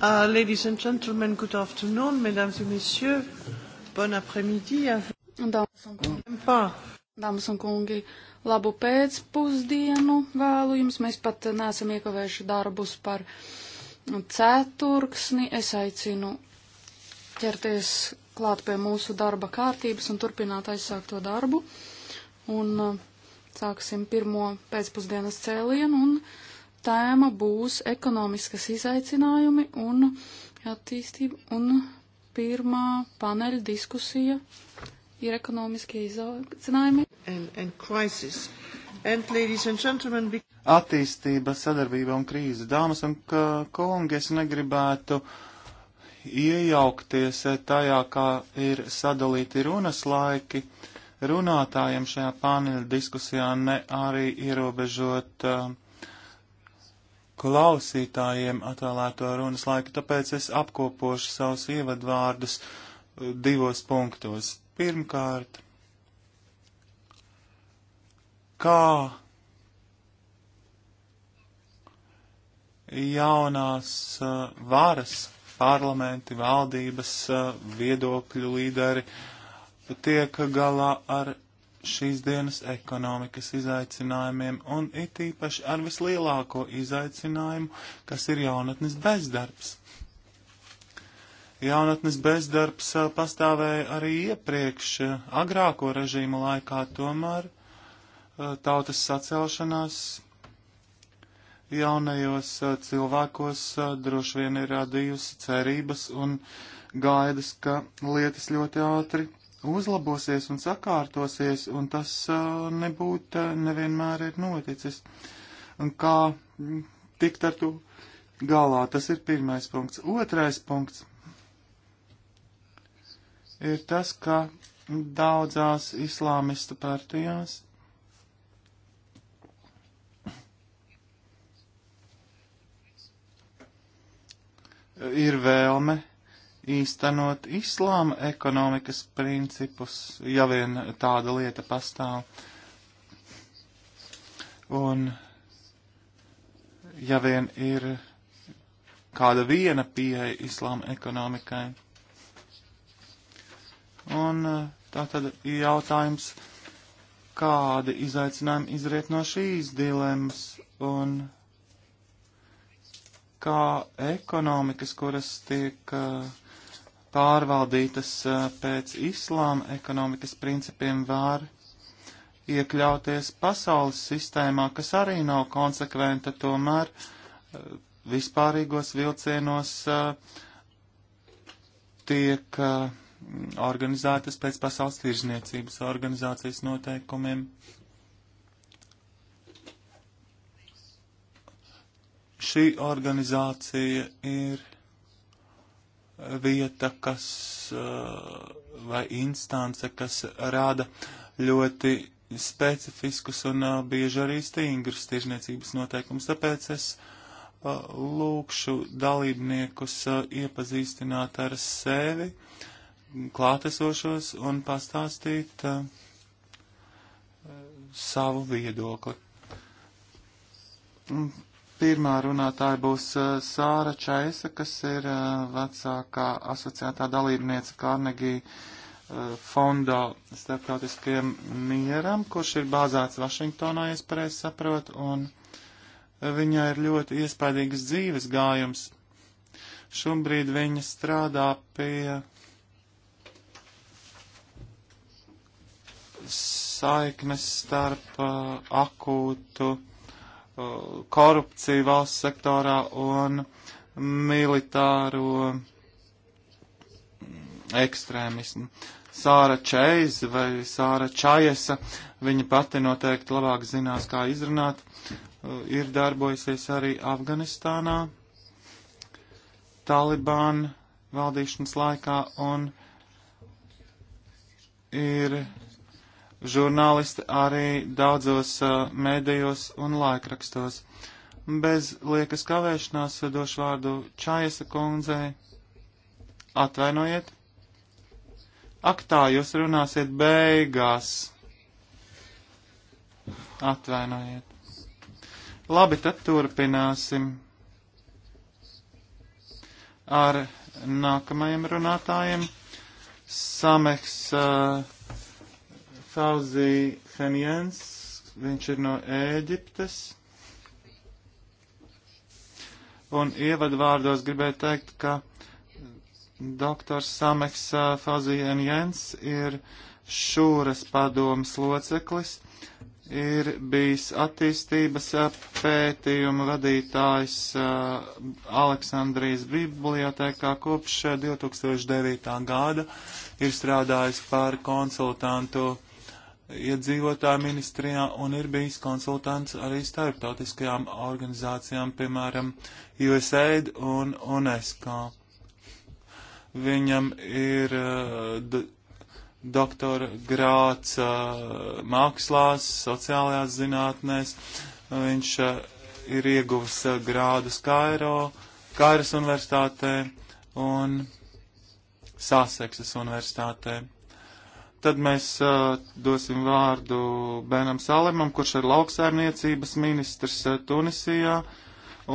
Uh, ladies and gentlemen, good afternoon, mesdames et messieurs. Bon après-midi. Dāmas un kungi, labu pēcpusdienu vēlu jums. Mēs pat neesam iekavējuši darbus par ceturksni. Es aicinu ķerties klāt pie mūsu darba kārtības un turpināt aizsākto darbu. Un uh, sāksim pirmo pēcpusdienas cēlienu un tēma būs ekonomiskas izaicinājumi un attīstība. Un pirmā paneļa diskusija ir ekonomiskie izaicinājumi. And, and crisis. and, and be... Attīstība, sadarbība un krīze. Dāmas un kungi, es negribētu iejaukties tajā, kā ir sadalīti runas laiki runātājiem šajā paneļa diskusijā, ne arī ierobežot uh, klausītājiem atvēlēto runas laiku, tāpēc es apkopošu savus ievadvārdus uh, divos punktos. Pirmkārt, kā jaunās uh, varas parlamenti, valdības uh, viedokļu līderi tiek galā ar šīs dienas ekonomikas izaicinājumiem un it īpaši ar vislielāko izaicinājumu, kas ir jaunatnes bezdarbs. Jaunatnes bezdarbs pastāvēja arī iepriekš, agrāko režīmu laikā, tomēr tautas sacelšanās jaunajos cilvēkos droši vien ir radījusi cerības un gaidas, ka lietas ļoti ātri uzlabosies un sakārtosies, un tas uh, nebūtu uh, nevienmēr ir noticis. Un kā mm, tikt ar to galā, tas ir pirmais punkts. Otrais punkts ir tas, ka daudzās islāmistu partijās ir vēlme īstenot islāma ekonomikas principus, ja vien tāda lieta pastāv. Un ja vien ir kāda viena pieeja islāma ekonomikai. Un uh, tā tad ir jautājums, kādi izaicinājumi izriet no šīs dilemmas un kā ekonomikas, kuras tiek uh, pārvaldītas pēc islāma ekonomikas principiem, var iekļauties pasaules sistēmā, kas arī nav konsekventa, tomēr vispārīgos vilcienos tiek organizētas pēc pasaules tirzniecības organizācijas noteikumiem. Šī organizācija ir vieta, kas vai instance, kas rāda ļoti specifiskus un bieži arī stingrus tirzniecības noteikumus. Tāpēc es lūkšu dalībniekus iepazīstināt ar sevi, klātesošos un pastāstīt savu viedokli Pirmā runātāja būs uh, Sāra Čaisa, kas ir uh, vecākā asociētā dalībniece Kārnegī uh, fondā starptautiskajam mieram, kurš ir bāzēts Vašingtonā, es pareizi saprotu, un viņai ir ļoti iespaidīgas dzīves gājums. Šobrīd viņa strādā pie saiknes starp akūtu korupciju valsts sektorā un militāro ekstrēmismu. Sāra Čeiz vai Sāra Čajesa, viņa pati noteikti labāk zinās, kā izrunāt, uh, ir darbojusies arī Afganistānā, Taliban valdīšanas laikā un ir žurnālisti arī daudzos uh, mēdījos un laikrakstos. Bez liekas kavēšanās došu vārdu Čājasa kundzei. Atvainojiet. Aktā jūs runāsiet beigās. Atvainojiet. Labi, tad turpināsim ar nākamajiem runātājiem. Sameks uh, Sauzī Henjens, viņš ir no Ēģiptes. Un ievadvārdos gribēju teikt, ka doktors Sameks Fauzī Henjens ir šūras padomas loceklis, ir bijis attīstības pētījuma vadītājs Aleksandrijas bibliotekā kopš 2009. gada, ir strādājis par konsultantu iedzīvotāju ministrijā un ir bijis konsultants arī starptautiskajām organizācijām, piemēram, USAID un UNESCO. Viņam ir eh, doktora grāts eh, mākslās, sociālajās zinātnēs. Viņš eh, ir ieguvis grādus Kairo, Kairas universitātē un Sāseksas universitātē. Tad mēs uh, dosim vārdu Benam Salemam, kurš ir lauksaimniecības ministrs uh, Tunisijā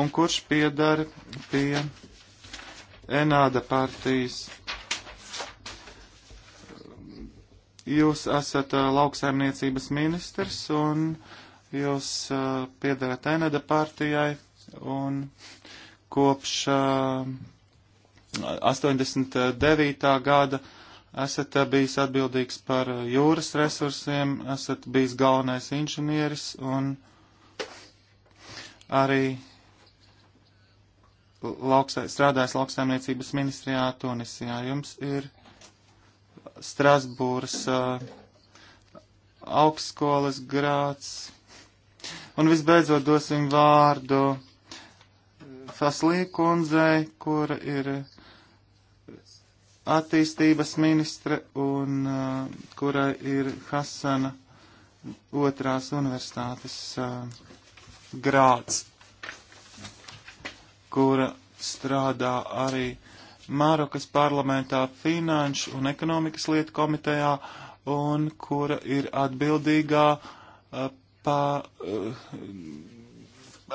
un kurš piedara pie Enāda partijas. Jūs esat uh, lauksaimniecības ministrs un jūs uh, piedarat Enāda partijai un kopš uh, 89. gada esat eh, bijis atbildīgs par eh, jūras resursiem, esat bijis galvenais inženieris un arī lauksai, strādājis lauksaimniecības ministrijā Tunisijā. Jums ir Strasbūras uh, augstskolas grāts. Un visbeidzot dosim vārdu Faslī kundzei, kura ir attīstības ministre un uh, kurai ir Hasana otrās universitātes uh, grāts, kura strādā arī Marokas parlamentā finanšu un ekonomikas lietu komitejā un kura ir atbildīgā, uh, pa, uh,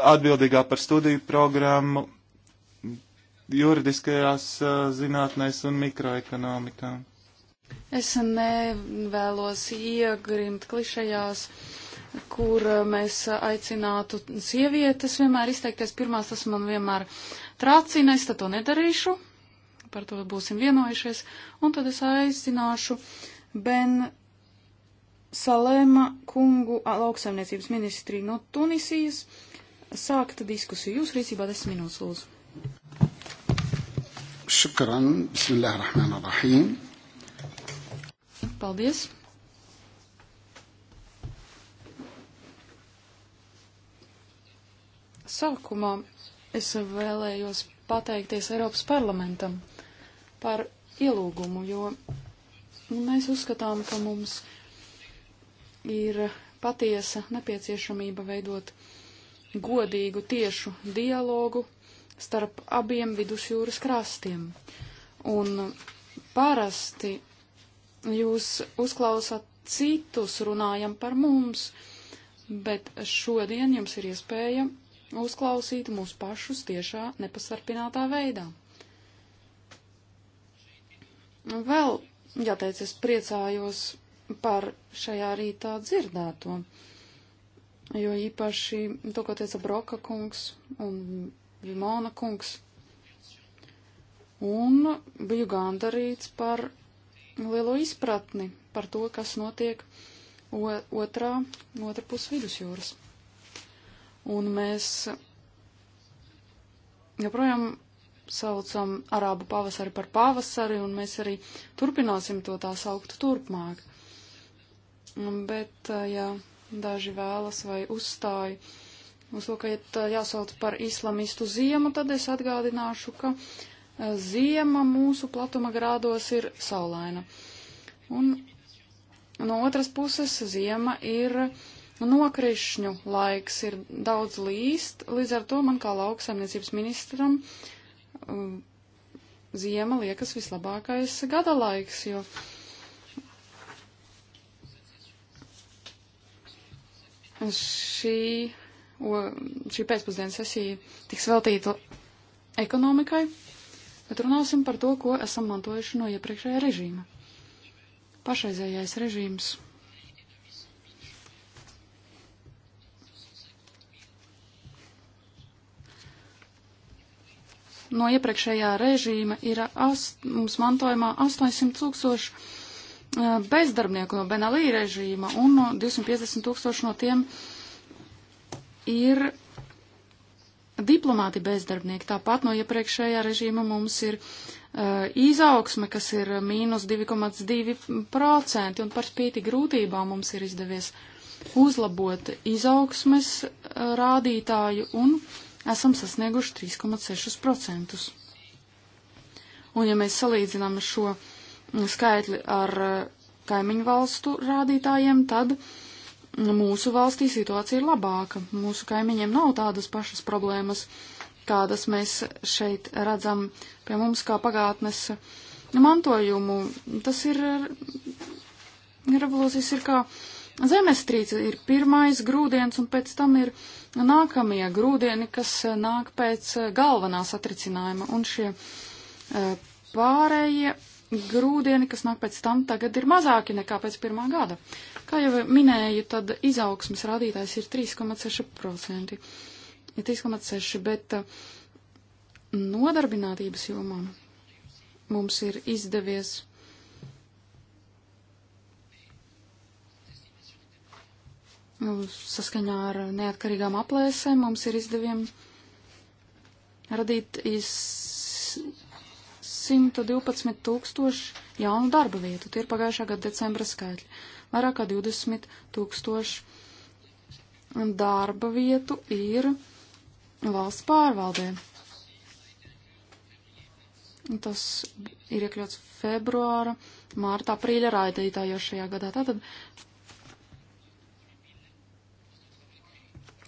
atbildīgā par studiju programmu juridiskajās zinātnēs un mikroekonomikā. Es nevēlos iegrimt klišajās, kur mēs aicinātu sievietes vienmēr izteikties pirmās, tas man vienmēr trācina, es to nedarīšu, par to būsim vienojušies, un tad es aicināšu Ben Salēma kungu lauksaimniecības ministriju no Tunisijas sākt diskusiju. Jūs rīcībā desmit minūtes lūdzu. Šukran, bismillah rahman rahim. Paldies. Sākumā es vēlējos pateikties Eiropas parlamentam par ielūgumu, jo mēs uzskatām, ka mums ir patiesa nepieciešamība veidot godīgu tiešu dialogu starp abiem vidusjūras krastiem. Un parasti jūs uzklausāt citus, runājam par mums, bet šodien jums ir iespēja uzklausīt mūs pašus tiešā nepasarpinātā veidā. Vēl, jāteic, es priecājos par šajā rītā dzirdēto, jo īpaši to, ko teica Broka kungs un Vimona kungs. Un biju gandarīts par lielo izpratni par to, kas notiek otrā, otrā pus vidusjūras. Un mēs joprojām saucam arābu pavasari par pavasari, un mēs arī turpināsim to tā saukt turpmāk. Bet, eh, ja daži vēlas vai uzstāja Mums lūk, ja jāsauc par islamistu ziemu, tad es atgādināšu, ka e, ziema mūsu platuma grādos ir saulaina. Un no otras puses ziema ir nokrišņu laiks, ir daudz līst, līdz ar to man kā lauksaimniecības ministram e, ziema liekas vislabākais gada laiks, jo. Šī o, šī pēcpusdienas sesija tiks veltīta ekonomikai, bet runāsim par to, ko esam mantojuši no iepriekšējā režīma. Pašreizējais režīms. No iepriekšējā režīma ir ast, mums mantojumā 800 tūkstoši eh, bezdarbnieku no Benalī režīma un no 250 tūkstoši no tiem uh, ir diplomāti bezdarbnieki. Tāpat no iepriekšējā režīma mums ir uh, izaugsme, kas ir mīnus 2,2%, un par spīti grūtībām mums ir izdevies uzlabot izaugsmes uh, rādītāju, un esam sasnieguši 3,6%. Un ja mēs salīdzinām šo mm, skaitli ar uh, kaimiņu valstu rādītājiem, tad uh, mūsu valstī situācija ir labāka. Mūsu kaimiņiem nav tādas pašas problēmas, kādas mēs šeit redzam pie mums kā pagātnes mantojumu. Tas ir, revolūcijas ir kā zemestrīce, ir pirmais grūdienis un pēc tam ir nākamie grūdieni, kas nāk pēc galvenā satricinājuma. Un šie e, pārējie grūdieni, kas nāk pēc tam, tagad ir mazāki nekā pēc pirmā gada. Kā jau minēju, tad izaugsmas rādītājs ir 3,6%. Ir 3,6%, bet uh, nodarbinātības jomā mums ir izdevies saskaņā ar neatkarīgām aplēsēm mums ir izdeviem radīt 112 tūkstoši jaunu darba vietu. Tie ir pagājušā gada decembra skaitļi vairāk kā 20 tūkstoši darba vietu ir valsts pārvaldē. Tas ir iekļauts februāra, mārta, aprīļa raidītājā šajā gadā. Tātad,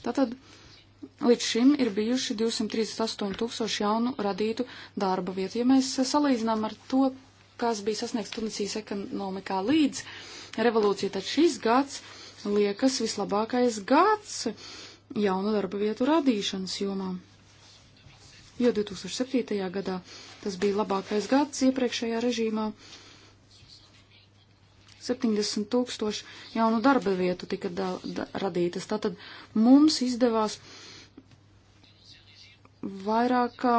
tātad Līdz šim ir bijuši 238 tūkstoši jaunu radītu darba vietu. Ja mēs salīdzinām ar to, kas bija sasniegts Tunisijas ekonomikā līdz revolūcija, tad šis gads liekas vislabākais gads jaunu darba vietu radīšanas jomā. Jo 2007. gadā tas bija labākais gads iepriekšējā režīmā. 70 tūkstoši jaunu darba vietu tika da, da, radītas. Tātad mums izdevās vairāk kā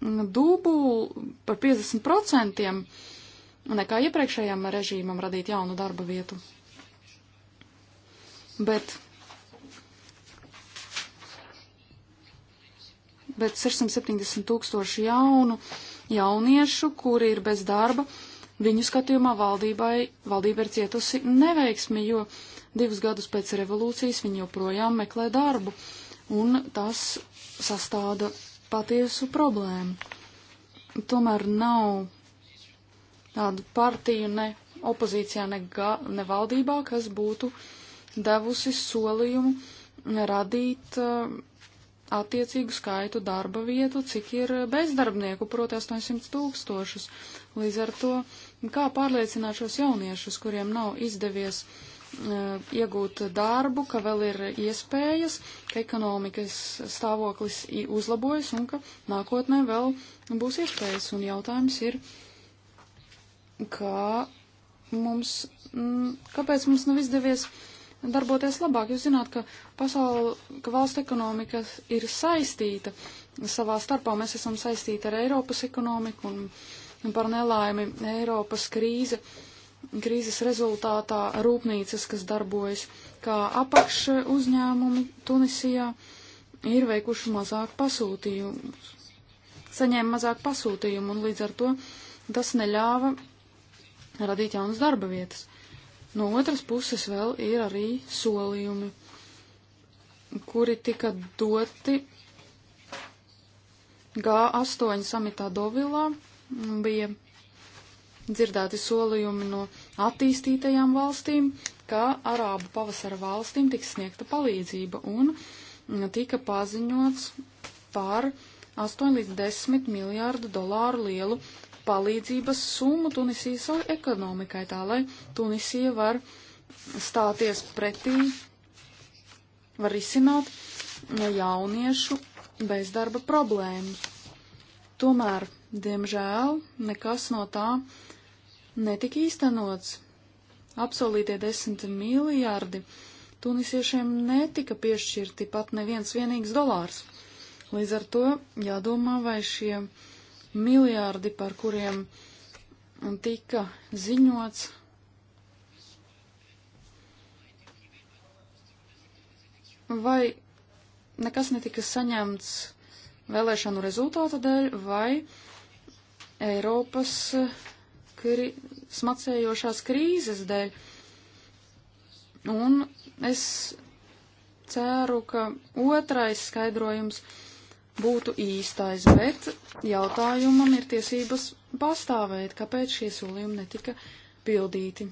dubul par 50% nekā iepriekšējam režīmam radīt jaunu darba vietu. Bet, bet 670 tūkstoši jaunu jauniešu, kuri ir bez darba, viņu skatījumā valdībai, valdība ir cietusi neveiksmi, jo divus gadus pēc revolūcijas viņi joprojām meklē darbu, un tas sastāda patiesu problēmu. Tomēr nav tādu partiju ne opozīcijā, ne, ga, ne valdībā, kas būtu devusi solījumu radīt uh, attiecīgu skaitu darba vietu, cik ir bezdarbnieku, proti 800 tūkstošus. Līdz ar to, kā pārliecināt šos jauniešus, kuriem nav izdevies uh, iegūt darbu, ka vēl ir iespējas, ka ekonomikas stāvoklis uzlabojas un ka nākotnē vēl būs iespējas. Un jautājums ir, uh, kā mums, mm, kāpēc mums nav izdevies darboties labāk. Jūs zināt, ka pasauli, ka valsts ekonomika ir saistīta savā starpā. Mēs esam saistīti ar Eiropas ekonomiku un par nelaimi Eiropas krīze. Krīzes rezultātā rūpnīcas, kas darbojas kā apakš uzņēmumi Tunisijā, ir veikuši mazāk pasūtījumu, saņēma mazāk pasūtījumu un līdz ar to tas neļāva radīt jaunas darba vietas. No otras puses vēl ir arī solījumi, kuri tika doti G8 samitā Dovilā. Bija dzirdēti solījumi no attīstītajām valstīm, ka Arābu pavasara valstīm tiks sniegta palīdzība un tika paziņots par 8 līdz 10 miljārdu dolāru lielu palīdzības summu Tunisijas ekonomikai, tā lai Tunisija var stāties pretī, var risināt jauniešu bezdarba problēmu. Tomēr, diemžēl, nekas no tā netika īstenots. Apsolītie desmit miljārdi tunisiešiem netika piešķirti pat neviens vienīgs dolārs. Līdz ar to jādomā, vai šie miljārdi, par kuriem tika ziņots. Vai nekas netika saņemts vēlēšanu rezultātu dēļ, vai Eiropas eh, kri smacējošās krīzes dēļ. Un es ceru, ka otrais skaidrojums būtu īstais, bet jautājumam ir tiesības pastāvēt, kāpēc šie solījumi netika pildīti.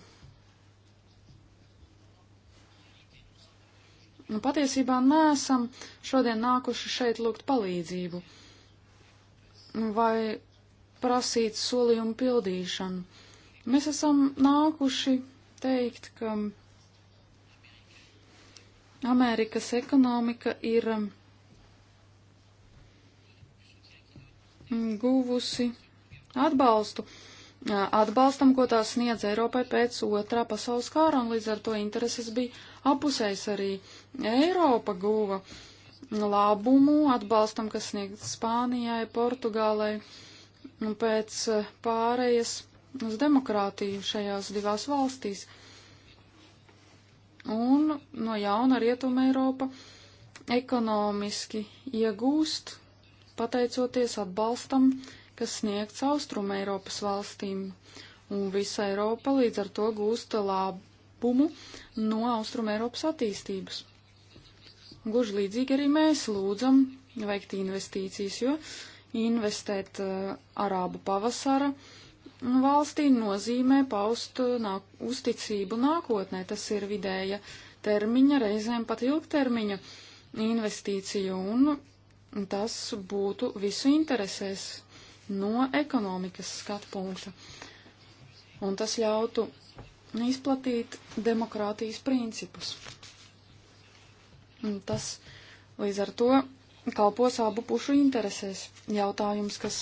Nu, patiesībā nesam šodien nākuši šeit lūgt palīdzību nu, vai prasīt solījumu pildīšanu. Mēs esam nākuši teikt, ka Amerikas ekonomika ir um, Mm, guvusi atbalstu. Atbalstam, ko tā sniedz Eiropai pēc otrā pasaules kāra, un līdz ar to intereses bija apusējs arī Eiropa guva labumu atbalstam, kas sniegt Spānijai, Portugālei pēc pārējas uz demokrātiju šajās divās valstīs. Un no jauna Rietuma Eiropa ekonomiski iegūst pateicoties atbalstam, kas sniegts Austrum Eiropas valstīm, un visa Eiropa līdz ar to gūsta labumu no Austrum Eiropas attīstības. Gluži līdzīgi arī mēs lūdzam veikt investīcijas, jo investēt uh, Arābu pavasara valstī nozīmē paust eh, nāk, uzticību nākotnē. Tas ir vidēja termiņa, reizēm pat ilgtermiņa investīciju, un Tas būtu visu interesēs no ekonomikas skatu punkta. Un tas ļautu izplatīt demokrātijas principus. Un tas līdz ar to kalpos abu pušu interesēs. Jautājums, kas,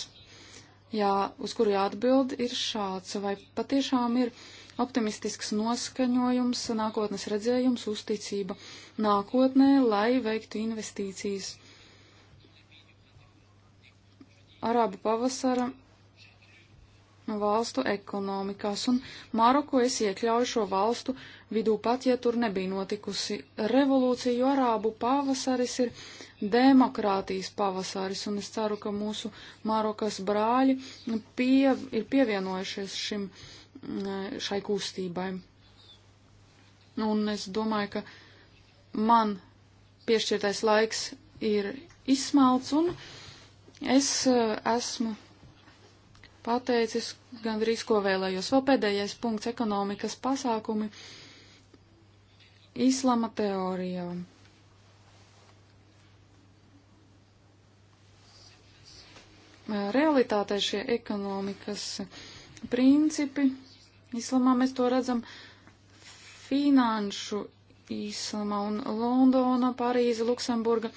jā, uz kuru jāatbild, ir šāds. Vai patiešām ir optimistisks noskaņojums, nākotnes redzējums, uzticība nākotnē, lai veiktu investīcijas Arābu pavasara valstu ekonomikās, un Maroku es iekļauju šo valstu vidū pat, ja tur nebija notikusi revolūcija, jo Arābu pavasaris ir demokrātijas pavasaris, un es ceru, ka mūsu Marokas brāļi pie, ir pievienojušies šim, mm, šai kustībai. Un es domāju, ka man piešķirtais laiks ir izsmelts, un Es eh, esmu pateicis gandrīz, ko vēlējos. Vēl pēdējais punkts - ekonomikas pasākumi Īslama teorijā. Eh, realitātē šie ekonomikas principi, Īslamā mēs to redzam finanšu Īslamā un Londona, Parīze, Luksemburga. Uh,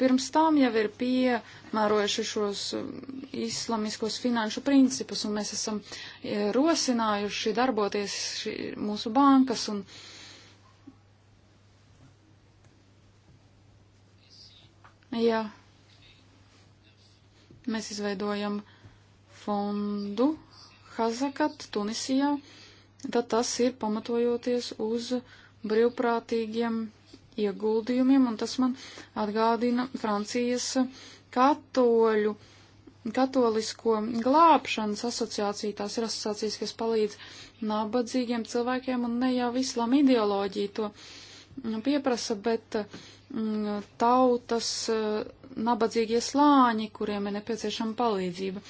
pirms tam jau ir piemērojuši šos um, islamiskos finanšu principus, un mēs esam e, rosinājuši darboties šī, mūsu bankas un. Jā. Mēs izveidojam fondu Hazakat Tunisijā, tad tas ir pamatojoties uz brīvprātīgiem ieguldījumiem, un tas man atgādina Francijas katoļu, katolisko glābšanas asociāciju. Tās ir asociācijas, kas palīdz nabadzīgiem cilvēkiem, un ne jau islama ideoloģija to mm, pieprasa, bet mm, tautas eh, nabadzīgie slāņi, kuriem ir nepieciešama palīdzība.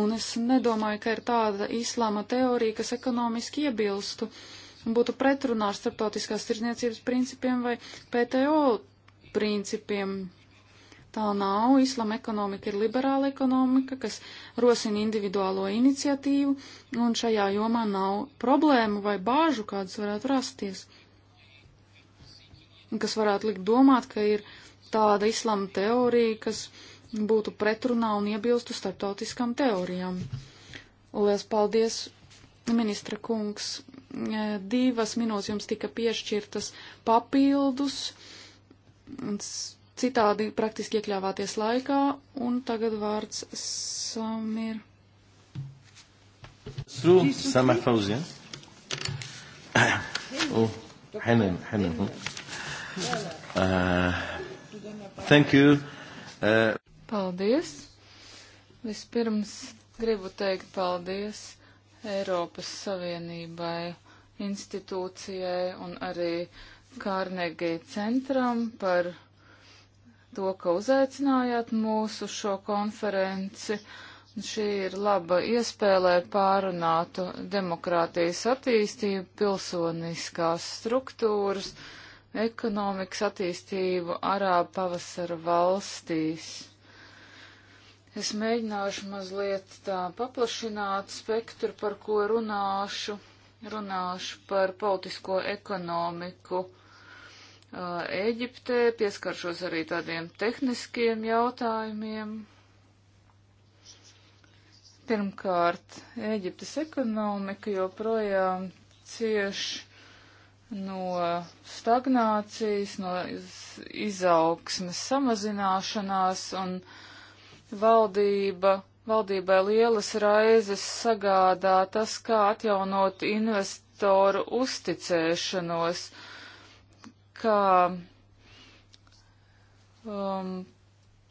Un es nedomāju, ka ir tāda islāma teorija, kas ekonomiski iebilstu uh, un būtu pretrunā ar starptautiskās tirzniecības principiem vai PTO principiem. Tā nav. Islama ekonomika ir liberāla ekonomika, kas rosina individuālo iniciatīvu, un šajā jomā nav problēmu vai bāžu, kādas varētu rasties. Kas varētu likt domāt, ka ir tāda islama teorija, kas būtu pretrunā un iebilstu starptautiskām teorijām. Lielas paldies, ministra kungs, Eh, divas minūtes jums tika piešķirtas papildus, citādi praktiski iekļāvāties laikā, un tagad vārds Samir. Sru, Samir Fauzija. Oh, Henem, Henem. Eh, thank you. Uh... Paldies. Vispirms gribu teikt paldies Eiropas Savienībai institūcijai un arī Kārnegī centram par to, ka uzaicinājāt mūsu šo konferenci. Šī ir laba iespēja, lai pārunātu demokrātijas attīstību, pilsoniskās struktūras, ekonomikas attīstību Arābu pavasara valstīs. Es mēģināšu mazliet tā paplašināt spektru, par ko runāšu runāšu par politisko ekonomiku Ēģiptē, uh, pieskaršos arī tādiem tehniskiem jautājumiem. Pirmkārt, Ēģiptes ekonomika joprojām cieš no stagnācijas, no izaugsmes samazināšanās un valdība Valdībai lielas raizes sagādā tas, kā atjaunot investoru uzticēšanos, kā um,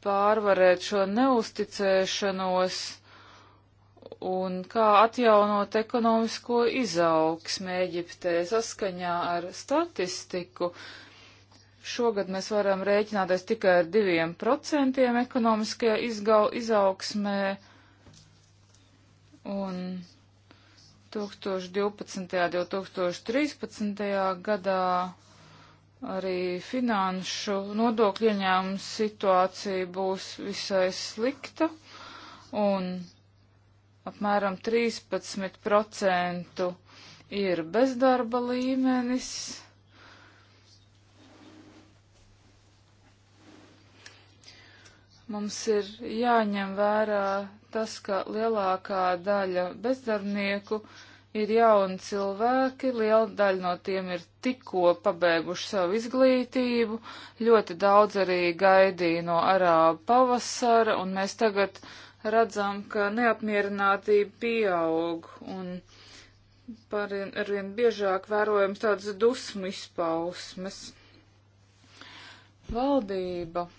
pārvarēt šo neusticēšanos un kā atjaunot ekonomisko izaugsmu Eģiptē saskaņā ar statistiku. Šogad mēs varam rēķināties tikai ar diviem procentiem ekonomiskajā izaugsmē, Un 2012. un 2013. gadā arī finanšu nodokļu ieņēmumu situācija būs visai slikta un apmēram 13% ir bezdarba līmenis. Mums ir jāņem vērā tas, ka lielākā daļa bezdarbnieku ir jauni cilvēki, liela daļa no tiem ir tikko pabeiguši savu izglītību, ļoti daudz arī gaidīja no arābu pavasara, un mēs tagad redzam, ka neapmierinātība pieaug, un parien, arvien biežāk vērojams tādas dusmu izpausmes. Valdība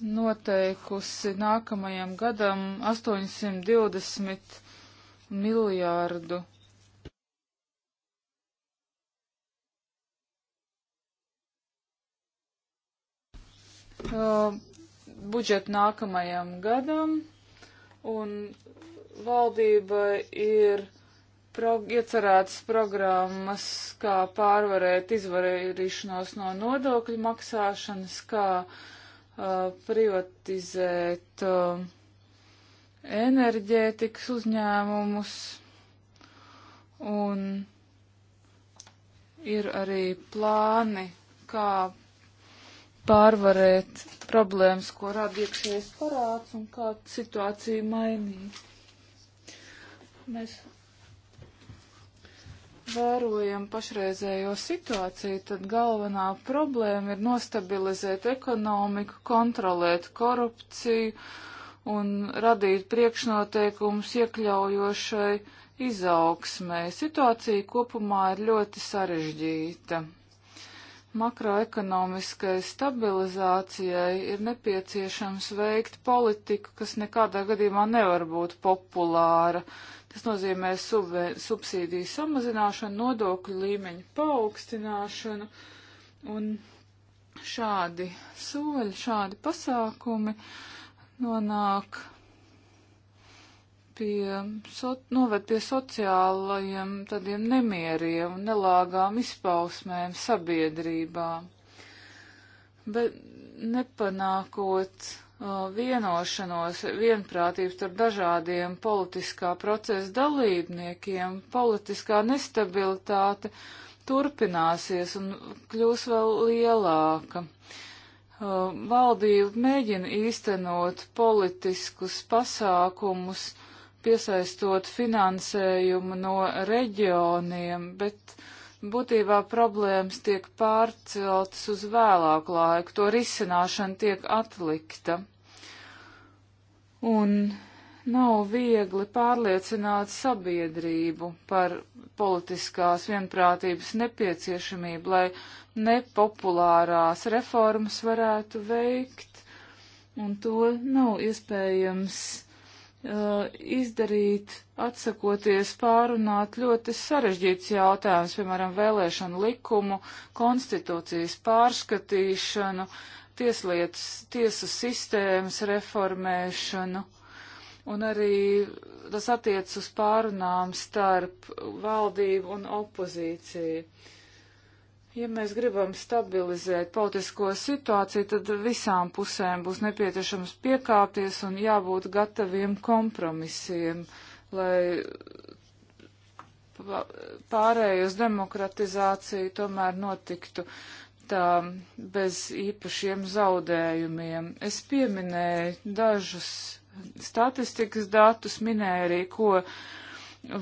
noteikusi nākamajam gadam 820 miljārdu. Uh, budžetu nākamajam gadam, un valdība ir prog iecerētas programmas, kā pārvarēt izvarīšanos no nodokļu maksāšanas, kā uh, Uh, privatizēt uh, enerģētikas uzņēmumus un ir arī plāni, kā pārvarēt problēmas, ko rada iekšējais parāds un kā situāciju mainīt. Mēs vērojam pašreizējo situāciju, tad galvenā problēma ir nostabilizēt ekonomiku, kontrolēt korupciju un radīt priekšnoteikumus iekļaujošai izaugsmai. Situācija kopumā ir ļoti sarežģīta. Makroekonomiskai stabilizācijai ir nepieciešams veikt politiku, kas nekādā gadījumā nevar būt populāra Tas nozīmē subsīdiju samazināšanu, nodokļu līmeņu paaugstināšanu un šādi soļi, šādi pasākumi nonāk pie, so, noved pie sociālajiem tādiem nemieriem un nelāgām izpausmēm sabiedrībā, bet nepanākot Uh, vienošanos, vienprātības ar dažādiem politiskā procesa dalībniekiem, politiskā nestabilitāte turpināsies un kļūs vēl lielāka. Uh, valdība mēģina īstenot politiskus pasākumus, piesaistot finansējumu no reģioniem, bet būtībā problēmas tiek pārceltas uz vēlāku laiku, to risināšana tiek atlikta. Un nav viegli pārliecināt sabiedrību par politiskās vienprātības nepieciešamību, lai nepopulārās reformas varētu veikt, un to nav iespējams Uh, izdarīt, atsakoties pārunāt ļoti sarežģīts jautājums, piemēram, vēlēšanu likumu, konstitūcijas pārskatīšanu, tieslietas, tiesu sistēmas reformēšanu. Un arī tas attiec uz pārunām starp valdību un opozīciju. Uh, Ja mēs gribam stabilizēt politisko situāciju, tad visām pusēm būs nepieciešams piekāpties un jābūt gataviem kompromisiem, lai pārēju uz demokratizāciju tomēr notiktu tā bez īpašiem zaudējumiem. Es pieminēju dažus statistikas datus, minēju arī, ko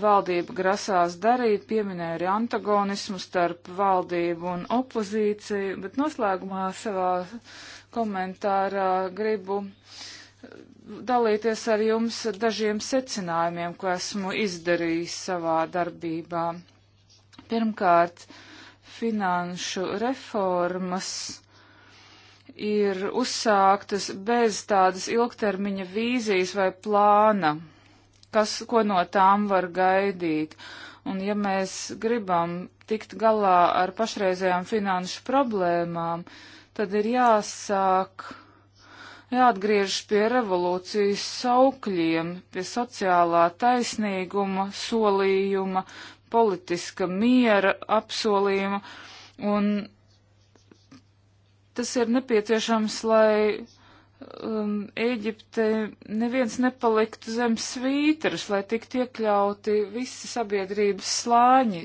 valdība grasās darīt, pieminēja arī antagonismu starp valdību un opozīciju, bet noslēgumā savā komentārā gribu eh, dalīties ar jums ar dažiem secinājumiem, ko esmu izdarījis savā darbībā. Pirmkārt, finanšu reformas ir uzsāktas bez tādas ilgtermiņa vīzijas vai plāna kas, ko no tām var gaidīt. Un ja mēs gribam tikt galā ar pašreizējām finanšu problēmām, tad ir jāsāk, jāatgriež pie revolūcijas saukļiem, pie sociālā taisnīguma, solījuma, politiska miera apsolījuma, un tas ir nepieciešams, lai um, Ēģipte neviens nepaliktu zem svītras, lai tiktu iekļauti visi sabiedrības slāņi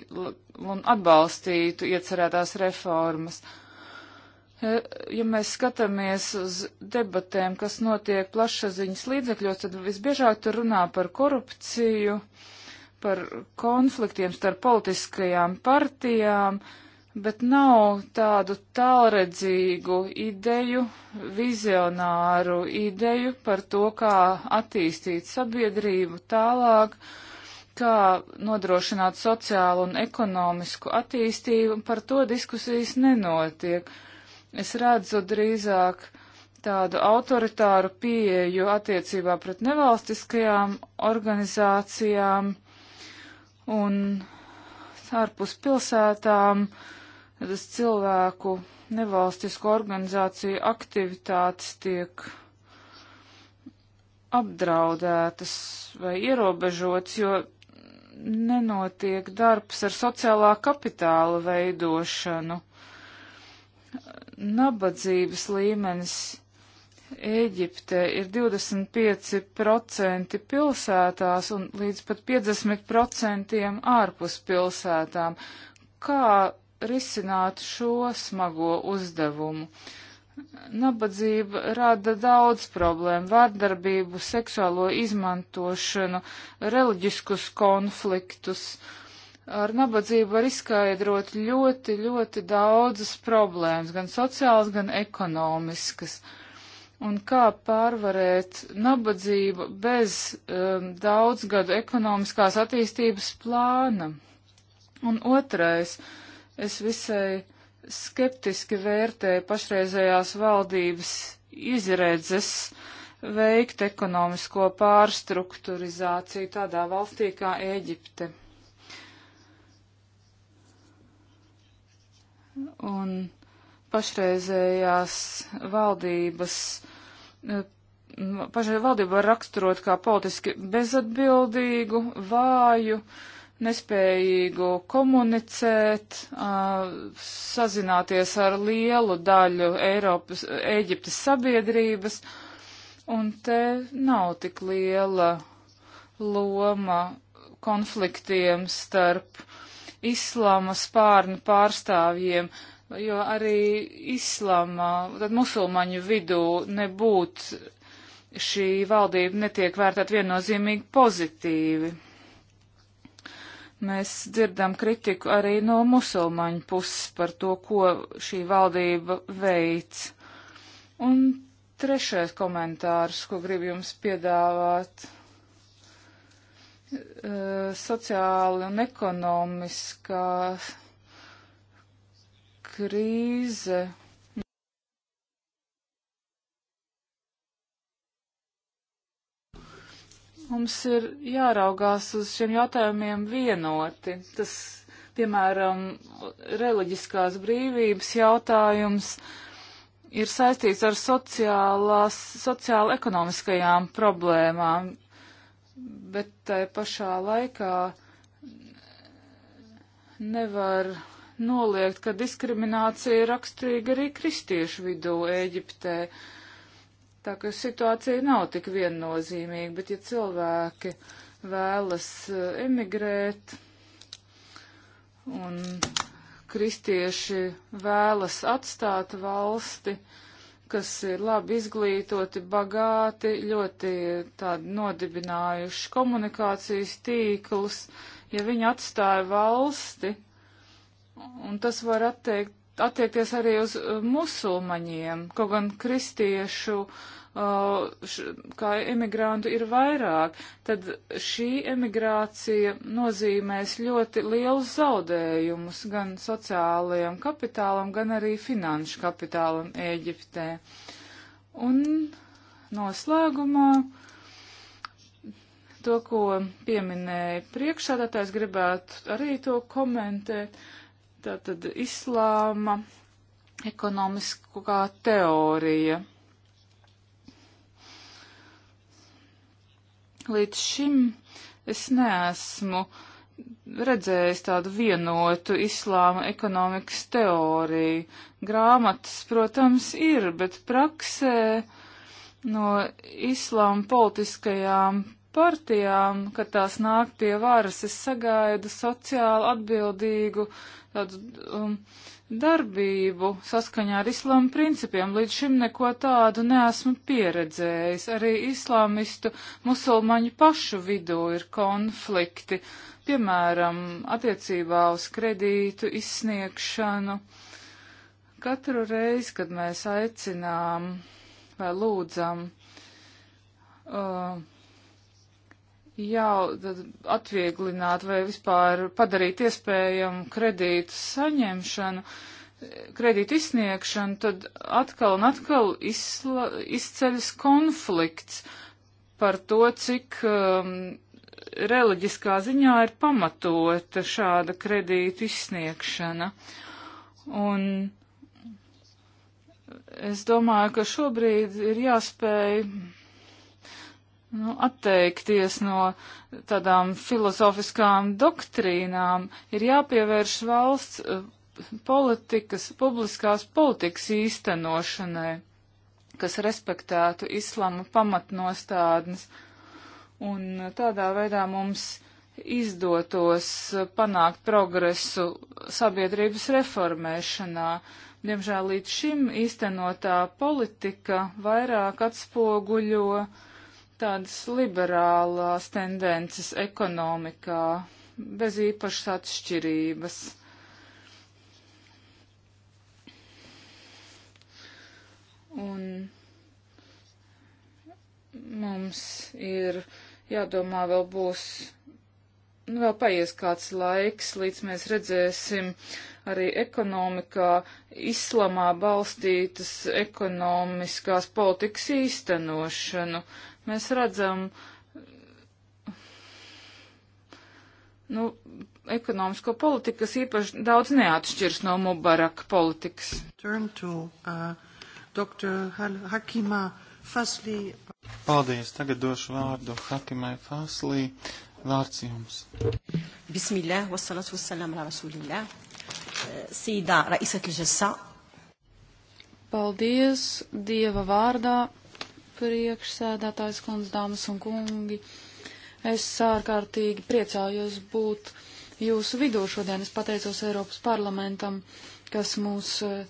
un atbalstītu iecerētās reformas. Ja mēs skatāmies uz debatēm, kas notiek plašsaziņas līdzekļos, tad visbiežāk tur runā par korupciju, par konfliktiem starp politiskajām partijām, uh, bet nav tādu tālredzīgu ideju, vizionāru ideju par to, kā attīstīt sabiedrību tālāk, kā nodrošināt sociālu un ekonomisku attīstību, par to diskusijas nenotiek. Es redzu drīzāk tādu autoritāru pieeju attiecībā pret nevalstiskajām organizācijām un ārpus pilsētām, uh, uz cilvēku nevalstisku organizāciju aktivitātes tiek apdraudētas vai ierobežotas, jo nenotiek darbs ar sociālā kapitāla veidošanu. Nabadzības līmenis Ēģipte ir 25% pilsētās un līdz pat 50% ārpus pilsētām. Kā risināt šo smago uzdevumu. Nabadzība rada daudz problēmu - vārdarbību, seksuālo izmantošanu, reliģiskus konfliktus. Ar nabadzību var izskaidrot ļoti, ļoti daudzas problēmas, gan sociālas, gan ekonomiskas un kā pārvarēt nabadzību bez um, daudzgadu ekonomiskās attīstības plāna. Un otrais, Es visai skeptiski vērtēju pašreizējās valdības izredzes veikt ekonomisko pārstrukturizāciju tādā valstī kā Ēģipte. Un pašreizējās valdības, eh, pašreizējā valdība var raksturot kā politiski bezatbildīgu, vāju, uh, nespējīgu komunicēt, sazināties ar lielu daļu Eiropas, Eģiptes sabiedrības, un te nav tik liela loma konfliktiem starp islāma spārnu pārstāvjiem, jo arī islāma, tad musulmaņu vidū nebūtu šī valdība netiek vērtēt viennozīmīgi pozitīvi. Mēs dzirdam kritiku arī no musulmaņu puses par to, ko šī valdība veic. Un trešais komentārs, ko gribu jums piedāvāt eh, sociāla un ekonomiskā krīze Mums ir jāraugās uz šiem jautājumiem vienoti. Tas, piemēram, reliģiskās brīvības jautājums ir saistīts ar sociālās, sociāla-ekonomiskajām problēmām, bet tai pašā laikā nevar noliegt, ka diskriminācija raksturīga arī kristiešu vidū Ēģiptē. Uh, Tā ka situācija nav tik viennozīmīga, bet ja cilvēki vēlas eh, emigrēt un kristieši vēlas atstāt valsti, kas ir labi izglītoti, bagāti, ļoti tādi nodibinājuši komunikācijas tīklus, ja viņi atstāja valsti, un tas var atteikt attiekties arī uz uh, musulmaņiem, kaut gan kristiešu uh, kā emigrantu ir vairāk, tad šī emigrācija nozīmēs ļoti lielus zaudējumus gan sociālajam kapitālam, gan arī finanšu kapitālam Ēģiptē. Un noslēgumā to, ko pieminēja priekšsādātājs, gribētu arī to komentēt. Uh, Tātad islāma ekonomiskā teorija. Līdz šim es neesmu redzējis tādu vienotu islāma ekonomikas teoriju. Grāmatas, protams, ir, bet praksē no islāma politiskajām partijām, kad tās nāk pie varas, es sagaidu sociāli atbildīgu tādu, um, darbību saskaņā ar islāma principiem. Līdz šim neko tādu neesmu pieredzējis. Arī islāmistu musulmaņu pašu vidū ir konflikti, piemēram, attiecībā uz kredītu izsniegšanu. Katru reizi, kad mēs aicinām vai lūdzam, uh, jau atvieglināt vai vispār padarīt iespējamu kredītu saņemšanu, kredītu izsniegšanu, tad atkal un atkal izsla, izceļas konflikts par to, cik um, reliģiskā ziņā ir pamatota šāda kredītu izsniegšana. Un es domāju, ka šobrīd ir jāspēj nu, atteikties no tādām filozofiskām doktrīnām, ir jāpievērš valsts eh, politikas, publiskās politikas īstenošanai, kas respektētu islama pamatnostādnes. Un tādā veidā mums izdotos panākt progresu sabiedrības reformēšanā. Diemžēl līdz šim īstenotā politika vairāk atspoguļo uh, tādas liberālās tendences ekonomikā, bez īpašas atšķirības. Un mums ir jādomā vēl būs, nu vēl paies kāds laiks, līdz mēs redzēsim arī ekonomikā islamā balstītas ekonomiskās politikas īstenošanu Mēs redzam, nu, ekonomisko politiku, kas īpaši daudz neatšķirs no Mubaraka politikas. To, uh, Paldies, tagad došu vārdu Hakimai Faslī. Vārds jums. Bismillah, wassalatu wassalam ala rasulillah. Uh, Sīdā, raisat al-ģasā. Paldies, Dieva vārdā priekšsēdētājs kundz, dāmas un kungi. Es ārkārtīgi priecājos būt jūsu vidū šodien. Es pateicos Eiropas parlamentam, kas mūs eh,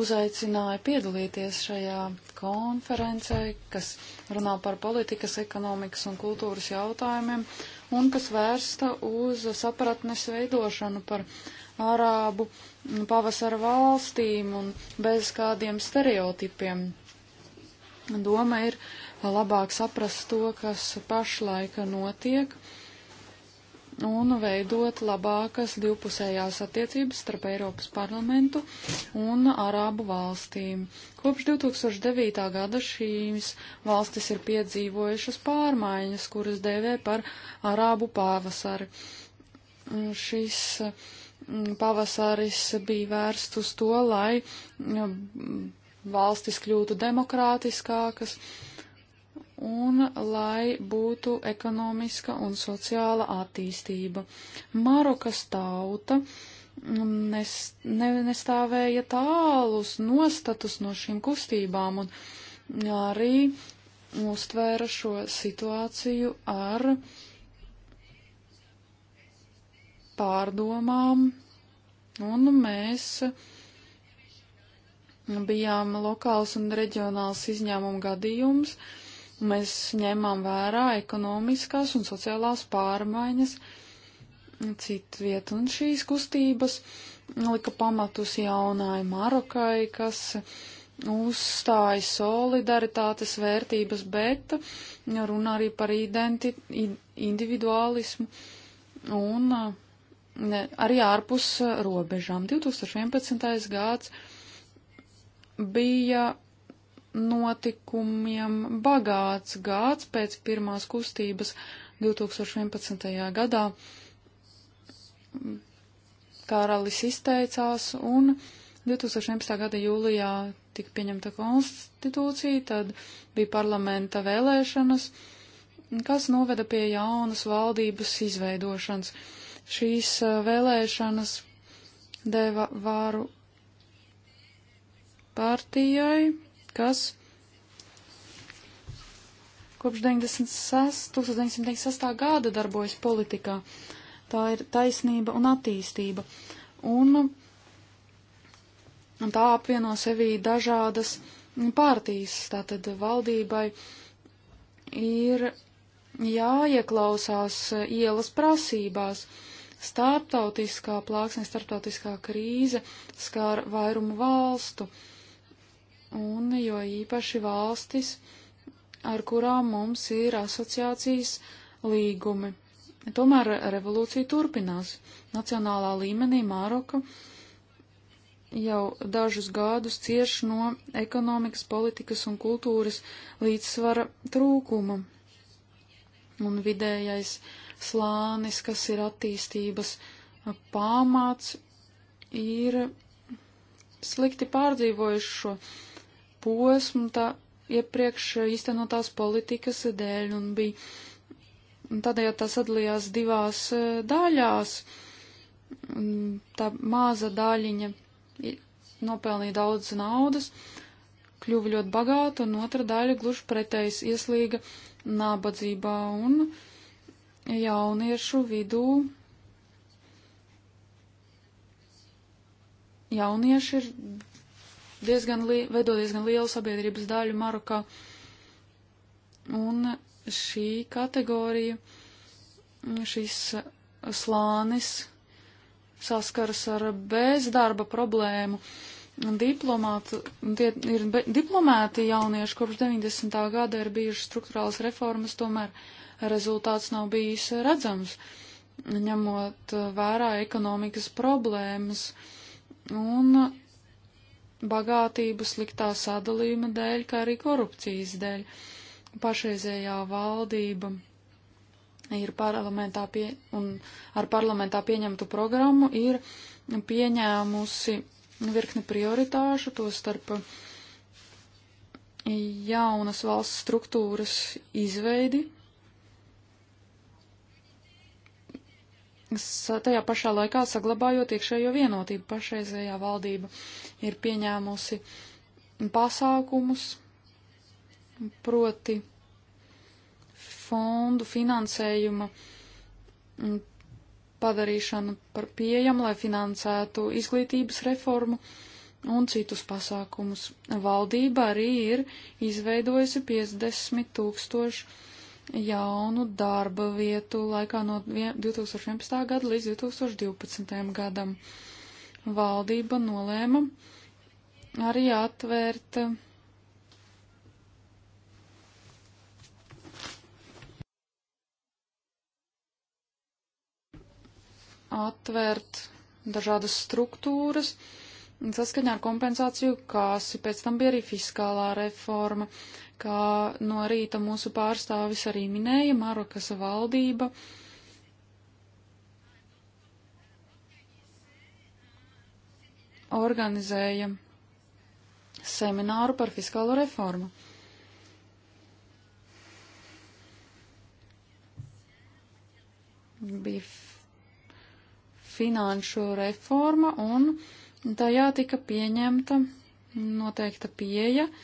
uzaicināja piedalīties šajā konferencē, kas runā par politikas, ekonomikas un kultūras jautājumiem un kas vērsta uz sapratnes veidošanu par arābu pavasara valstīm un bez kādiem stereotipiem Doma ir labāk saprast to, kas pašlaika notiek, un veidot labākas divpusējās attiecības starp Eiropas parlamentu un Arābu valstīm. Kopš 2009. gada šīs valstis ir piedzīvojušas pārmaiņas, kuras dēvē par Arābu pavasari. Šis mm, pavasaris bija vērsts uz to, lai mm, valstis kļūtu demokrātiskākas un lai būtu ekonomiska un sociāla attīstība. Marokas tauta nes, ne, nestāvēja tālus nostatus no šīm kustībām un arī uztvēra šo situāciju ar pārdomām, un mēs bijām lokāls un reģionāls izņēmumu gadījums. Mēs ņēmām vērā ekonomiskās un sociālās pārmaiņas citu vietu, un šīs kustības lika pamatus jaunai Marokai, kas uzstāja solidaritātes vērtības, bet runā arī par identi, individualismu un ne, arī ārpus robežām. 2011. gads bija notikumiem bagāts gads pēc pirmās kustības 2011. gadā. Karalis izteicās un 2011. gada jūlijā tika pieņemta konstitūcija, tad bija parlamenta vēlēšanas, kas noveda pie jaunas valdības izveidošanas. Šīs eh, vēlēšanas deva vāru partijai, kas kopš 96, 1996. gada darbojas politikā. Tā ir taisnība un attīstība. Un, un tā apvieno sevī dažādas partijas. Tātad valdībai ir jāieklausās ielas prasībās. Starptautiskā plāksne, starptautiskā krīze skār vairumu valstu. Uh, un jo īpaši valstis, ar kurām mums ir asociācijas līgumi. Tomēr revolūcija turpinās. Nacionālā līmenī Māroka jau dažus gadus cieš no ekonomikas, politikas un kultūras līdzsvara trūkuma. Un vidējais slānis, kas ir attīstības pamāts, ir slikti pārdzīvojuši šo posmu tā iepriekš īstenotās politikas dēļ un bija. Un tādēļ tā sadalījās divās e, daļās. Tā maza daļiņa nopelnīja daudz naudas, kļuva ļoti bagāta, un otra daļa gluži pretējs ieslīga nabadzībā un jauniešu vidū. Jaunieši ir diezgan, li, veido diezgan lielu sabiedrības daļu Marokā. Un šī kategorija, šis slānis saskaras ar bezdarba problēmu. Diplomāti, tie ir be, diplomēti jaunieši kopš 90. gada ir bijušas struktūrālas reformas, tomēr rezultāts nav bijis redzams, ņemot vērā ekonomikas problēmas. Un bagātību sliktā sadalījuma dēļ, kā arī korupcijas dēļ. Pašreizējā valdība ir parlamentā pie, un ar parlamentā pieņemtu programmu ir pieņēmusi virkni prioritāšu, to starp jaunas valsts struktūras izveidi, ietekmes, tajā pašā laikā saglabājot iekšējo vienotību. Pašreizējā valdība ir pieņēmusi pasākumus, proti fondu finansējuma padarīšanu par pieejamu, lai finansētu izglītības reformu un citus pasākumus. Valdība arī ir izveidojusi 50 tūkstošu jaunu darba vietu laikā no 2011. gada līdz 2012. gadam. Valdība nolēma arī atvērt atvērt dažādas struktūras, saskaņā ar kompensāciju kāsi, pēc tam bija arī fiskālā reforma. Uh, kā no rīta mūsu pārstāvis arī minēja, Marokas valdība organizēja semināru par fiskālo reformu. Bija finanšu reforma un tajā tika pieņemta noteikta pieeja, uh,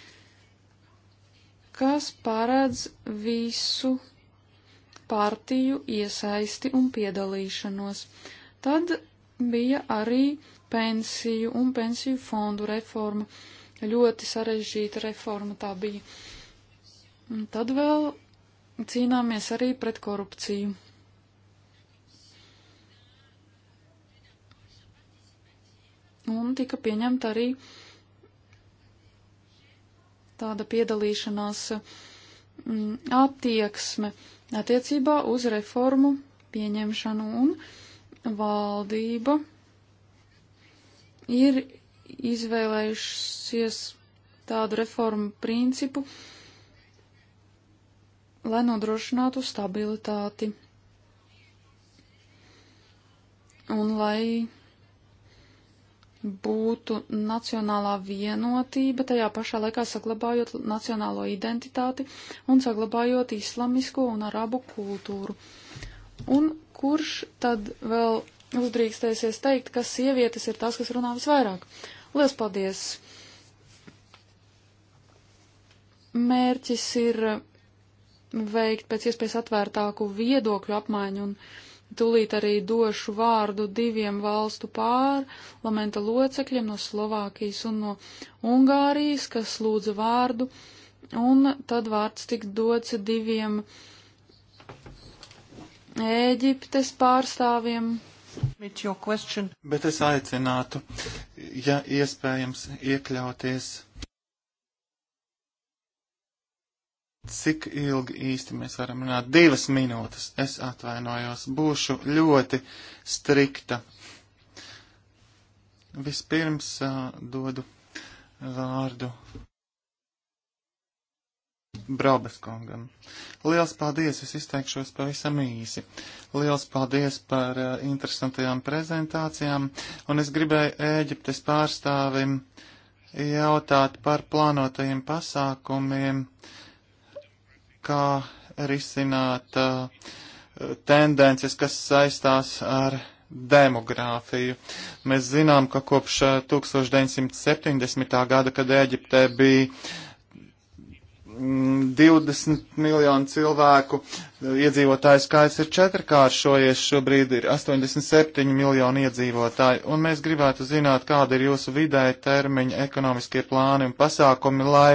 kas paredz visu partiju iesaisti un piedalīšanos. Tad bija arī pensiju un pensiju fondu reforma. Ļoti sarežģīta reforma tā bija. Un tad vēl cīnāmies arī pret korupciju. Un tika pieņemta arī uh, tāda piedalīšanās mm, attieksme attiecībā uz reformu pieņemšanu un valdība ir izvēlējušies tādu reformu principu, lai nodrošinātu stabilitāti un lai būtu nacionālā vienotība, tajā pašā laikā saglabājot nacionālo identitāti un saglabājot islamisko un arabu kultūru. Un kurš tad vēl uzdrīkstēsies teikt, ka sievietes ir tās, kas runā visvairāk? Lielas paldies! Mērķis ir veikt pēc iespējas atvērtāku viedokļu apmaiņu un Tūlīt arī došu vārdu diviem valstu pārlamenta locekļiem no Slovākijas un no Ungārijas, kas lūdza vārdu, un tad vārds tiks dots diviem Ēģiptes pārstāvjiem. Bet es aicinātu, ja iespējams, iekļauties Cik ilgi īsti mēs varam runāt? Divas minūtes. Es atvainojos. Būšu ļoti strikta. Vispirms uh, dodu vārdu Braubaskungam. Liels paldies, es izteikšos pavisam īsi. Liels paldies par uh, interesantajām prezentācijām, un es gribēju Ēģiptes pārstāvim jautāt par plānotajiem pasākumiem. Uh, kā risināt uh, tendences, kas saistās ar demogrāfiju. Mēs zinām, ka kopš 1970. Uh, gada, kad Eģiptē bija 20 miljonu cilvēku iedzīvotāju skaits ir četrkāršojies, šobrīd ir 87 miljoni iedzīvotāji, un mēs gribētu zināt, kāda ir jūsu vidēja termiņa ekonomiskie plāni un pasākumi, lai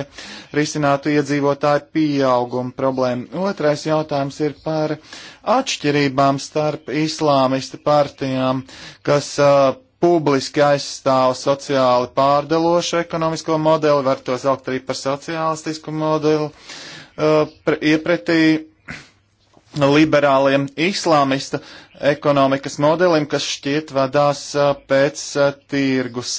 risinātu iedzīvotāju pieaugumu problēmu. Otrais jautājums ir par atšķirībām starp islāmistu partijām, kas uh, publiski aizstāv sociāli pārdalošu ekonomisko modeli, var to saukt arī par sociālistisku modeli, uh, iepretī liberāliem islāmista ekonomikas modelim, kas šķiet vadās pēc tirgus.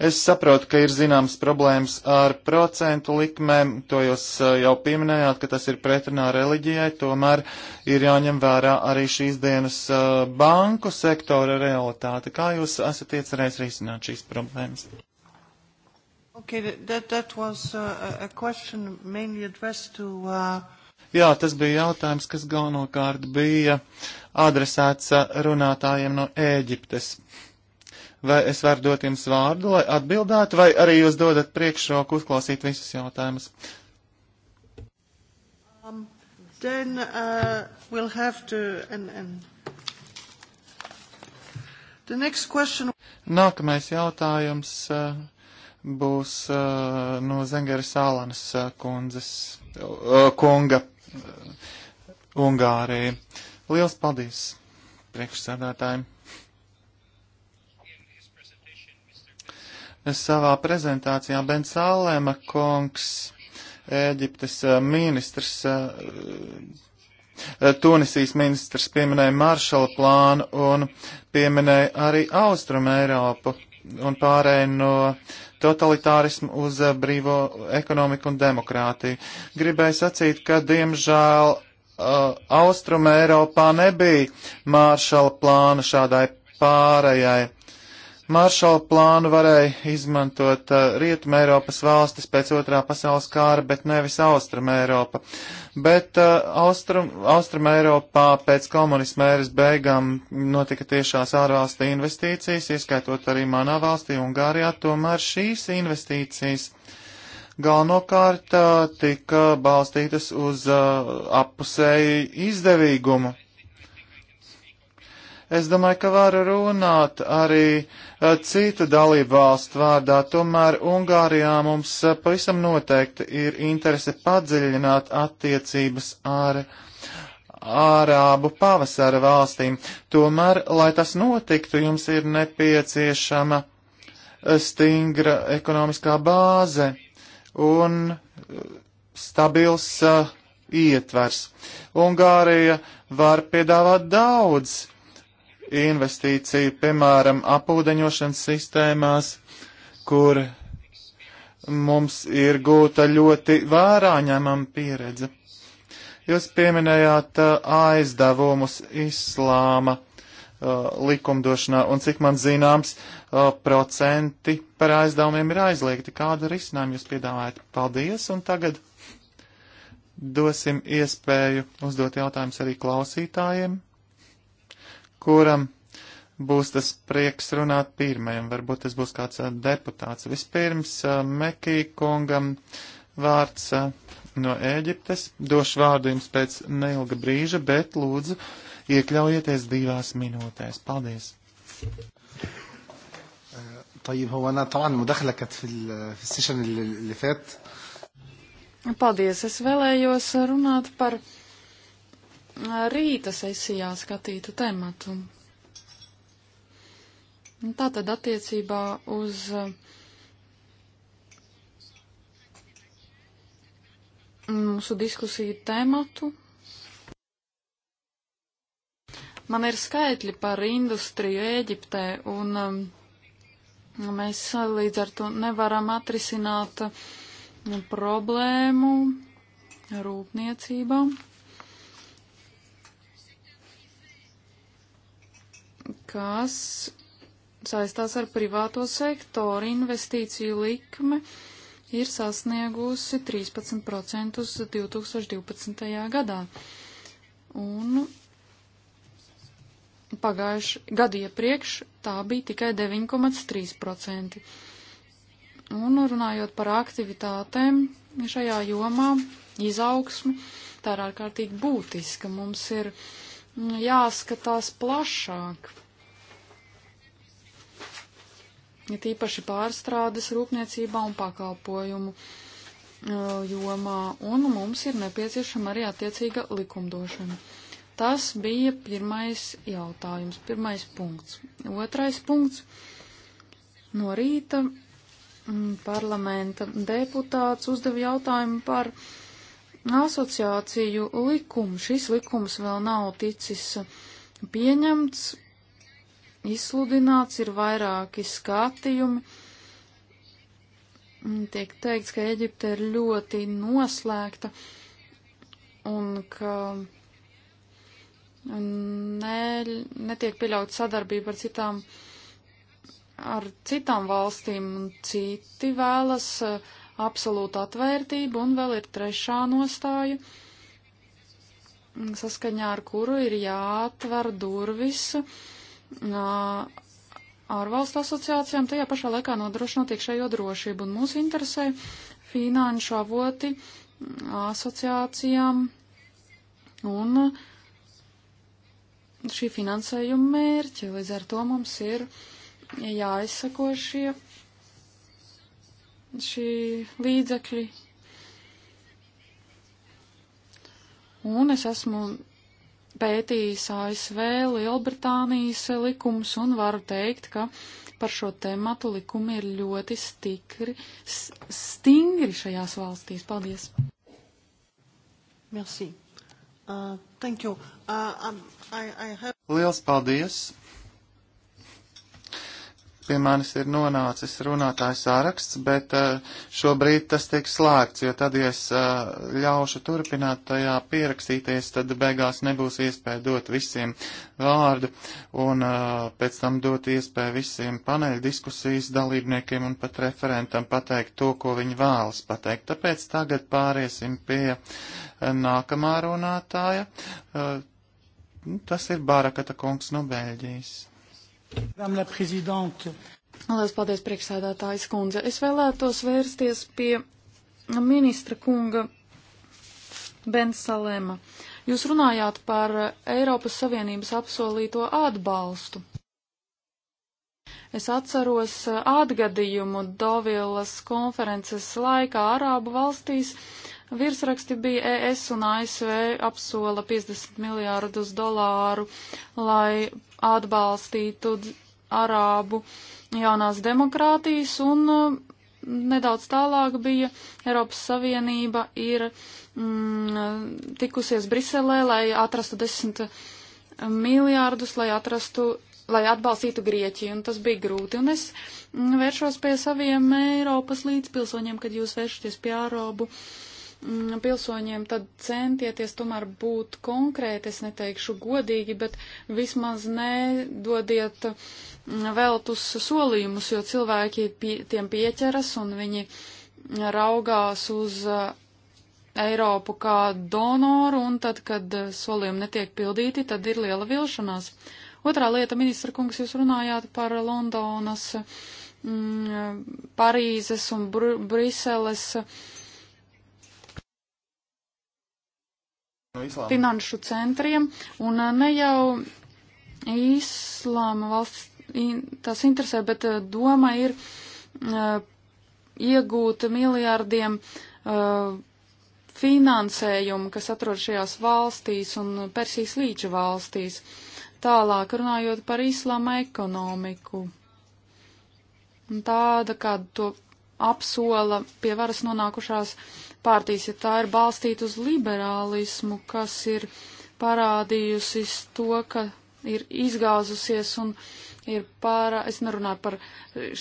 Es saprotu, ka ir zināmas problēmas ar procentu likmēm, to jūs jau pieminējāt, ka tas ir pretrunā reliģijai, tomēr ir jāņem vērā arī šīs dienas banku sektora realitāte. Kā jūs esat iecerējis risināt šīs problēmas? Okay, that, that was a, a question mainly addressed to uh, Jā, tas bija jautājums, kas galvenokārt bija adresēts uh, runātājiem no Ēģiptes. Vai es varu dot jums vārdu, lai atbildētu, vai arī jūs dodat priekšroku uzklausīt visus jautājumus? Um, then, uh, we'll have to, and, and the next question. Nākamais jautājums uh, būs uh, no Zengera Sālanas uh, kundzes, uh, kunga. Ungāriju. Liels paldies priekšsādātājiem! Savā prezentācijā Bensālēma kungs, Ēģiptes eh, ministrs, eh, Tunisijas ministrs pieminēja Maršala plānu un pieminēja arī Austrum Eiropu un pārēju no totalitārismu uz eh, brīvo ekonomiku un demokrātiju. Gribēju sacīt, ka diemžēl eh, Austrum Eiropā nebija māršala plāna šādai pārējai. Maršala plānu varēja izmantot uh, eh, Rietuma Eiropas valstis pēc otrā pasaules kāra, bet nevis Austruma Eiropa. Uh, bet uh, Austrum, Austrum Eiropā pēc komunisma eras beigām notika tiešās ārvalstu investīcijas, ieskaitot arī manā valstī Ungārijā, tomēr šīs investīcijas galvenokārt uh, tika balstītas uz uh, appusēju izdevīgumu. Es domāju, ka varu runāt arī eh, citu dalību valstu vārdā. Tomēr Ungārijā mums eh, pavisam noteikti ir interese padziļināt attiecības ar ārābu pavasara valstīm. Tomēr, lai tas notiktu, jums ir nepieciešama eh, stingra ekonomiskā bāze un stabils uh, ietvers. Ungārija var piedāvāt daudz investīciju, piemēram, apūdeņošanas sistēmās, kur mums ir gūta ļoti vērā ņemama pieredze. Jūs pieminējāt uh, aizdevumus islāma uh, likumdošanā, un cik man zināms, uh, procenti par aizdevumiem ir aizliegti. Kādu risinājumu jūs piedāvājat? Paldies, un tagad dosim iespēju uzdot jautājumus arī klausītājiem kuram būs tas prieks runāt pirmajam. Varbūt tas būs kāds deputāts. Vispirms Mekī kungam vārds no Ēģiptes. Došu vārdu jums pēc neilga brīža, bet lūdzu iekļaujieties divās minūtēs. Paldies! طيب هو انا طبعا مداخله كانت في في السيشن اللي فات Paldies! Es vēlējos runāt par rīta sesijā skatītu tematu. Tātad attiecībā uz mm, mūsu diskusiju tematu. Man ir skaitļi par industriju Ēģiptē, un um, mēs līdz ar to nevaram atrisināt problēmu rūpniecībām. kas saistās ar privāto sektoru. Investīciju likme ir sasniegusi 13% 2012. gadā. Un pagājuši gadu iepriekš tā bija tikai 9,3%. Un runājot par aktivitātēm šajā jomā, izaugsmi, tā ir ārkārtīgi būtiska. Mums ir uh, jāskatās plašāk. Ja tīpaši pārstrādes rūpniecībā un pakalpojumu jomā, un mums ir nepieciešama arī attiecīga likumdošana. Tas bija pirmais jautājums, pirmais punkts. Otrais punkts. No rīta mm, parlamenta deputāts uzdeva jautājumu par uh, asociāciju likumu. Šis likums vēl nav ticis pieņemts, izsludināts, ir vairāki skatījumi. Tiek teikts, ka Eģipte ir ļoti noslēgta un ka ne, netiek pieļaut sadarbība ar citām, ar citām valstīm. Citi vēlas uh, absolūta atvērtība, un vēl ir trešā nostāja, saskaņā ar kuru ir jāatver durvis ārvalstu asociācijām, tajā pašā laikā nodrošinot iekšējo drošību, un mūs interesē finanšu avoti asociācijām un šī finansējuma mērķi. Līdz ar to mums ir jāizsako šie šī līdzekļi. Un es esmu pētījis ASV, Lielbritānijas likums un varu teikt, ka par šo tēmatu likumi ir ļoti stikri, stingri šajās valstīs. Paldies! Merci. Uh, thank you. Uh, um, I, I have... Liels paldies! Pie manis ir nonācis runātājs sāraksts, bet eh, šobrīd tas tiek slēgts, jo tad, ja es eh, ļaušu turpināt tajā pierakstīties, tad beigās nebūs iespēja dot visiem vārdu un eh, pēc tam dot iespēju visiem paneļu diskusijas dalībniekiem un pat referentam pateikt to, ko viņi vēlas pateikt. Tāpēc tagad pāriesim pie nākamā runātāja. Tas ir Bārakata kungs no Bēļģijas. Nu, Lielas paldies, priekšsēdētājas kundze. Es vēlētos vērsties pie ministra kunga Bensalēma. Jūs runājāt par Eiropas Savienības apsolīto atbalstu. Es atceros atgadījumu Dovilas konferences laikā Arābu valstīs Virsraksti bija ES un ASV apsola 50 miljārdus dolāru, lai atbalstītu arābu jaunās demokrātijas un mm, nedaudz tālāk bija Eiropas Savienība ir mm, tikusies Briselē, lai atrastu desmit miljārdus, lai atrastu, lai atbalstītu Grieķiju, un tas bija grūti. Un es mm, vēršos pie saviem Eiropas līdzpilsoņiem, kad jūs vēršaties pie ārobu Mm, pilsoņiem, tad centieties tomēr būt konkrēti, es neteikšu godīgi, bet vismaz nedodiet mm, veltus solījumus, jo cilvēki pie, tiem pieķeras un viņi raugās uz uh, Eiropu kā donoru, un tad, kad uh, solījumi netiek pildīti, tad ir liela vilšanās. Otrā lieta, ministra kungs, jūs runājāt par Londonas, m, mm, Parīzes un Br Briseles uh, no islāma. finanšu centriem, un eh, ne jau islāma valsts tās interesē, bet eh, doma ir uh, iegūt miljārdiem uh, finansējumu, kas atrod šajās valstīs un Persijas līča valstīs. Tālāk runājot par islāma ekonomiku. Tāda, kāda to apsola pie varas nonākušās partijas, ja tā ir balstīta uz liberālismu, kas ir parādījusi to, ka ir izgāzusies un ir pārā, es nerunāju par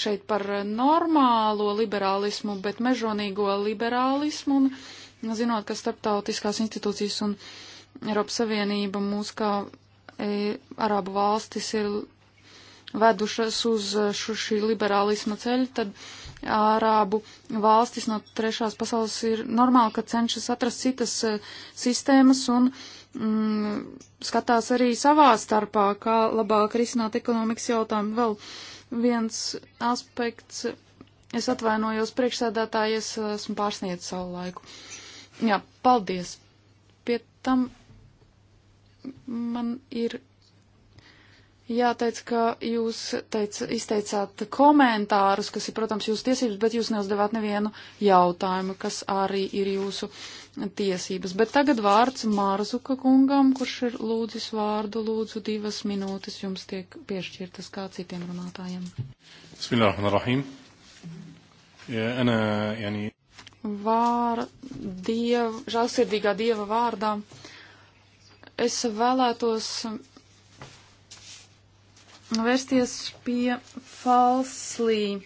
šeit par normālo liberālismu, bet mežonīgo liberālismu un zinot, ka starptautiskās institūcijas un Eiropas Savienība mūs kā e, Arabu valstis ir vedušas uz šo šī liberālisma ceļu, tad ārābu valstis no trešās pasaules ir normāli, ka cenšas atrast citas e, sistēmas un mm, skatās arī savā starpā, kā labāk risināt ekonomikas jautājumu. Vēl viens aspekts, es atvainojos priekšsēdētāji, es e, esmu pārsniedzis savu laiku. Jā, paldies. Pie tam man ir Jāteic, ka jūs teic, izteicāt komentārus, kas ir, protams, jūsu tiesības, bet jūs neuzdevāt nevienu jautājumu, kas arī ir jūsu tiesības. Bet tagad vārds Mārzuka kungam, kurš ir lūdzis vārdu, lūdzu divas minūtes jums tiek piešķirtas kā citiem runātājiem. Bismillahirrahmanirrahim. Ana, yani... Vār, diev, žēlsirdīgā dieva vārdā. Es vēlētos vērsties pie Falslī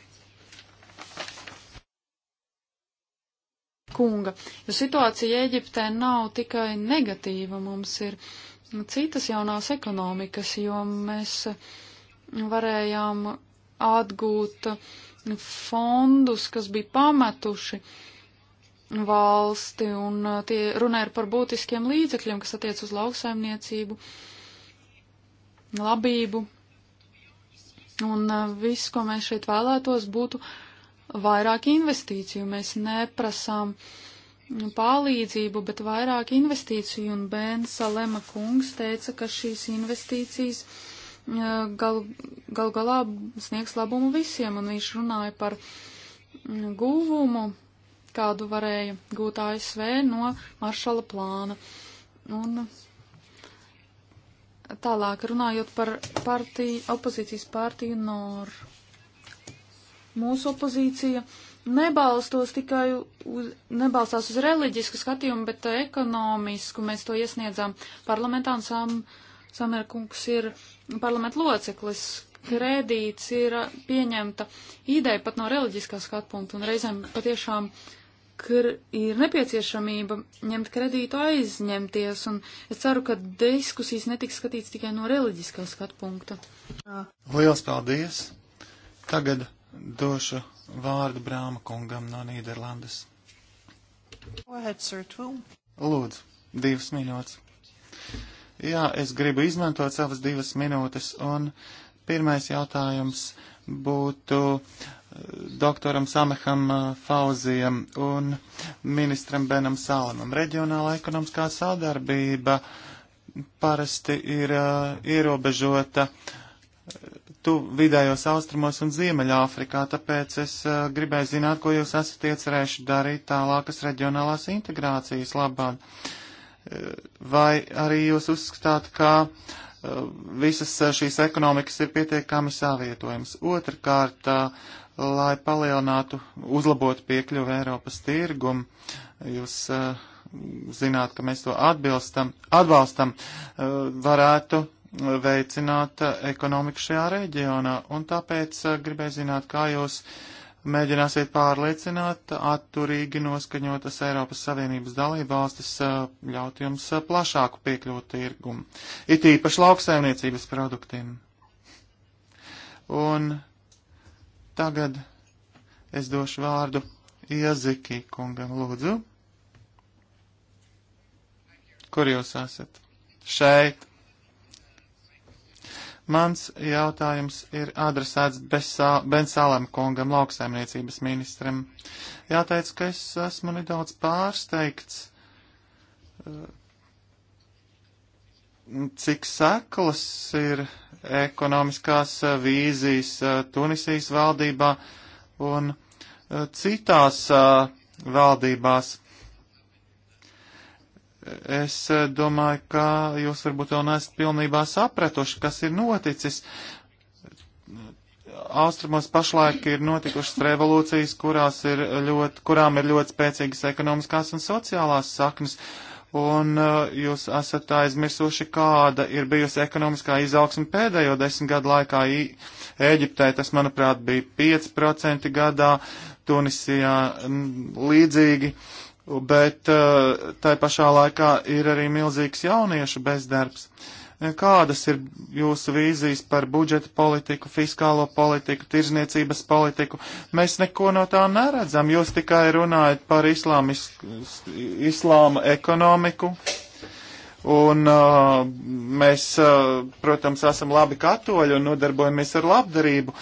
kunga, jo situācija Eģiptē nav tikai negatīva, mums ir citas jaunās ekonomikas, jo mēs varējām atgūt fondus, kas bija pametuši valsti, un tie runāja par būtiskiem līdzekļiem, kas attiec uz lauksaimniecību, labību, Un uh, viss, ko mēs šeit vēlētos, būtu vairāk investīciju. Mēs neprasām palīdzību, bet vairāk investīciju. Un Bēns Lema kungs teica, ka šīs investīcijas uh, gal, gal galā sniegs labumu visiem. Un viņš runāja par mm, guvumu, kādu varēja gūt ASV no maršala plāna. Un Tālāk runājot par partiju, opozīcijas partiju NOR. Mūsu opozīcija nebalstos tikai uz, nebalstās uz reliģisku skatījumu, bet ekonomisku. Mēs to iesniedzām parlamentā un sam, Samerkungs ir parlamentu loceklis. Kredīts ir pieņemta ideja pat no reliģiskā skatpunkta un reizēm patiešām uh, ir nepieciešamība ņemt kredītu aizņemties, un es ceru, ka diskusijas netiks skatīts tikai no reliģiskā skatu punkta. Lielas paldies! Tagad došu vārdu Brāma kungam no Nīderlandes. Lūdzu, divas minūtes. Jā, es gribu izmantot savas divas minūtes, un pirmais jautājums būtu doktoram Sameham uh, Fauzijam un ministram Benam Salamam. Reģionāla ekonomiskā sadarbība parasti ir uh, ierobežota uh, tu vidējos austrumos un Ziemeļāfrikā, tāpēc es uh, gribēju zināt, ko jūs esat iecerējuši darīt tālākas reģionālās integrācijas labā. Uh, vai arī jūs uzskatāt, ka uh, visas šīs ekonomikas ir pietiekami savietojamas. Otrakārt, lai palielinātu, uzlabotu piekļuvu Eiropas tirgumu. Jūs uh, zināt, ka mēs to atbilstam, atbalstam, uh, varētu veicināt eh, ekonomiku šajā reģionā. Un tāpēc uh, gribēju zināt, kā jūs mēģināsiet pārliecināt atturīgi noskaņotas Eiropas Savienības dalībvalstis ļaut jums plašāku piekļūt tirgumu. It īpaši lauksaimniecības produktiem. Un Tagad es došu vārdu Ieziki kungam lūdzu. Kur jūs esat? Šeit. Mans jautājums ir adresēts Bensalam kungam, lauksaimniecības ministram. Jāteic, ka es esmu nedaudz pārsteigts Nu, cik seklas ir ekonomiskās eh, vīzijas eh, Tunisijas valdībā un eh, citās valdībās. Es domāju, ka jūs varbūt vēl neesat pilnībā sapratuši, kas ir noticis. Austrumos pašlaik ir notikušas revolūcijas, kurās ir ļoti, kurām ir ļoti spēcīgas ekonomiskās un sociālās saknes. Uh, un uh, jūs esat aizmirsuši, kāda ir bijusi ekonomiskā izaugsme pēdējo desmit gadu laikā Ēģiptē. Tas, manuprāt, bija 5% gadā, Tunisijā mm, līdzīgi, bet uh, tai pašā laikā ir arī milzīgs jauniešu bezdarbs. Uh, Eh, kādas ir jūsu vīzijas par budžeta politiku, fiskālo politiku, tirzniecības politiku? Mēs neko no tā neredzam. Jūs tikai runājat par islāma ekonomiku Un uh, mēs, uh, protams, esam labi katoļi un nodarbojamies ar labdarību,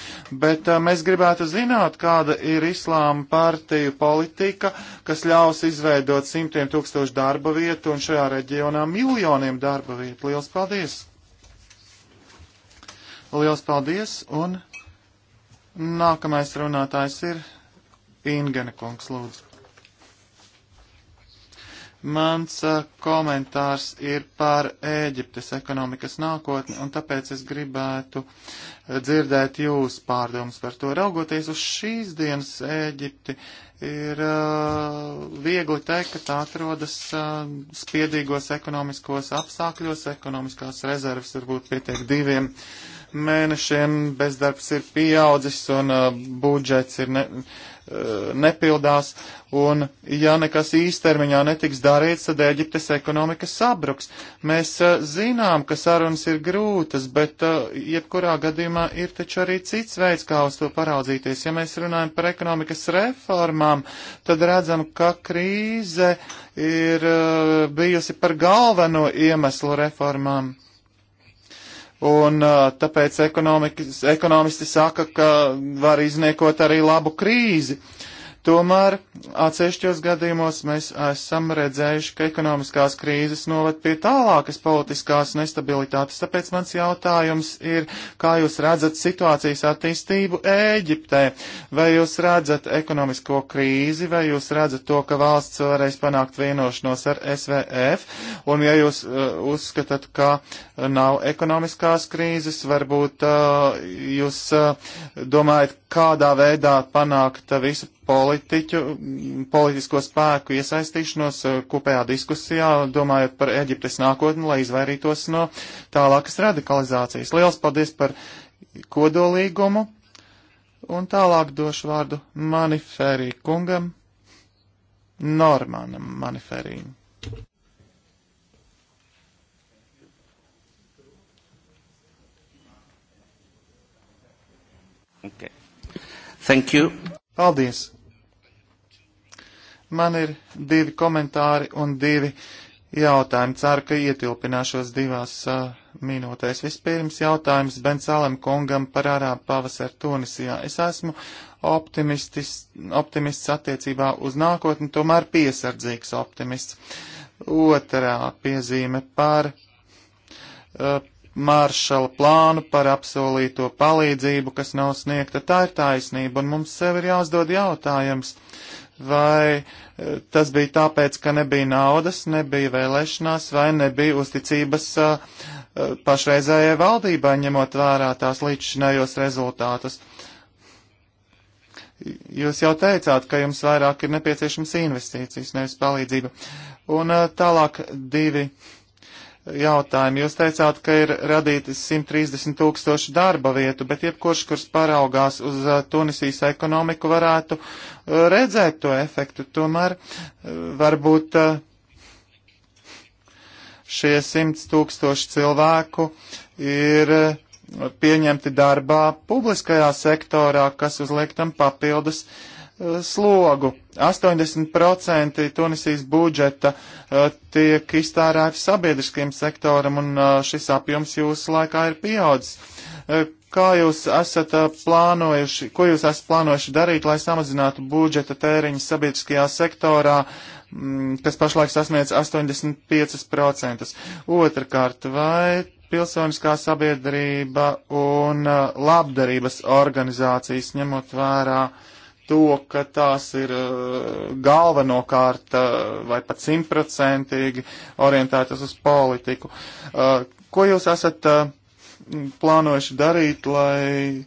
bet uh, mēs gribētu zināt, kāda ir islāma partiju politika, kas ļaus izveidot simtiem tūkstošu darba vietu un šajā reģionā miljoniem darba vietu. Liels paldies! Liels paldies! Un nākamais runātājs ir Ingene Kungs, lūdzu. Mans uh, komentārs ir par Ēģiptes ekonomikas nākotni, un tāpēc es gribētu uh, dzirdēt jūs pārdomas par to. Raugoties uz šīs dienas Ēģipti, ir uh, viegli teikt, ka tā atrodas spiedīgos ekonomiskos apstākļos, ekonomiskās rezerves varbūt pietiek diviem mēnešiem, bezdarbs ir pieaudzis un budžets ir. Ne Eh, nepildās, un ja nekas īstermiņā netiks darīts, tad Eģiptes ekonomika sabruks. Mēs eh, zinām, ka sarunas ir grūtas, bet eh, jebkurā gadījumā ir taču arī cits veids, kā uz to paraudzīties. Ja mēs runājam par ekonomikas reformām, tad redzam, ka krīze ir bijusi par galveno iemeslu reformām. Un tāpēc ekonomisti saka, ka var izniekot arī labu krīzi. Uh, Tomēr atsevišķos gadījumos mēs esam redzējuši, ka ekonomiskās krīzes noved pie tālākas politiskās nestabilitātes, tāpēc mans jautājums ir, kā jūs redzat situācijas attīstību Ēģiptē? Vai jūs redzat ekonomisko krīzi, vai jūs redzat to, ka valsts varēs panākt vienošanos ar SVF? Un ja jūs uh, uzskatāt, ka nav ekonomiskās krīzes, varbūt uh, jūs uh, domājat, kādā veidā panākt uh, visu politiķu, politisko spēku iesaistīšanos eh, kopējā diskusijā, domājot par Eģiptes nākotni, lai izvairītos no tālākas radikalizācijas. Liels paldies par kodolīgumu, un tālāk došu vārdu Maniferī kungam, Normanam Maniferī. Okay. Thank you. Paldies! Man ir divi komentāri un divi jautājumi. Ceru, ka ietilpināšos divās uh, minūtēs. Vispirms jautājums Bensalem kungam par ārābu pavasaru Tunisijā. Es esmu optimists attiecībā uz nākotni, tomēr piesardzīgs optimists. Otrā piezīme par uh, Māršala plānu par apsolīto palīdzību, kas nav sniegta. Tā ir taisnība, un mums sev ir jāuzdod jautājums, vai e, tas bija tāpēc, ka nebija naudas, nebija vēlēšanās vai nebija uzticības e, e, pašreizējai valdībai, ņemot vērā tās līdzšinējos rezultātus. Jūs jau teicāt, ka jums vairāk ir nepieciešams investīcijas, nevis palīdzība. Un tālāk divi jautājumu. Jūs teicāt, ka ir radīti 130 tūkstoši darba vietu, bet jebkurš, kurš paraugās uz uh, Tunisijas ekonomiku, varētu uh, redzēt to efektu. Tomēr uh, varbūt šie 100 tūkstoši cilvēku ir pieņemti darbā publiskajā sektorā, kas uzliek tam papildus uh, slogu. 80% Tunisijas budžeta uh, tiek iztērēti sabiedriskiem sektoram, un uh, šis apjoms jūsu laikā ir pieaudzis. Uh, kā jūs esat plānojuši, ko jūs esat plānojuši darīt, lai samazinātu budžeta tēriņu sabiedriskajā sektorā, mm, kas pašlaik sasniedz 85%? Otrakārt, vai pilsoniskā sabiedrība un labdarības organizācijas ņemot vērā uh, to, ka tās ir eh, galvenokārt eh, vai pat simtprocentīgi orientētas uz politiku. Eh, ko jūs esat plānojuši darīt, lai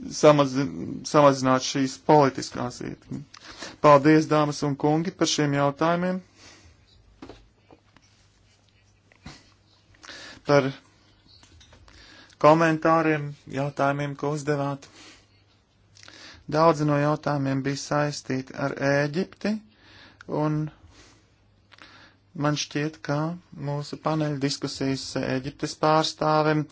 samazināt šīs politiskās ietekmes. Paldies, dāmas un kungi, par šiem jautājumiem. Par komentāriem, jautājumiem, ko uzdevāt. Daudzi no jautājumiem bija saistīti ar Ēģipti, un man šķiet, ka mūsu paneļa diskusijas Ēģiptes pārstāvim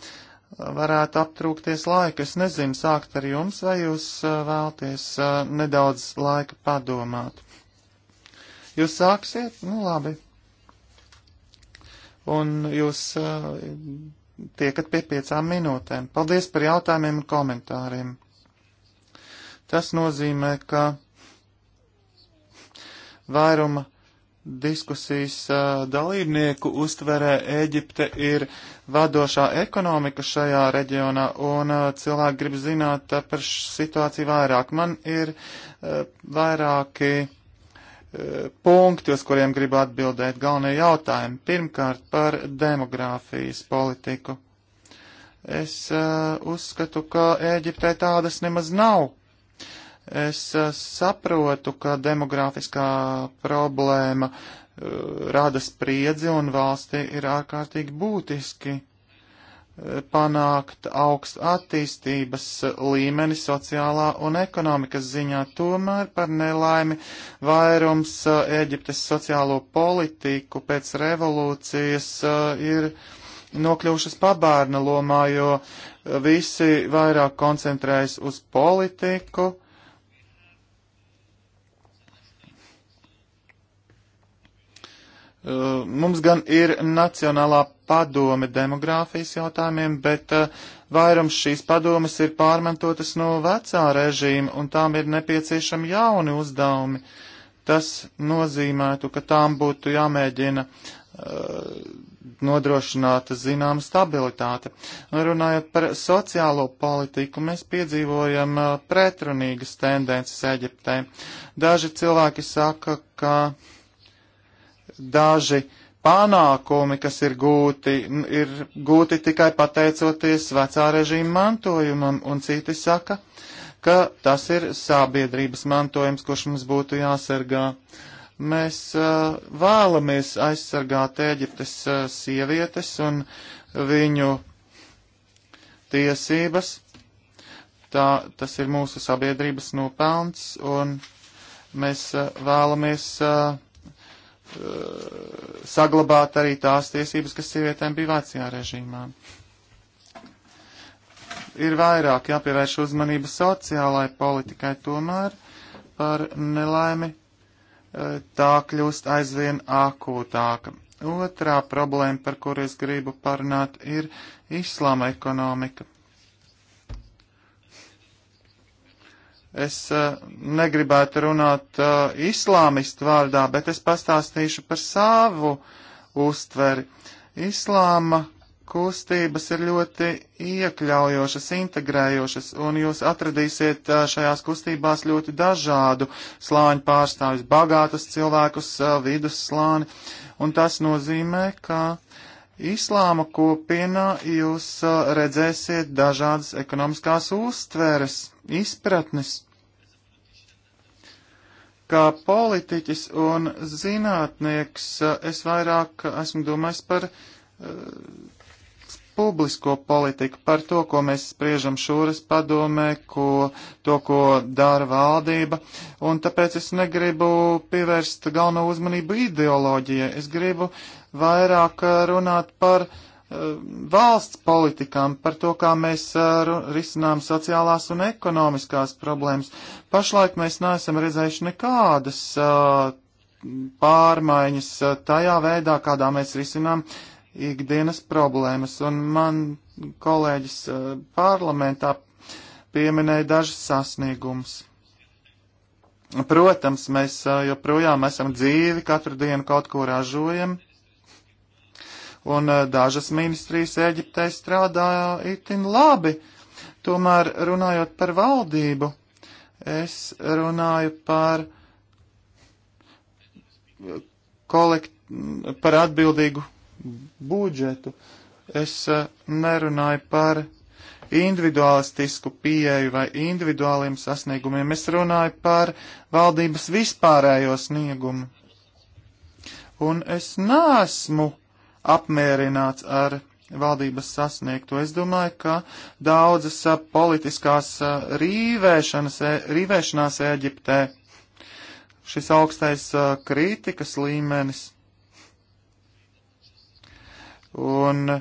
varētu aptrūkties laika. Es nezinu, sākt ar jums, vai jūs vēlties nedaudz laika padomāt. Jūs sāksiet? Nu, labi. Un jūs tiekat pie piecām minūtēm. Paldies par jautājumiem un komentāriem. Tas nozīmē, ka vairuma diskusijas dalībnieku uztverē Ēģipte ir vadošā ekonomika šajā reģionā, un cilvēki grib zināt par situāciju vairāk. Man ir vairāki punkti, uz kuriem gribu atbildēt galvenie jautājumi. Pirmkārt, par demogrāfijas politiku. Es uh, uzskatu, ka Ēģiptē tādas nemaz nav. Es eh, saprotu, ka demografiskā problēma eh, rada spriedzi un valsti ir ārkārtīgi būtiski eh, panākt augstu attīstības līmeni sociālā un ekonomikas ziņā. Tomēr par nelaimi vairums Eģiptes sociālo politiku pēc revolūcijas ir nokļuvušas pabērna lomā, jo visi vairāk koncentrējas uz politiku Eh, mums gan ir Nacionālā padome demogrāfijas jautājumiem, bet eh, vairums šīs padomes ir pārmantotas no vecā režīma, un tām ir nepieciešami jauni uzdevumi. Tas nozīmētu, ka tām būtu jāmēģina eh, nodrošināta zināma stabilitāte. Runājot par sociālo politiku, mēs piedzīvojam pretrunīgas tendences Eģiptē. Daži cilvēki saka, ka uh, daži panākumi, kas ir gūti, ir gūti tikai pateicoties vecā režīma mantojumam, un citi saka, ka tas ir sabiedrības mantojums, kurš mums būtu jāsargā. Mēs uh, vēlamies aizsargāt Ēģiptes uh, sievietes un viņu tiesības. Tā, tas ir mūsu sabiedrības nopelns, un mēs uh, vēlamies uh, Uh, saglabāt arī tās tiesības, kas sievietēm bija vecajā režīmā. Ir vairāk jāpievērš uzmanība sociālai politikai tomēr par nelaimi uh, tā kļūst aizvien akūtāka. Otrā problēma, par kuru es gribu parunāt, ir islāma ekonomika. Es uh, negribētu runāt uh, islāmistu vārdā, bet es pastāstīšu par savu uztveri. Islāma kustības ir ļoti iekļaujošas, integrējošas, un jūs atradīsiet eh, šajās kustībās ļoti dažādu slāņu pārstāvis, bagātus cilvēkus, vidus slāni, un tas nozīmē, ka Islāma kopienā jūs redzēsiet dažādas ekonomiskās uztveres, izpratnes. Kā politiķis un zinātnieks es vairāk esmu domājis par uh, publisko politiku, par to, ko mēs spriežam šūras padomē, ko, to, ko dara valdība, un tāpēc es negribu pievērst galveno uzmanību ideoloģijai. Es gribu uh, vairāk eh, runāt par eh, valsts politikām, par to, kā mēs eh, risinām sociālās un ekonomiskās problēmas. Pašlaik mēs neesam redzējuši nekādas pārmaiņas tajā veidā, kādā mēs risinām ikdienas problēmas. Un man kolēģis parlamentā pieminēja dažas sasniegumus. Protams, mēs joprojām esam dzīvi, katru dienu kaut ko ražojam un eh, dažas ministrijas Eģiptē strādāja eh, itin labi. Tomēr runājot par valdību, es runāju par, eh, kolekt, par atbildīgu budžetu. Es nerunāju par individualistisku pieeju vai individuāliem sasniegumiem. Es runāju par valdības vispārējo sniegumu. Un es nesmu uh, apmierināts ar valdības sasniegto. Es domāju, ka daudzas politiskās rīvēšanas, rīvēšanās Eģiptē, šis augstais kritikas līmenis un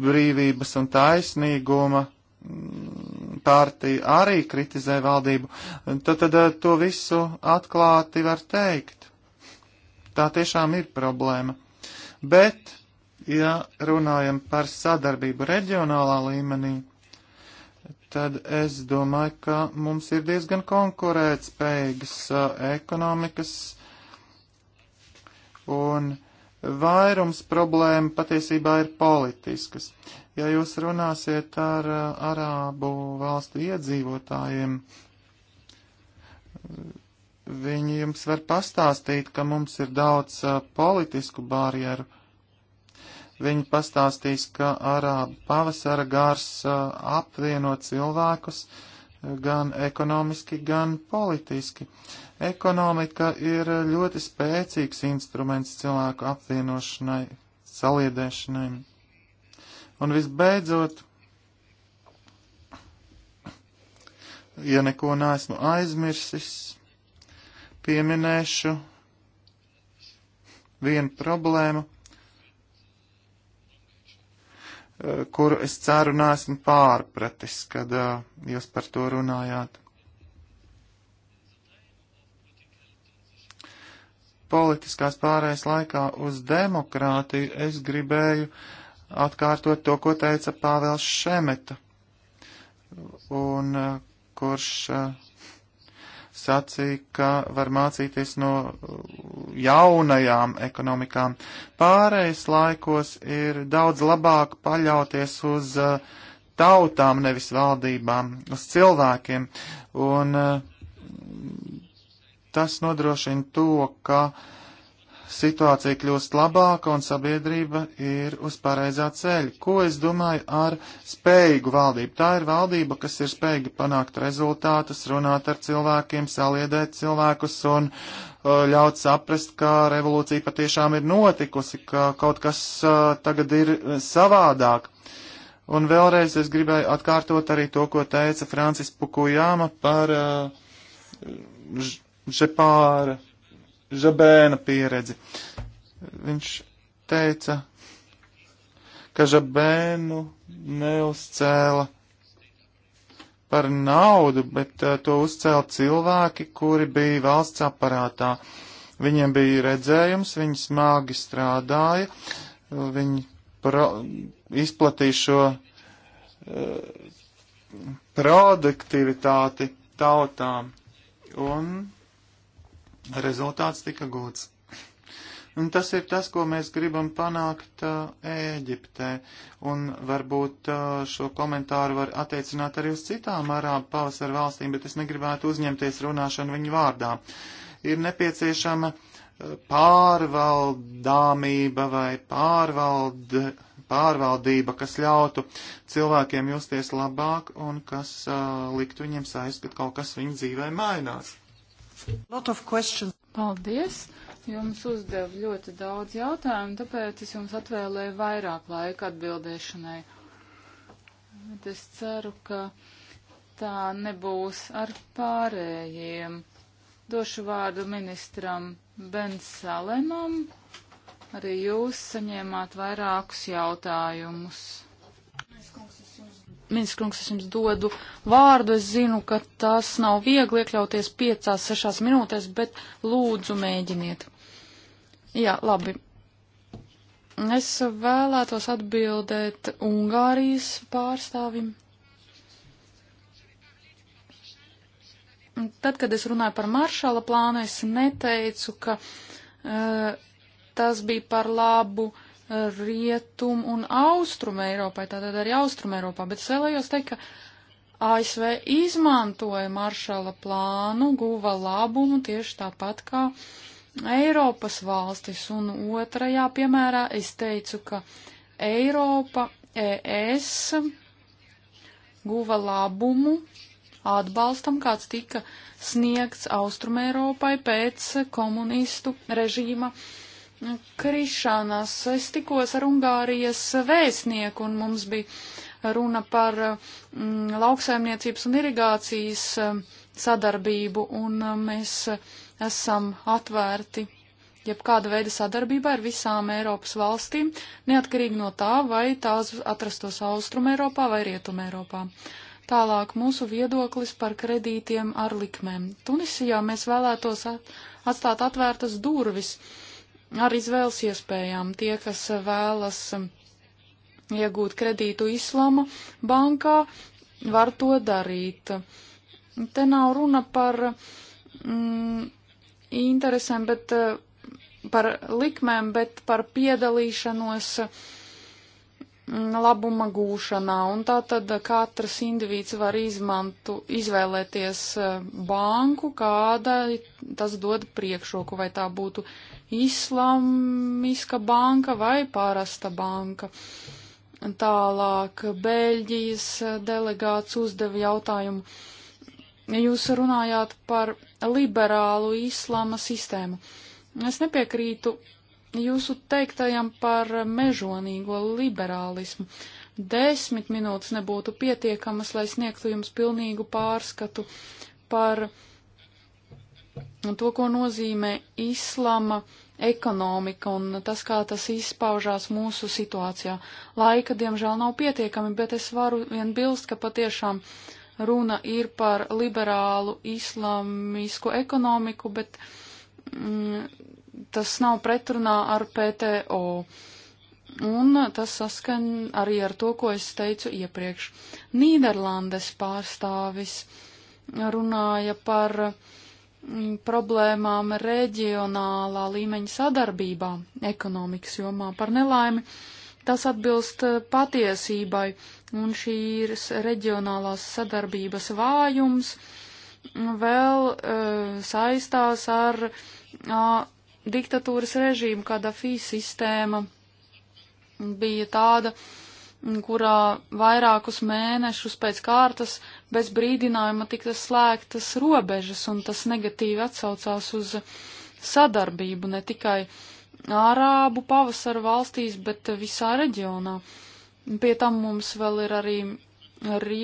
brīvības un taisnīguma mm, partija arī kritizē valdību, tad, tad to visu atklāti var teikt. Tā tiešām ir problēma. Bet, ja runājam par sadarbību reģionālā līmenī, tad es domāju, ka mums ir diezgan konkurētspējīgas uh, ekonomikas un vairums problēma patiesībā ir politiskas. Ja jūs runāsiet ar uh, arābu valstu iedzīvotājiem, Viņi jums var pastāstīt, ka mums ir daudz uh, politisku barjeru. Viņi pastāstīs, ka arābu pavasara gars uh, apvieno cilvēkus gan ekonomiski, gan politiski. Ekonomika ir ļoti spēcīgs instruments cilvēku apvienošanai, saliedēšanai. Un visbeidzot, ja neko neesmu aizmirsis, pieminēšu vienu problēmu, eh, kuru es ceru nesmu pārpratis, kad eh, jūs par to runājāt. Politiskās pārējais laikā uz demokrātiju es gribēju atkārtot to, ko teica Pāvils Šemeta, un eh, kurš uh, sacīja, ka var mācīties no uh, jaunajām ekonomikām. Pārējais laikos ir daudz labāk paļauties uz uh, tautām, nevis valdībām, uz cilvēkiem, un uh, tas nodrošina to, ka uh, situācija kļūst labāka un sabiedrība ir uz pareizā ceļa. Ko es domāju ar spējīgu valdību? Tā ir valdība, kas ir spējīga panākt rezultātus, runāt ar cilvēkiem, saliedēt cilvēkus un uh, ļaut saprast, ka revolūcija patiešām ir notikusi, ka kaut kas uh, tagad ir uh, savādāk. Un vēlreiz es gribēju atkārtot arī to, ko teica Francis Pukujāma par uh, Žepāra Žabēna pieredzi. Viņš teica, ka Žabēnu neuzcēla par naudu, bet uh, to uzcēla cilvēki, kuri bija valsts aparātā. Viņiem bija redzējums, viņi smagi strādāja, viņi pro, izplatīja šo uh, produktivitāti tautām. Un rezultāts tika gūts. Un tas ir tas, ko mēs gribam panākt uh, Ēģiptē. Un varbūt uh, šo komentāru var attiecināt arī uz citām arābu pavasara valstīm, bet es negribētu uzņemties runāšanu viņu vārdā. Ir nepieciešama uh, pārvaldāmība vai pārvald, pārvaldība, kas ļautu cilvēkiem justies labāk un kas uh, liktu viņiem saist, ka kaut kas viņu dzīvē mainās. Paldies! Jums uzdev ļoti daudz jautājumu, tāpēc es jums atvēlēju vairāk laika atbildēšanai. Bet es ceru, ka tā nebūs ar pārējiem. Došu vārdu ministram Bensalemam. Arī jūs saņēmāt vairākus jautājumus ministrs kungs, es jums dodu vārdu. Es zinu, ka tas nav viegli iekļauties piecās, sešās minūtēs, bet lūdzu mēģiniet. Jā, labi. Es vēlētos atbildēt Ungārijas pārstāvim. Tad, kad es runāju par maršala plānu, es neteicu, ka uh, tas bija par labu uh, rietum un austrum Eiropai, tātad arī austrum Eiropā, bet es vēlējos teikt, ka ASV izmantoja maršala plānu, guva labumu tieši tāpat kā Eiropas valstis, un otrajā piemērā es teicu, ka Eiropa, ES guva labumu atbalstam, kāds tika sniegts Austrumēropai pēc komunistu režīma uh, krišanas. Es tikos ar Ungārijas vēstnieku un mums bija runa par mm, lauksaimniecības un irigācijas mm, sadarbību un mm, mēs esam atvērti jebkāda veida sadarbībā ar visām Eiropas valstīm, neatkarīgi no tā, vai tās atrastos Austrum Eiropā vai Rietum Eiropā. Tālāk mūsu viedoklis par kredītiem ar likmēm. Tunisijā mēs vēlētos atstāt atvērtas durvis uh, ar izvēles iespējām. Tie, kas vēlas iegūt kredītu Islama bankā, var to darīt. Te nav runa par mm, interesēm, bet eh, par likmēm, bet par piedalīšanos mm, labuma gūšanā, un tā tad katrs indivīds var izmantu, izvēlēties eh, banku, kādai tas dod priekšroku, vai tā būtu islamiska banka vai pārasta banka. Tālāk Beļģijas delegāts uzdeva jautājumu. Jūs runājāt par liberālu islāma sistēmu. Es nepiekrītu jūsu teiktajam par mežonīgo liberālismu. Desmit minūtes nebūtu pietiekamas, lai sniegtu jums pilnīgu pārskatu par uh, un to, ko nozīmē islama ekonomika un tas, kā tas izpaužās mūsu situācijā. Laika, diemžēl, nav pietiekami, bet es varu vien bilst, ka patiešām runa ir par liberālu islamisku ekonomiku, bet mm, tas nav pretrunā ar PTO. Un tas saskan arī ar to, ko es teicu iepriekš. Nīderlandes pārstāvis runāja par uh, Mm, problēmām reģionālā līmeņa sadarbībā ekonomikas jomā par nelaimi. Tas atbilst eh, patiesībai, un šīs reģionālās sadarbības vājums vēl uh, e, saistās ar uh, diktatūras režīmu, kāda FI sistēma bija tāda, uh, kurā vairākus mēnešus pēc kārtas bez brīdinājuma tika slēgtas robežas, un tas negatīvi atsaucās uz sadarbību ne tikai Ārābu pavasara valstīs, bet visā reģionā. Pie tam mums vēl ir arī ri,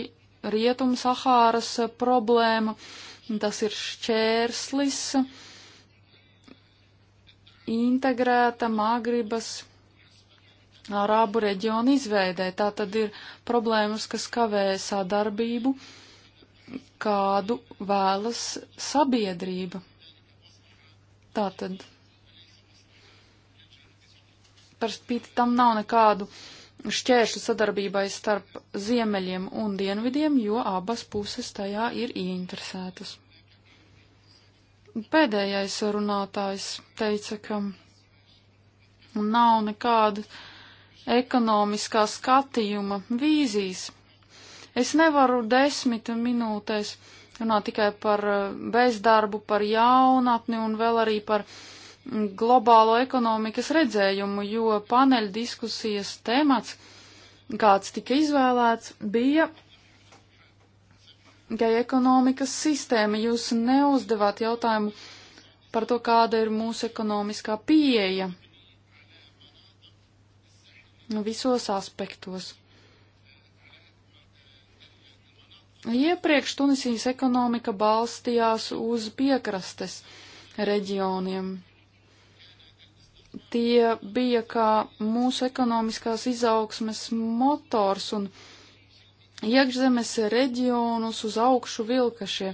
Rietum Sahāras problēma, tas ir šķērslis, integrēta Magribas Arābu reģionu izveidē. Tā tad ir problēmas, kas kavē sadarbību, kādu vēlas sabiedrība. Tā tad. Par spīti tam nav nekādu šķēršļu sadarbībai starp ziemeļiem un dienvidiem, jo abas puses tajā ir ieinteresētas. Pēdējais runātājs teica, ka nav nekāda uh, ekonomiskā skatījuma vīzijas. Es nevaru desmit minūtēs runāt tikai par eh, bezdarbu, par jaunatni un vēl arī par mm, globālo ekonomikas redzējumu, jo paneļa diskusijas temats, kāds tika izvēlēts, bija gai ekonomikas sistēma. Jūs neuzdevāt jautājumu par to, kāda ir mūsu ekonomiskā pieeja Nu, visos aspektos. Iepriekš Tunisijas ekonomika balstījās uz piekrastes reģioniem. Tie bija kā mūsu ekonomiskās izaugsmes motors un iekšzemes reģionus uz augšu vilka šie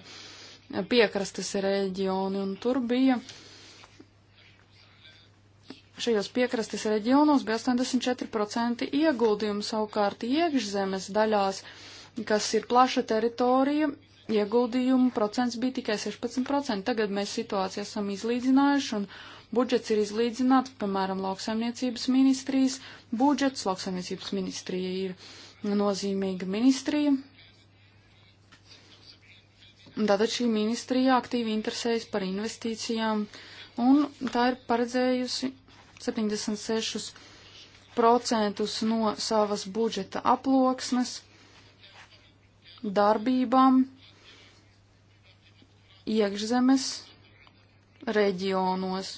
piekrastes reģioni, un tur bija uh, Šajos piekrastes reģionos bija 84% ieguldījumu savukārt iekšzemes daļās, kas ir plaša teritorija, ieguldījumu procents bija tikai 16%. Tagad mēs situāciju esam izlīdzinājuši un budžets ir izlīdzināts, piemēram, lauksaimniecības ministrijas budžets. Lauksaimniecības ministrija ir nozīmīga ministrija, Tātad šī ministrija aktīvi interesējas par investīcijām, un tā ir paredzējusi 76% no savas budžeta aploksnes darbībām iekšzemes reģionos.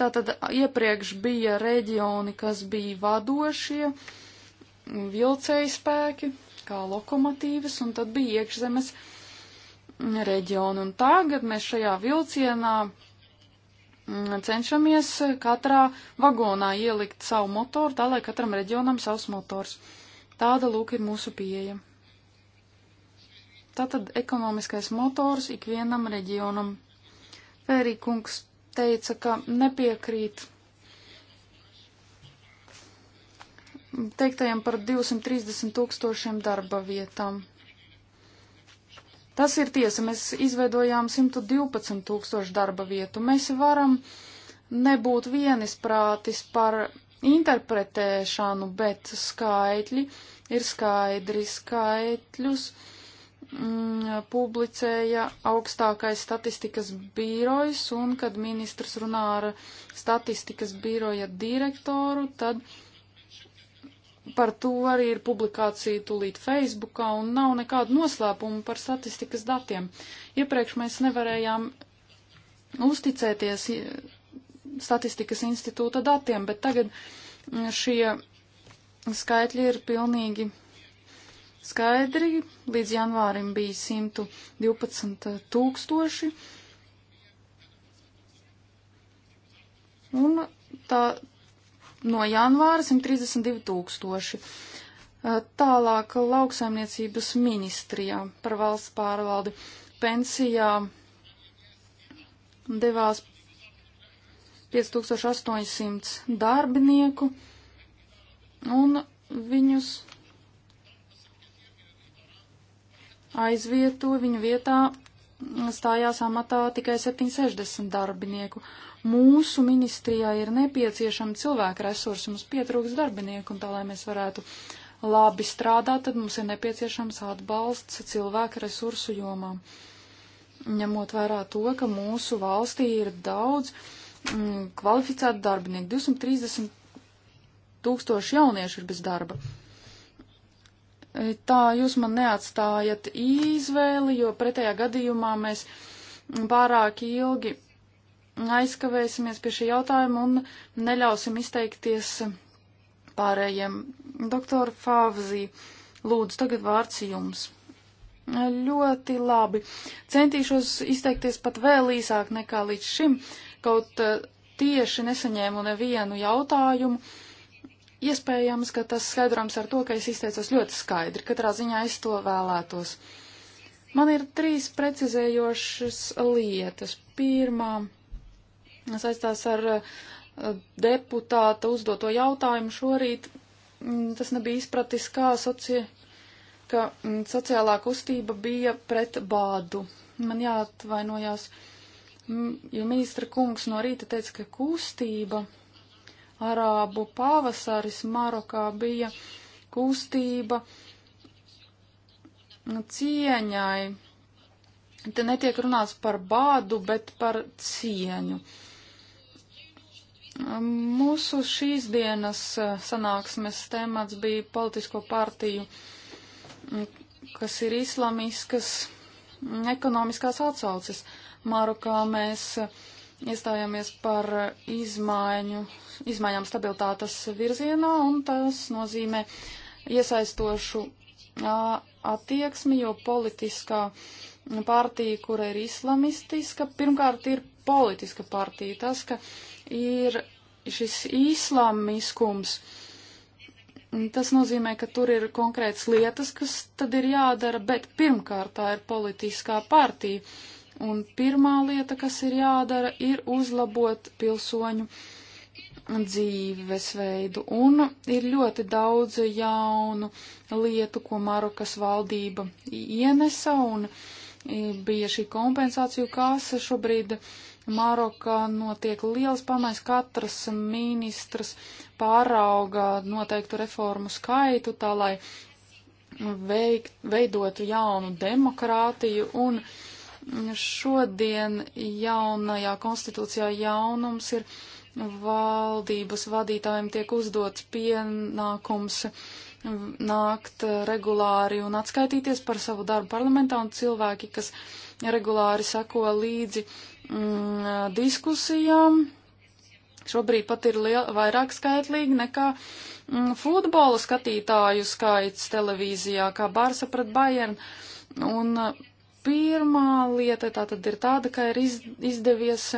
Tātad iepriekš bija reģioni, kas bija vadošie, vilcēji spēki, kā lokomotīvas, un tad bija iekšzemes reģioni. Un tagad mēs šajā vilcienā cenšamies katrā vagonā ielikt savu motoru, tā lai katram reģionam savs motors. Tāda lūk ir mūsu pieeja. Tātad ekonomiskais motors ikvienam reģionam. Pērīkungs teica, ka nepiekrīt teiktajam par 230 tūkstošiem darba vietām. Tas ir tiesa, mēs izveidojām 112 tūkstošu darba vietu. Mēs varam nebūt vienisprātis par interpretēšanu, bet skaitļi ir skaidri skaitļus. Mm, publicēja augstākais statistikas birojs, un kad ministrs runā ar statistikas biroja direktoru, tad uh, Par to arī ir publikācija tūlīt Facebookā un nav nekādu noslēpumu par statistikas datiem. Iepriekš mēs nevarējām uzticēties statistikas institūta datiem, bet tagad šie skaitļi ir pilnīgi skaidri. Līdz janvārim bija 112 tūkstoši. Un tā no janvāra 132 tūkstoši. Tālāk lauksaimniecības ministrijā par valsts pārvaldi pensijā devās 5800 darbinieku un viņus aizvieto viņu vietā stājās amatā tikai 760 darbinieku mūsu ministrijā ir nepieciešama cilvēka resursa, mums pietrūks darbinieku, un tā, lai mēs varētu labi strādāt, tad mums ir nepieciešams atbalsts cilvēka resursu jomā. Ņemot vērā to, ka mūsu valstī ir daudz mm, kvalificētu darbinieku, 230 tūkstoši jauniešu ir bez darba. E, tā jūs man neatstājat izvēli, jo pretējā gadījumā mēs pārāk ilgi aizkavēsimies pie šī jautājuma un neļausim izteikties pārējiem. Doktor Fāvzī, lūdzu, tagad vārds jums. Ļoti labi. Centīšos izteikties pat vēl īsāk nekā līdz šim, kaut eh, tieši nesaņēmu nevienu jautājumu. Iespējams, ka tas skaidrojams ar to, ka es izteicos ļoti skaidri. Katrā ziņā es to vēlētos. Man ir trīs precizējošas lietas. Pirmā saistās ar eh, deputāta uzdoto jautājumu šorīt. Mm, tas nebija izpratis, kā soci... ka mm, sociālā kustība bija pret bādu. Man jāatvainojās, mm, jo ministra kungs no rīta teica, ka kustība arābu pavasaris Marokā bija kustība cieņai. Te netiek runāts par bādu, bet par cieņu. Uh, Mūsu šīs dienas eh, sanāksmes temats bija politisko partiju, kas ir islamiskas ekonomiskās atsauces. Marokā mēs eh, iestājāmies par izmaiņu, izmaiņām stabilitātes virzienā, un tas nozīmē iesaistošu attieksmi, jo politiskā partija, kura ir islamistiska, pirmkārt ir politiska partija. Tas, ka ir šis islamiskums. Tas nozīmē, ka tur ir konkrēts lietas, kas tad ir jādara, bet pirmkārt tā ir politiskā partija. Un pirmā lieta, kas ir jādara, ir uzlabot pilsoņu dzīvesveidu. Un ir ļoti daudz jaunu lietu, ko Marokas valdība ienesa, un bija šī kompensāciju kāsa šobrīd Marokā notiek liels pamais, katras ministras pārauga noteiktu reformu skaitu, tā lai veikt, veidotu jaunu demokrātiju un šodien jaunajā konstitūcijā jaunums ir valdības vadītājiem tiek uzdots pienākums nākt regulāri un atskaitīties par savu darbu parlamentā un cilvēki, kas uh, regulāri sako līdzi mm, diskusijām. Šobrīd pat ir liel, vairāk skaitlīgi nekā mm, futbola skatītāju skaits televīzijā, kā Barsa pret Bayern. Un uh, pirmā lieta tā tad ir tāda, ka ir iz, izdevies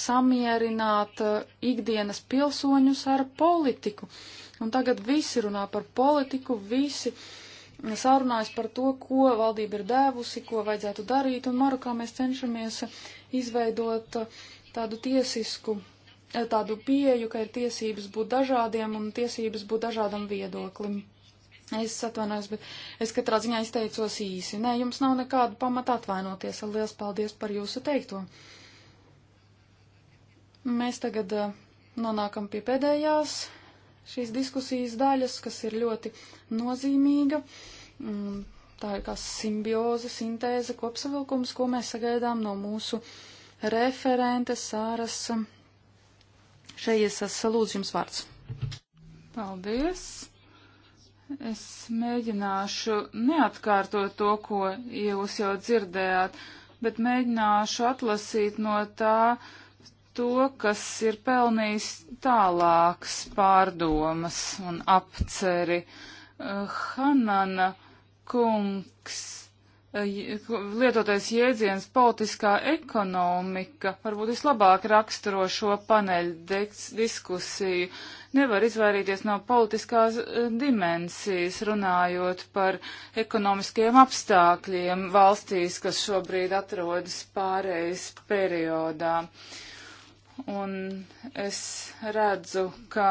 samierināt uh, ikdienas pilsoņus ar politiku. Un tagad visi runā par politiku, visi uh, sārunājas par to, ko valdība ir devusi, ko vajadzētu darīt, un Marokā mēs cenšamies izveidot uh, tādu tiesisku, uh, tādu pieju, ka ir tiesības būt dažādiem un tiesības būt dažādam viedoklim. Es atvainojos, bet es katrā ziņā izteicos īsi. Nē, jums nav nekādu pamata atvainoties. Lielas paldies par jūsu teikto. Mēs tagad uh, nonākam pie pēdējās šīs diskusijas daļas, kas ir ļoti nozīmīga. Mm, tā ir kā simbioze, sintēze, kopsavilkums, ko mēs sagaidām no mūsu referentes Sāras Šejiesas. Lūdzu, jums vārds. Paldies! Es mēģināšu neatkārtot to, ko jūs jau dzirdējāt, bet mēģināšu atlasīt no tā, uh, to, kas ir pelnījis tālākas pārdomas un apceri. Eh, Hanana kungs, eh, lietotais jēdziens politiskā ekonomika, varbūt vislabāk raksturo šo paneļu diskusiju. Nevar izvairīties no politiskās eh, dimensijas, runājot par ekonomiskajiem apstākļiem valstīs, kas šobrīd atrodas pārējais periodā. Uh, un es redzu, ka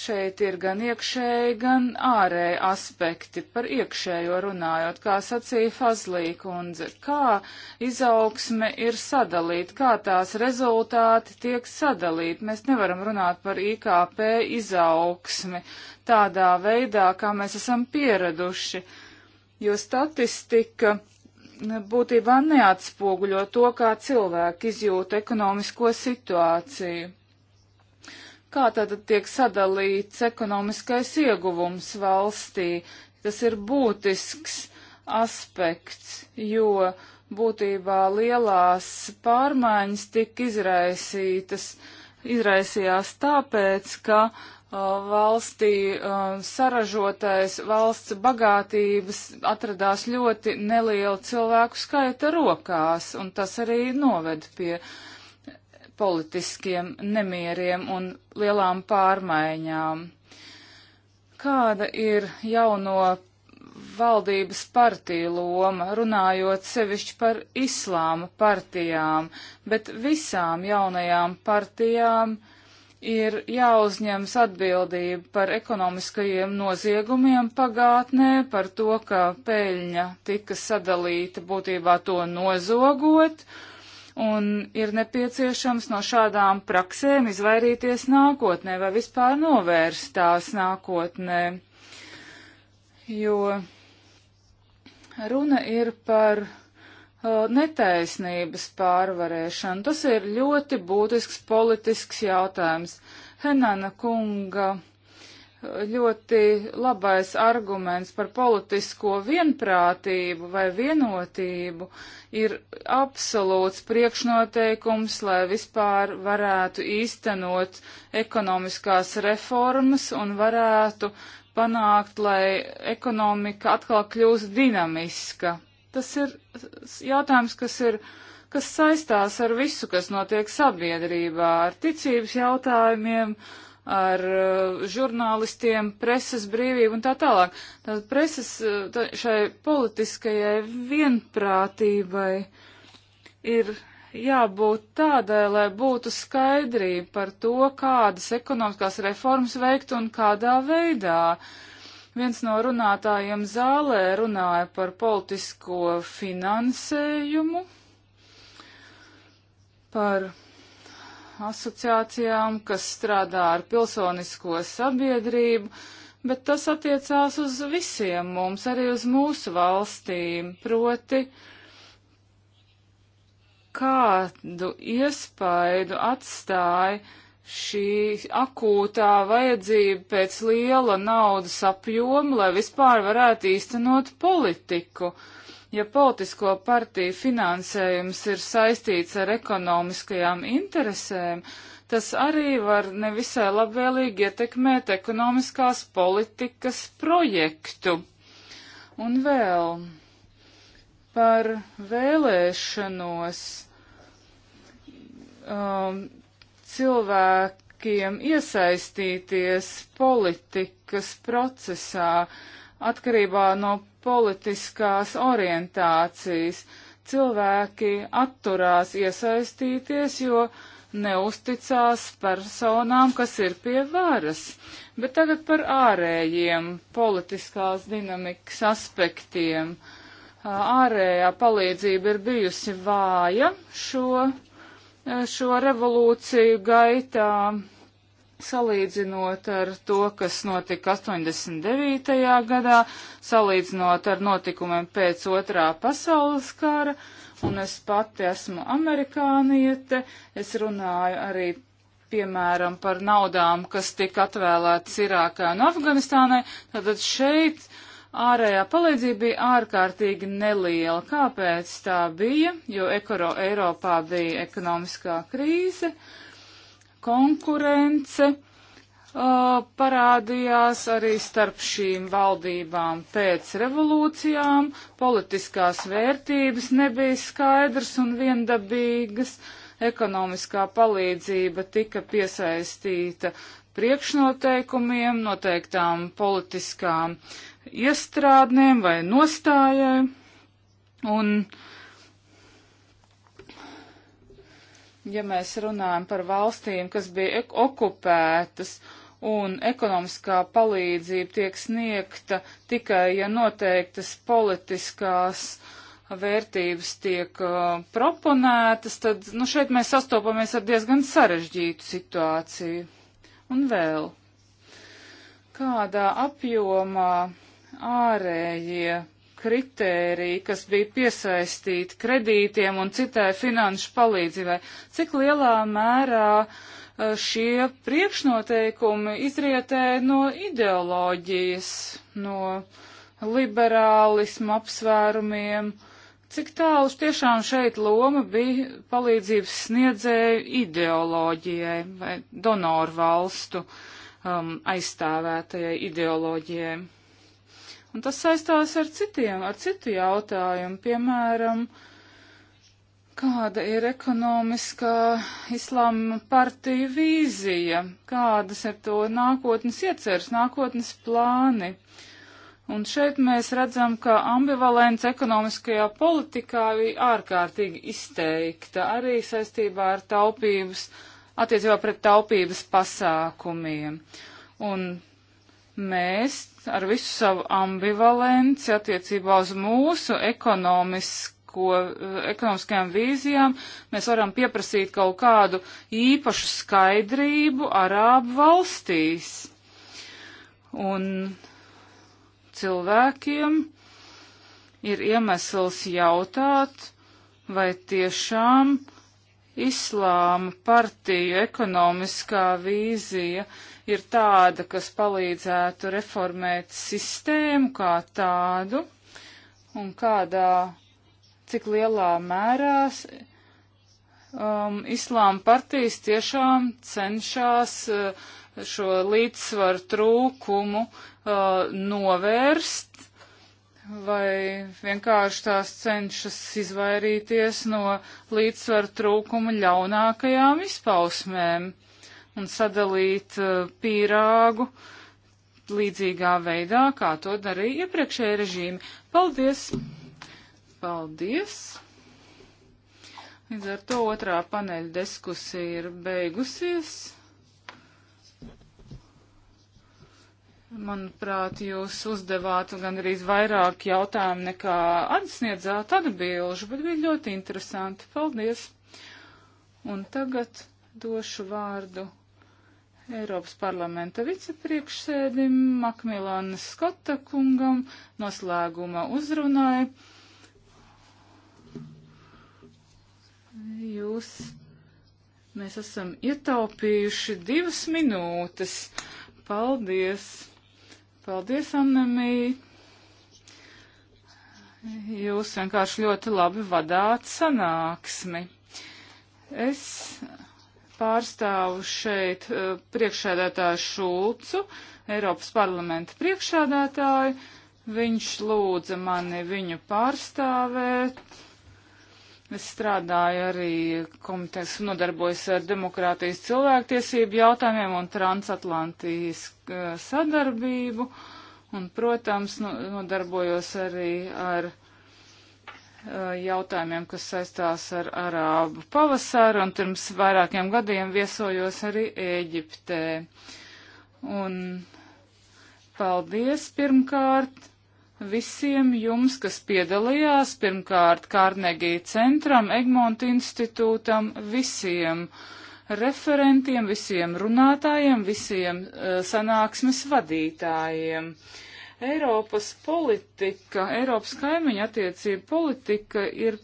šeit ir gan iekšēji, gan ārēji aspekti. Par iekšējo runājot, kā sacīja Fazlī kundze, kā izaugsme ir sadalīta, kā tās rezultāti tiek sadalīti. Mēs nevaram runāt par IKP izaugsmi tādā veidā, kā mēs esam pieraduši, jo statistika būtībā neatspoguļo to, kā cilvēki izjūta ekonomisko situāciju. Kā tad tiek sadalīts ekonomiskais ieguvums valstī? Tas ir būtisks aspekts, jo būtībā lielās pārmaiņas tika izraisītas, izraisījās tāpēc, ka uh, Uh, valstī uh, saražotais valsts bagātības atradās ļoti neliela cilvēku skaita rokās, un tas arī noved pie politiskiem nemieriem un lielām pārmaiņām. Kāda ir jauno valdības partiju loma, runājot sevišķi par islāma partijām, bet visām jaunajām partijām, uh, ir jāuzņems atbildība par ekonomiskajiem noziegumiem pagātnē, par to, ka peļņa tika sadalīta būtībā to nozogot, un ir nepieciešams no šādām praksēm izvairīties nākotnē vai vispār novērst tās nākotnē, jo runa ir par Uh, netaisnības pārvarēšanu. Tas ir ļoti būtisks politisks jautājums. Henana kunga uh, ļoti labais arguments par politisko vienprātību vai vienotību ir absolūts priekšnoteikums, lai vispār varētu īstenot ekonomiskās reformas un varētu panākt, lai ekonomika atkal kļūst dinamiska. Tas ir jautājums, kas ir kas saistās ar visu, kas notiek sabiedrībā, ar ticības jautājumiem, ar uh, žurnālistiem, preses brīvību un tā tālāk. Tātad preses uh, tā, šai politiskajai vienprātībai ir jābūt tādai, lai būtu skaidrība par to, kādas ekonomiskās reformas veikt un kādā veidā. Uh, Viens no runātājiem zālē runāja par politisko finansējumu, par asociācijām, kas strādā ar pilsonisko sabiedrību, bet tas attiecās uz visiem mums, arī uz mūsu valstīm, proti kādu iespaidu atstāja šī akūtā vajadzība pēc liela naudas apjoma, lai vispār varētu īstenot politiku. Ja politisko partiju finansējums ir saistīts ar ekonomiskajām interesēm, tas arī var nevisai labvēlīgi ietekmēt ekonomiskās politikas projektu. Un vēl par vēlēšanos. Um, cilvēkiem iesaistīties politikas procesā atkarībā no politiskās orientācijas. Cilvēki atturās iesaistīties, jo neusticās personām, kas ir pie varas. Bet tagad par ārējiem politiskās dinamikas aspektiem. Ārējā palīdzība ir bijusi vāja šo šo revolūciju gaitā, salīdzinot ar to, kas notika 89. gadā, salīdzinot ar notikumiem pēc otrā pasaules kara, un es pati esmu amerikāniete, es runāju arī piemēram, par naudām, kas tika atvēlētas Irākai un Afganistānai, tad šeit Ārējā palīdzība bija ārkārtīgi neliela. Kāpēc tā bija? Jo ekoro, Eiropā bija ekonomiskā krīze, konkurence uh, parādījās arī starp šīm valdībām pēc revolūcijām, politiskās vērtības nebija skaidrs un viendabīgas, ekonomiskā palīdzība tika piesaistīta priekšnoteikumiem, noteiktām politiskām uh, iestrādnēm vai nostājai. Un, ja mēs runājam par valstīm, kas bija okupētas un ekonomiskā palīdzība tiek sniegta tikai, ja noteiktas politiskās vērtības tiek uh, proponētas, tad nu, šeit mēs sastopamies ar diezgan sarežģītu situāciju. Un vēl kādā apjomā ārējie kritēriji, kas bija piesaistīti kredītiem un citai finanšu palīdzībai, cik lielā mērā e, šie priekšnoteikumi izrietē no ideoloģijas, no liberālismu apsvērumiem, cik tālu tiešām šeit loma bija palīdzības sniedzēju ideoloģijai vai donoru valstu um, aizstāvētajai ideoloģijai. Un tas saistās ar citiem, ar citu jautājumu, piemēram, kāda ir ekonomiskā islāma partija vīzija, kādas ir to nākotnes ieceres, nākotnes plāni. Un šeit mēs redzam, ka ambivalence ekonomiskajā politikā bija ārkārtīgi izteikta arī saistībā ar taupības, attiecībā pret taupības pasākumiem. Un mēs ar visu savu ambivalenci attiecībā uz mūsu ekonomisko, ekonomiskajām vīzijām, mēs varam pieprasīt kaut kādu īpašu skaidrību Arābu valstīs. Un cilvēkiem ir iemesls jautāt, vai tiešām islāma partiju ekonomiskā vīzija uh, ir tāda, kas palīdzētu reformēt sistēmu kā tādu un kādā, cik lielā mērā um, islāma partijas tiešām cenšas uh, šo līdzsvaru trūkumu uh, novērst vai vienkārši tās cenšas izvairīties no līdzsvaru trūkuma ļaunākajām izpausmēm un sadalīt eh, pīrāgu līdzīgā veidā, kā to darīja iepriekšēja režīmi. Paldies! Paldies! Līdz ar to otrā paneļa diskusija ir beigusies. Manuprāt, jūs uzdevāt gan arī vairāk jautājumu nekā atsniedzāt atbilžu, bet bija ļoti interesanti. Paldies! Un tagad došu vārdu Eiropas parlamenta vicepriekšsēdim Makmilāna Skota kungam noslēguma uzrunai. Jūs, mēs esam ietaupījuši divas minūtes. Paldies! Paldies, Annemī! Jūs vienkārši ļoti labi vadāt sanāksmi. Es pārstāvu šeit uh, priekšsēdētāju Šulcu, Eiropas parlamenta priekšsēdētāju. Viņš lūdza mani viņu pārstāvēt. Es strādāju arī komitejas un nodarbojos ar demokrātijas cilvēktiesību jautājumiem un transatlantijas uh, sadarbību. Un, protams, nodarbojos arī ar Eh, jautājumiem, kas saistās ar arābu pavasaru, un pirms vairākiem gadiem viesojos arī Ēģiptē. Un paldies pirmkārt visiem jums, kas piedalījās, pirmkārt Kārnegija centram, Egmonta institūtam, visiem referentiem, visiem runātājiem, visiem uh, sanāksmes vadītājiem. Uh, Eiropas politika, Eiropas kaimiņa attiecība politika ir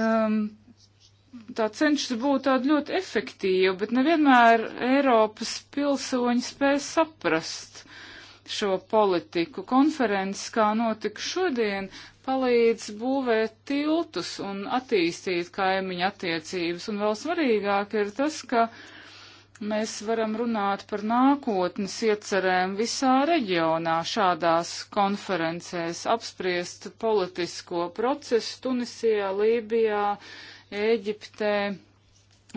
um, tā cenšas būt tāda ļoti efektīva, bet nevienmēr Eiropas pilsoņi spēj saprast šo politiku. Konferences, kā notika šodien, palīdz būvēt tiltus un attīstīt kaimiņa attiecības. Un vēl svarīgāk ir tas, ka uh, Mēs varam runāt par nākotnes iecerēm visā reģionā šādās konferencēs, apspriest politisko procesu Tunisijā, Lībijā, Ēģiptē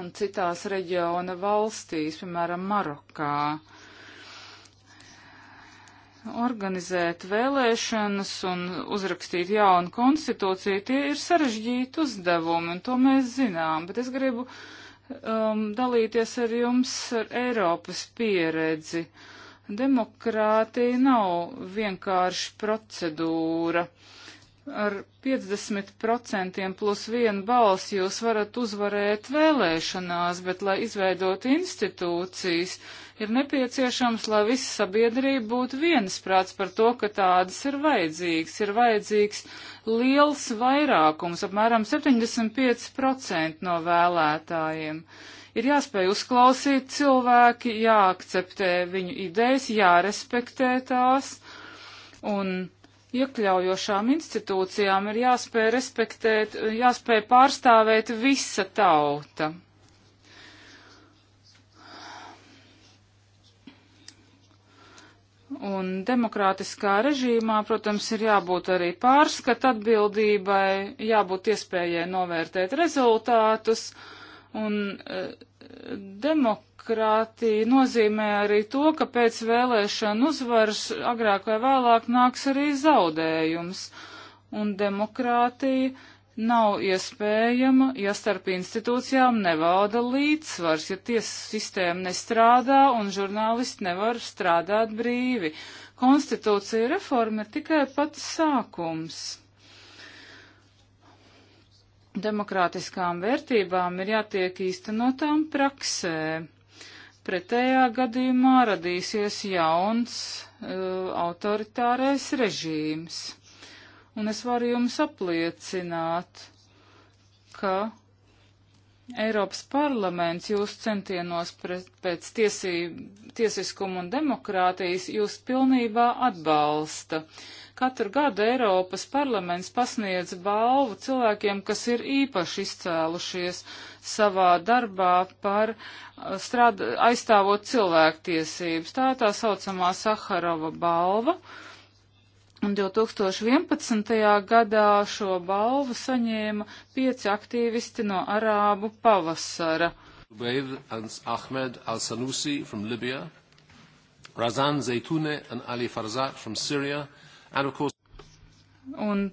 un citās reģiona valstīs, piemēram, Marokā organizēt vēlēšanas un uzrakstīt jaunu konstitūciju, tie ir sarežģīti uzdevumi, un to mēs zinām, bet es gribu um, dalīties ar jums ar Eiropas pieredzi. Demokrātija nav vienkārši procedūra. Ar 50% plus vienu balsi jūs varat uzvarēt vēlēšanās, bet, lai izveidot institūcijas, uh, ir nepieciešams, lai visa sabiedrība būtu viensprāts par to, ka tādas ir vajadzīgs. Ir vajadzīgs liels vairākums, apmēram 75% no vēlētājiem. Ir jāspēj uzklausīt cilvēki, jāakceptē viņu idejas, jārespektē tās. Un iekļaujošām institūcijām ir jāspēj respektēt, jāspēj pārstāvēt visa tauta. Un demokrātiskā režīmā, protams, ir jābūt arī pārskat atbildībai, jābūt iespējai novērtēt rezultātus. Un eh, demokrātija nozīmē arī to, ka pēc vēlēšana uzvaras agrāk vai vēlāk nāks arī zaudējums. Un demokrātija nav iespējama, ja starp institūcijām nevalda līdzsvars, ja tiesas sistēma nestrādā un žurnālisti nevar strādāt brīvi. Konstitūcija reforma ir tikai pats sākums. Demokrātiskām vērtībām ir jātiek īstenotām praksē. Pretējā gadījumā radīsies jauns uh, autoritārais režīms. Un es varu jums apliecināt, ka Eiropas parlaments jūs centienos pret, pēc tiesī, tiesiskuma un demokrātijas jūs pilnībā atbalsta. Katru gadu Eiropas parlaments pasniedz balvu cilvēkiem, kas ir īpaši izcēlušies savā darbā par uh, strād, aizstāvot cilvēktiesības. Tā ir tā saucamā Saharova balva. Uh, Un 2011. gadā šo balvu saņēma pieci aktīvisti no Arābu pavasara. Ubaid and Ahmed al-Sanusi from Libya, Razan Zaytune and Ali Farzat from Syria, and of course... Un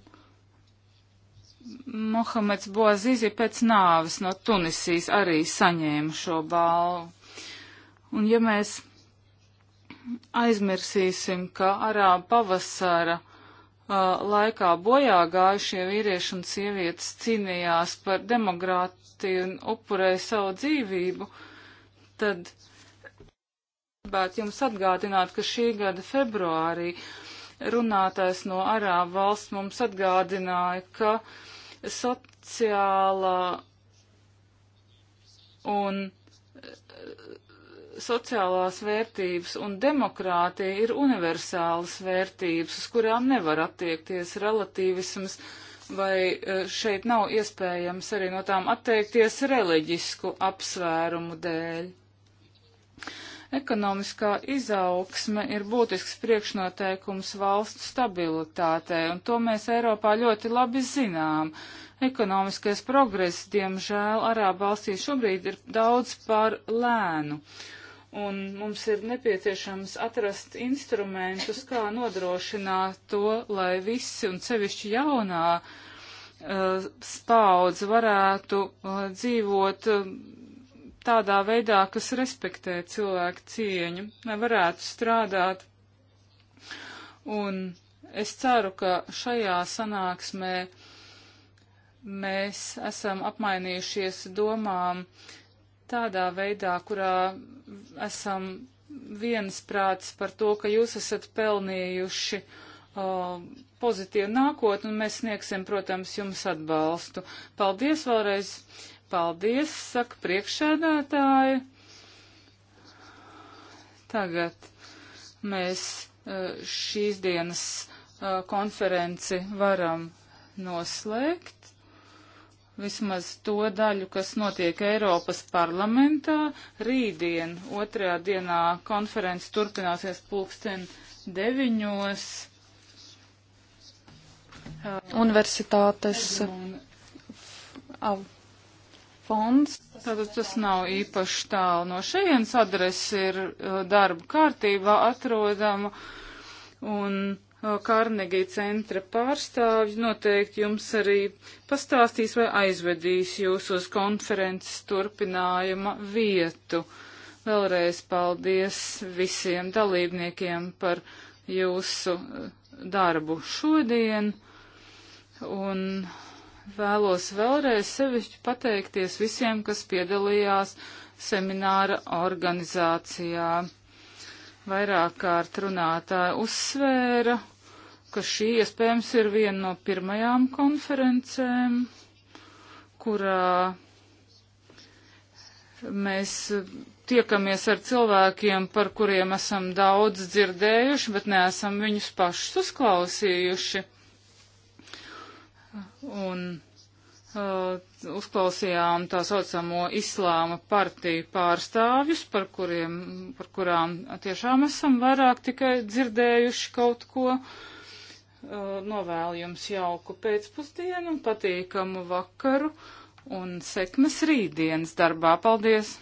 Mohameds Boazizi pēc nāves no Tunisijas arī saņēma šo balvu. Un ja mēs aizmirsīsim, ka arāba pavasara uh, laikā bojā gājušie vīrieši un sievietes cīnījās par demokrātiju un upurēja savu dzīvību, tad gribētu jums atgādināt, ka šī gada februārī runātais no arāba valsts mums atgādināja, ka sociālā un sociālās vērtības un demokrātija ir universālas vērtības, uz kurām nevar attiekties relativisms, vai e, šeit nav iespējams arī no tām atteikties reliģisku apsvērumu dēļ. Ekonomiskā izaugsme ir būtisks priekšnoteikums valstu stabilitātei, un to mēs Eiropā ļoti labi zinām. Ekonomiskais progress, diemžēl, arā balstīs šobrīd ir daudz par lēnu. Uh, un mums ir nepieciešams atrast instrumentus, kā nodrošināt to, lai visi un sevišķi jaunā uh, spaudze varētu uh, dzīvot uh, tādā veidā, kas respektē cilvēku cieņu, lai varētu strādāt. Un es ceru, ka šajā sanāksmē mēs esam apmainījušies domām uh, tādā veidā, kurā esam viensprāts par to, ka jūs esat pelnījuši uh, pozitīvu nākotni, un mēs sniegsim, protams, jums atbalstu. Paldies vēlreiz! Paldies, saka priekšēdētāji. Tagad mēs uh, šīs dienas uh, konferenci varam noslēgt vismaz to daļu, kas notiek Eiropas parlamentā. Rītdien, otrajā dienā, konferences turpināsies pulksten deviņos. Universitātes fonds. Tātad tas nav īpaši tālu no šejienes adrese ir darba kārtībā atrodama. Un Kārnegija centra pārstāvji noteikti jums arī pastāstīs vai aizvedīs jūs uz konferences turpinājuma vietu. Vēlreiz paldies visiem dalībniekiem par jūsu darbu šodien un vēlos vēlreiz sevišķi pateikties visiem, kas piedalījās semināra organizācijā vairāk kārt runātāja uzsvēra, ka šī iespējams ir viena no pirmajām konferencēm, kurā mēs tiekamies ar cilvēkiem, par kuriem esam daudz dzirdējuši, bet neesam viņus pašus uzklausījuši. Un Uh, uzklausījām tā saucamo islāma partiju pārstāvjus, par, kuriem, par kurām tiešām esam vairāk tikai dzirdējuši kaut ko. Uh, Novēlu jums jauku pēcpusdienu, patīkamu vakaru un sekmes rītdienas darbā. Paldies!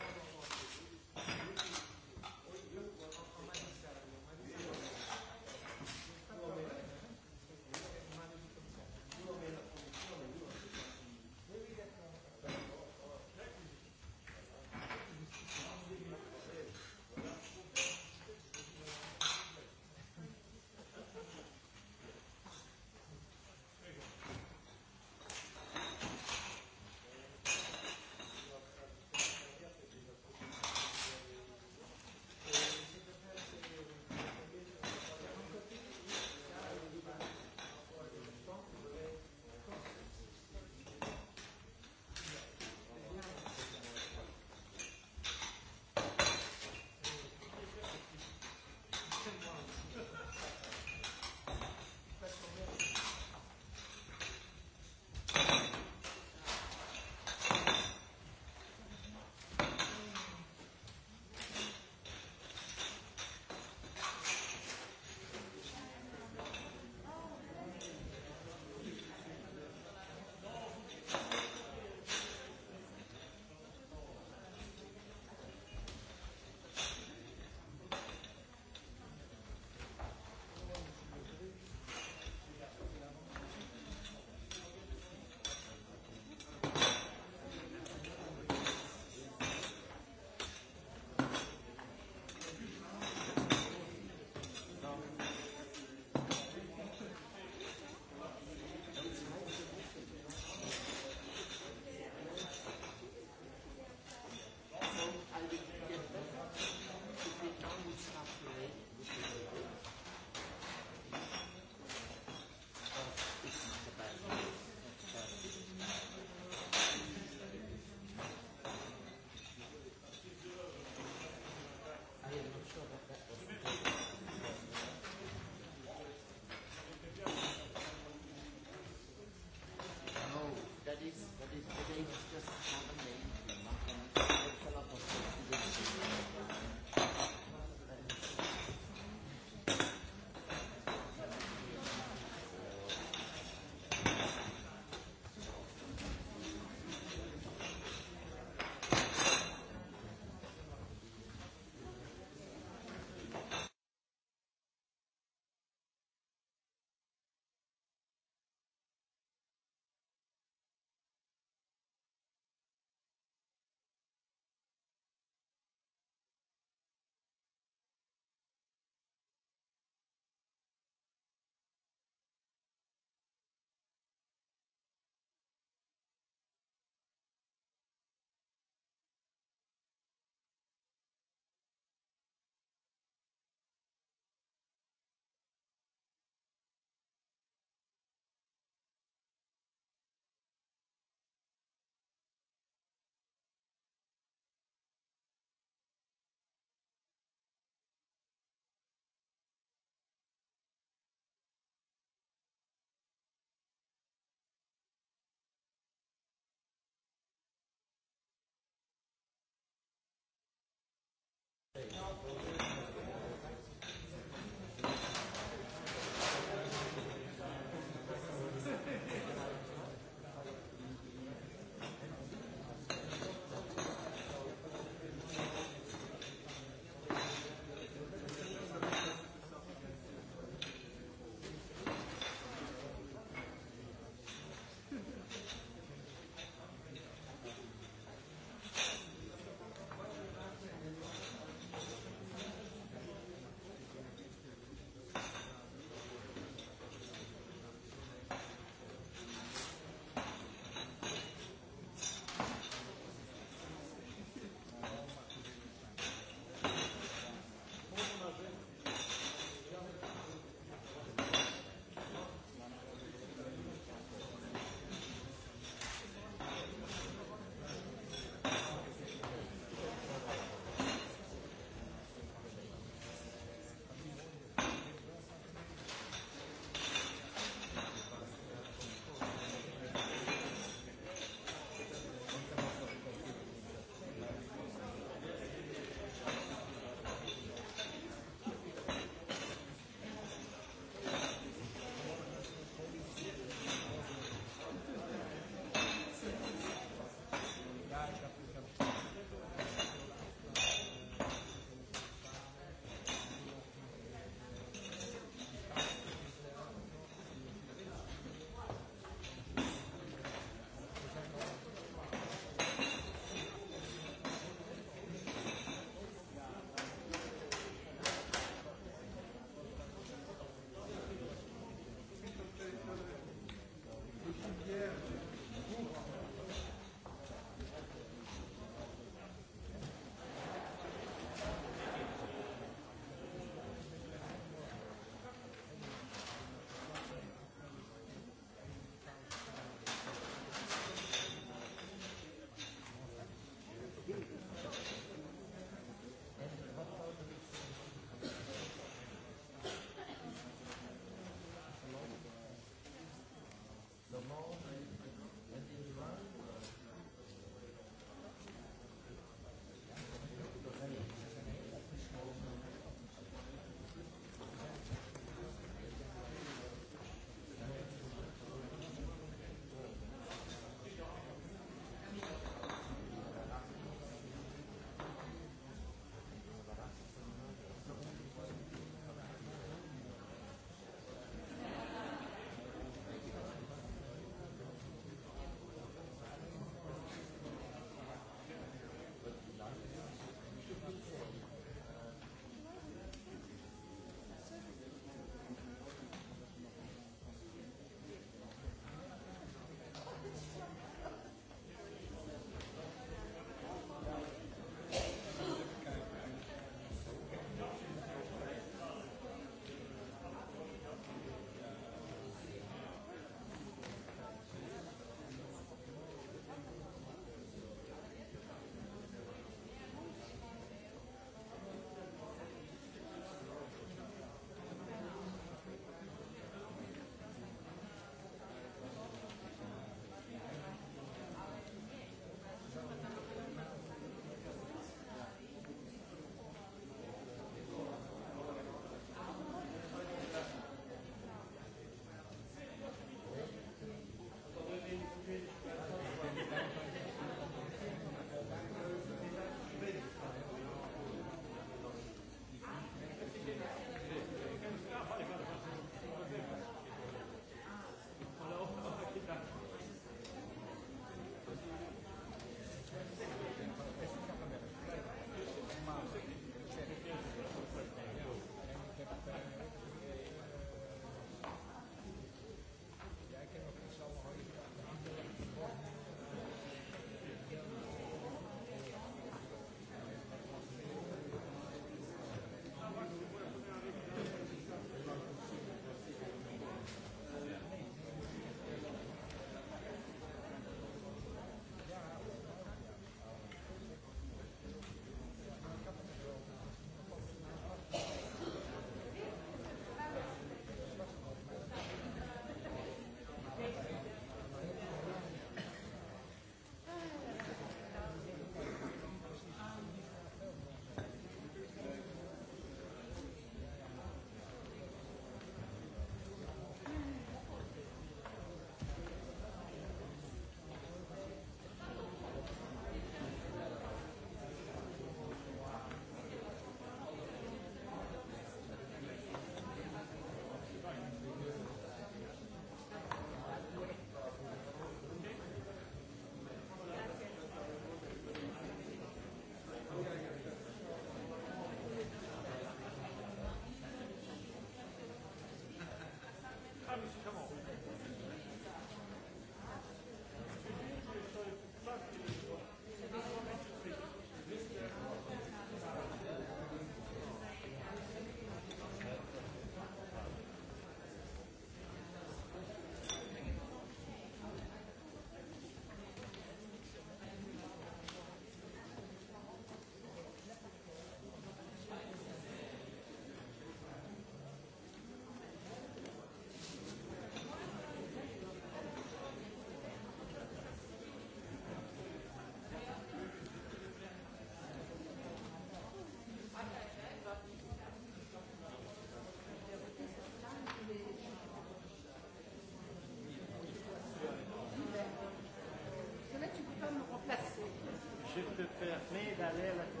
de fermer d'aller à la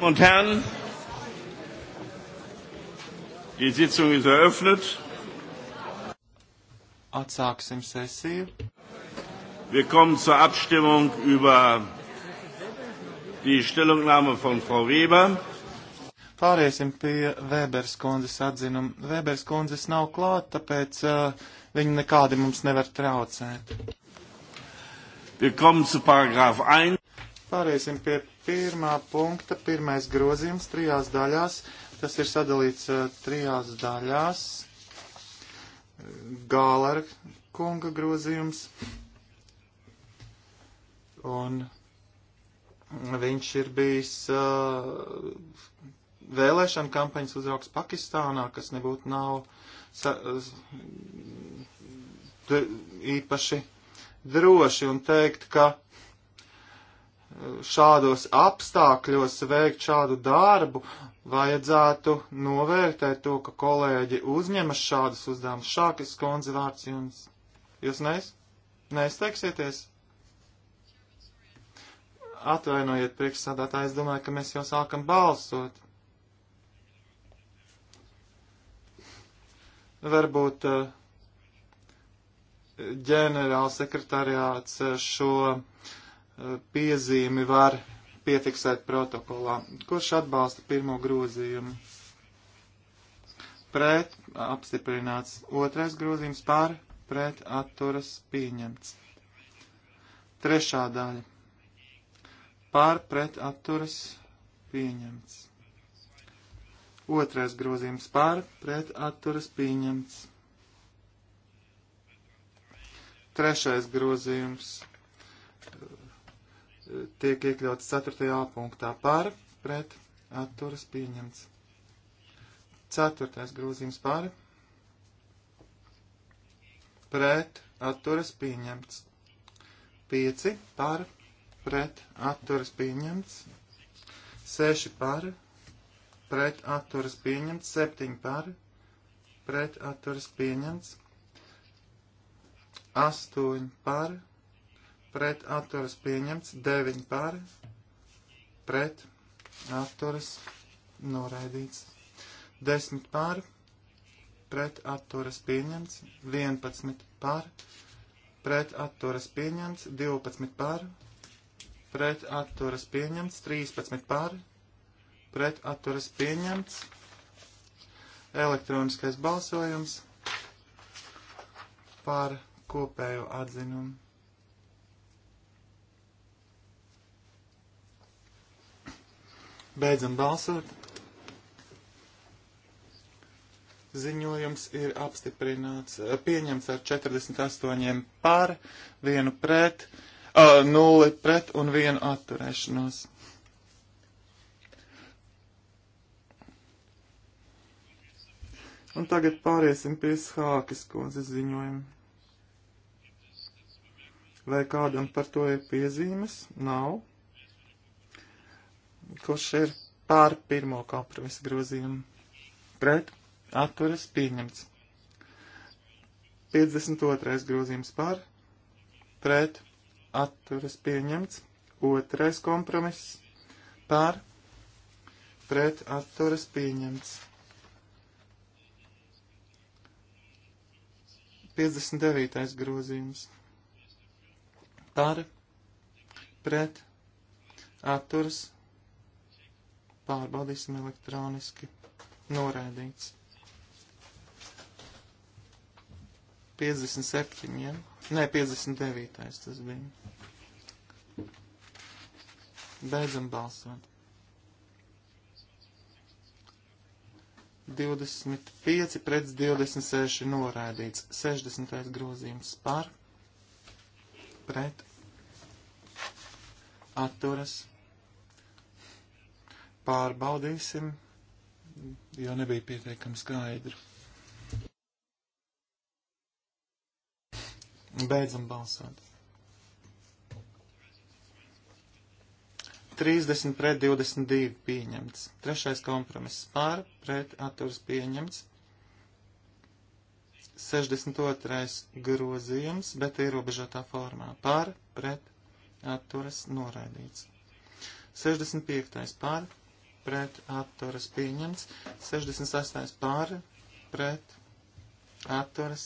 und Herren, die Sitzung ist eröffnet. Atsāksim sesiju. Wir kommen zur Abstimmung über die Stellungnahme von Frau Weber. Pāriesim pie Weberas kundzes atzinuma. Weberas kundzes nav klāt, tāpēc uh, viņa nekādi mums nevar traucēt. Wir kommen zu Paragraph 1 pāriesim pie pirmā punkta, pirmais grozījums trijās daļās. Tas ir sadalīts uh, trijās daļās. Gālera kunga grozījums. Un viņš ir bijis uh, vēlēšana kampaņas uzraugs Pakistānā, kas nebūtu nav sa, uh, īpaši droši un teikt, ka šādos apstākļos veikt šādu darbu, vajadzētu novērtēt to, ka kolēģi uzņemas šādus uzdevumus. Šākas kundze vārds jums. Jūs neiz? neizteiksieties? Atvainojiet, priekšsādātāji, es domāju, ka mēs jau sākam balsot. Varbūt eh, ģenerālsekretariāts eh, šo uh, piezīmi var piefiksēt protokolā. Kurš atbalsta pirmo grozījumu? Pret apstiprināts. Otrais grozījums par pret atturas pieņemts. Trešā daļa. Par pret atturas pieņemts. Otrais grozījums par pret atturas pieņemts. Trešais grozījums tiek iekļauts 4. punktā par, pret, atturas pieņemts. 4. grozījums par, pret, atturas pieņemts. 5 par, pret, atturas pieņemts. 6 par, pret, atturas pieņemts. 7 par, pret, atturas pieņemts. 8 par, pret, pret atturas pieņemts, 9 par pret atturas noraidīts, 10 par pret atturas pieņemts, 11 par pret atturas pieņemts, 12 par pret atturas pieņemts, 13 par pret atturas pieņemts, elektroniskais balsojums par kopējo atzinumu. Beidzam balsot. Ziņojums ir apstiprināts, eh, pieņemts ar 48 par, vienu pret, uh, nulli pret un vienu atturēšanos. Un tagad pāriesim pie Hākas kundzes ziņojuma. Vai kādam par to ir piezīmes? Nav kurš ir pār pirmo kompromisa grozījumu. Pret atturas pieņemts. 52. grozījums pār. Pret atturas pieņemts. Otrais kompromiss pār. Pret atturas pieņemts. 59. grozījums par pret atturas pieņemts pārbaudīsim elektroniski norēdīts. 57, ja? Nē, 59. tas bija. Beidzam balsot. 25 pret 26 norādīts. 60. grozījums par, pret, atturas, pārbaudīsim, jo nebija pietiekami skaidri. Beidzam balsot. 30 pret 22 pieņemts. Trešais kompromiss pār pret atturs pieņemts. 62. grozījums, bet ierobežotā formā. Pār pret atturas noraidīts. 65. pār pret atturas pieņemts, 68 pār pret atturas.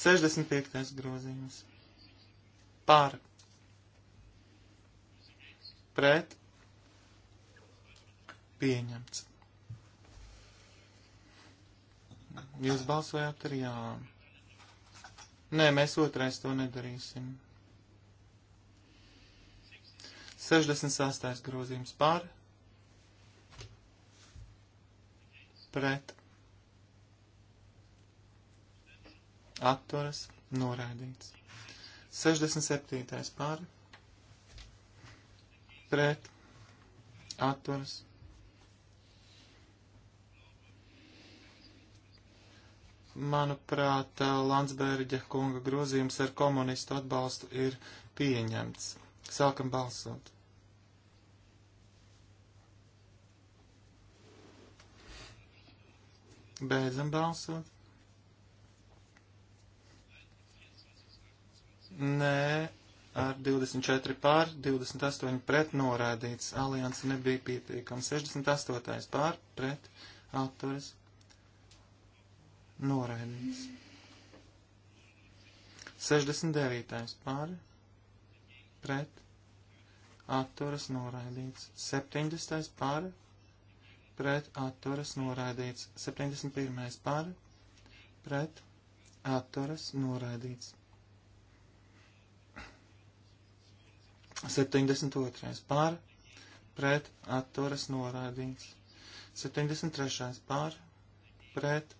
Sešdesmit piektais grozījums. Pār. Pret. Pieņemts. Jūs balsojāt ar jām. Nē, mēs otrais to nedarīsim. 68. grozījums pār. Pret. Atturas. Noraidīts. 67. pār. Pret. Atturas. Manuprāt, Landsbērģa kunga grozījums ar komunistu atbalstu ir pieņemts. Sākam balsot. Beidzam balsot. Nē, ar 24 pār, 28 pret norādīts. Alianse nebija pietiekama. 68 pār, pret, atturas, noraidīts. 69. pār, pret, atturas noraidīts. 70. pār, pret, atturas noraidīts. 71. pār, pret, atturas noraidīts. 72. pār, pret, atturas noraidīts. 73. pār, pret,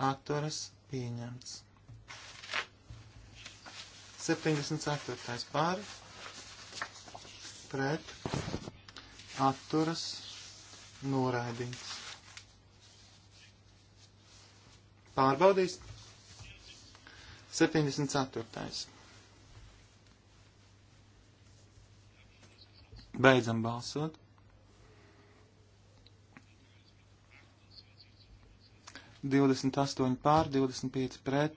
atturas pieņemts. 74. pār pret atturas noraidīts. Pārbaudīs 74. Beidzam balsot. 28 pār, 25 pret,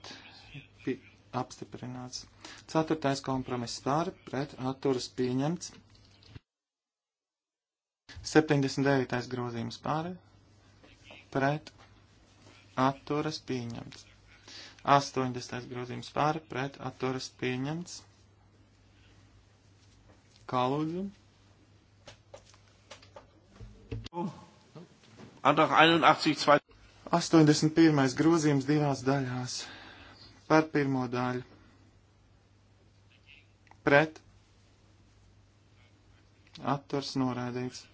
pi, apstiprināts. Ceturtais kompromiss pār, pret, atturas pieņemts. 79. grozījums pār, pret, atturas pieņemts. 80. grozījums pār, pret, atturas pieņemts. Kalūdzu. Antrag 81, 2. 81. grozījums divās daļās. Par pirmo daļu. Pret. Atturs norādīts.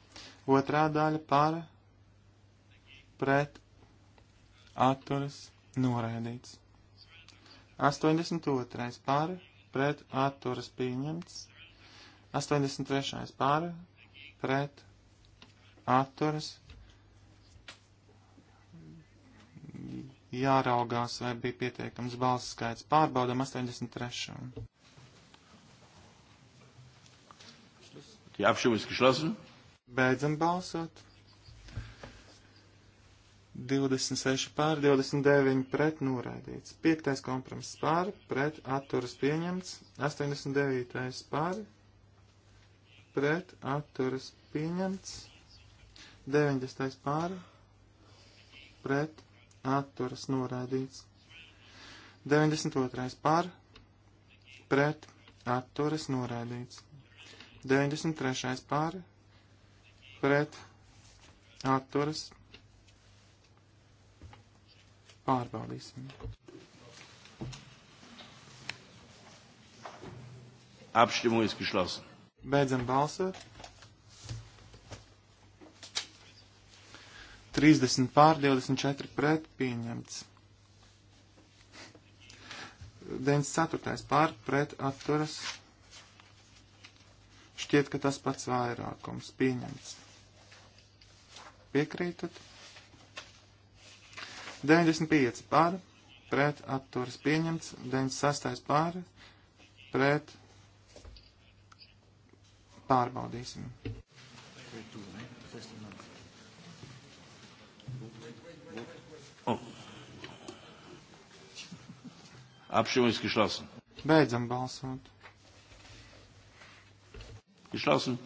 Otrā daļa par. Pret. Atturs norādīts. 82. par. Pret. Atturs pieņemts. 83. par. Pret. Atturs jāraugās, vai bija pietiekams balss skaits. Pārbaudam 83. Die Abstimmung ist geschlossen. Beidzam balsot. 26 pār, 29 pret noraidīts. 5. kompromiss pār, pret atturas pieņemts. 89. pār, pret atturas pieņemts. 90. pār, pret atturas noraidīts. 92. par, pret, atturas noraidīts. 93. par, pret, atturas pārbaudīsim. Abstimmung ist geschlossen. Beidzam balsot. 30 pār 24 pret pieņemts. 94. pār pret atturas. Šķiet, ka tas pats vairākums pieņemts. Piekrītat? 95 pār pret atturas pieņemts. 96. pār pret pārbaudīsim. Pret Abstimmung ist geschlossen. Beidzam balsot. Geschlossen.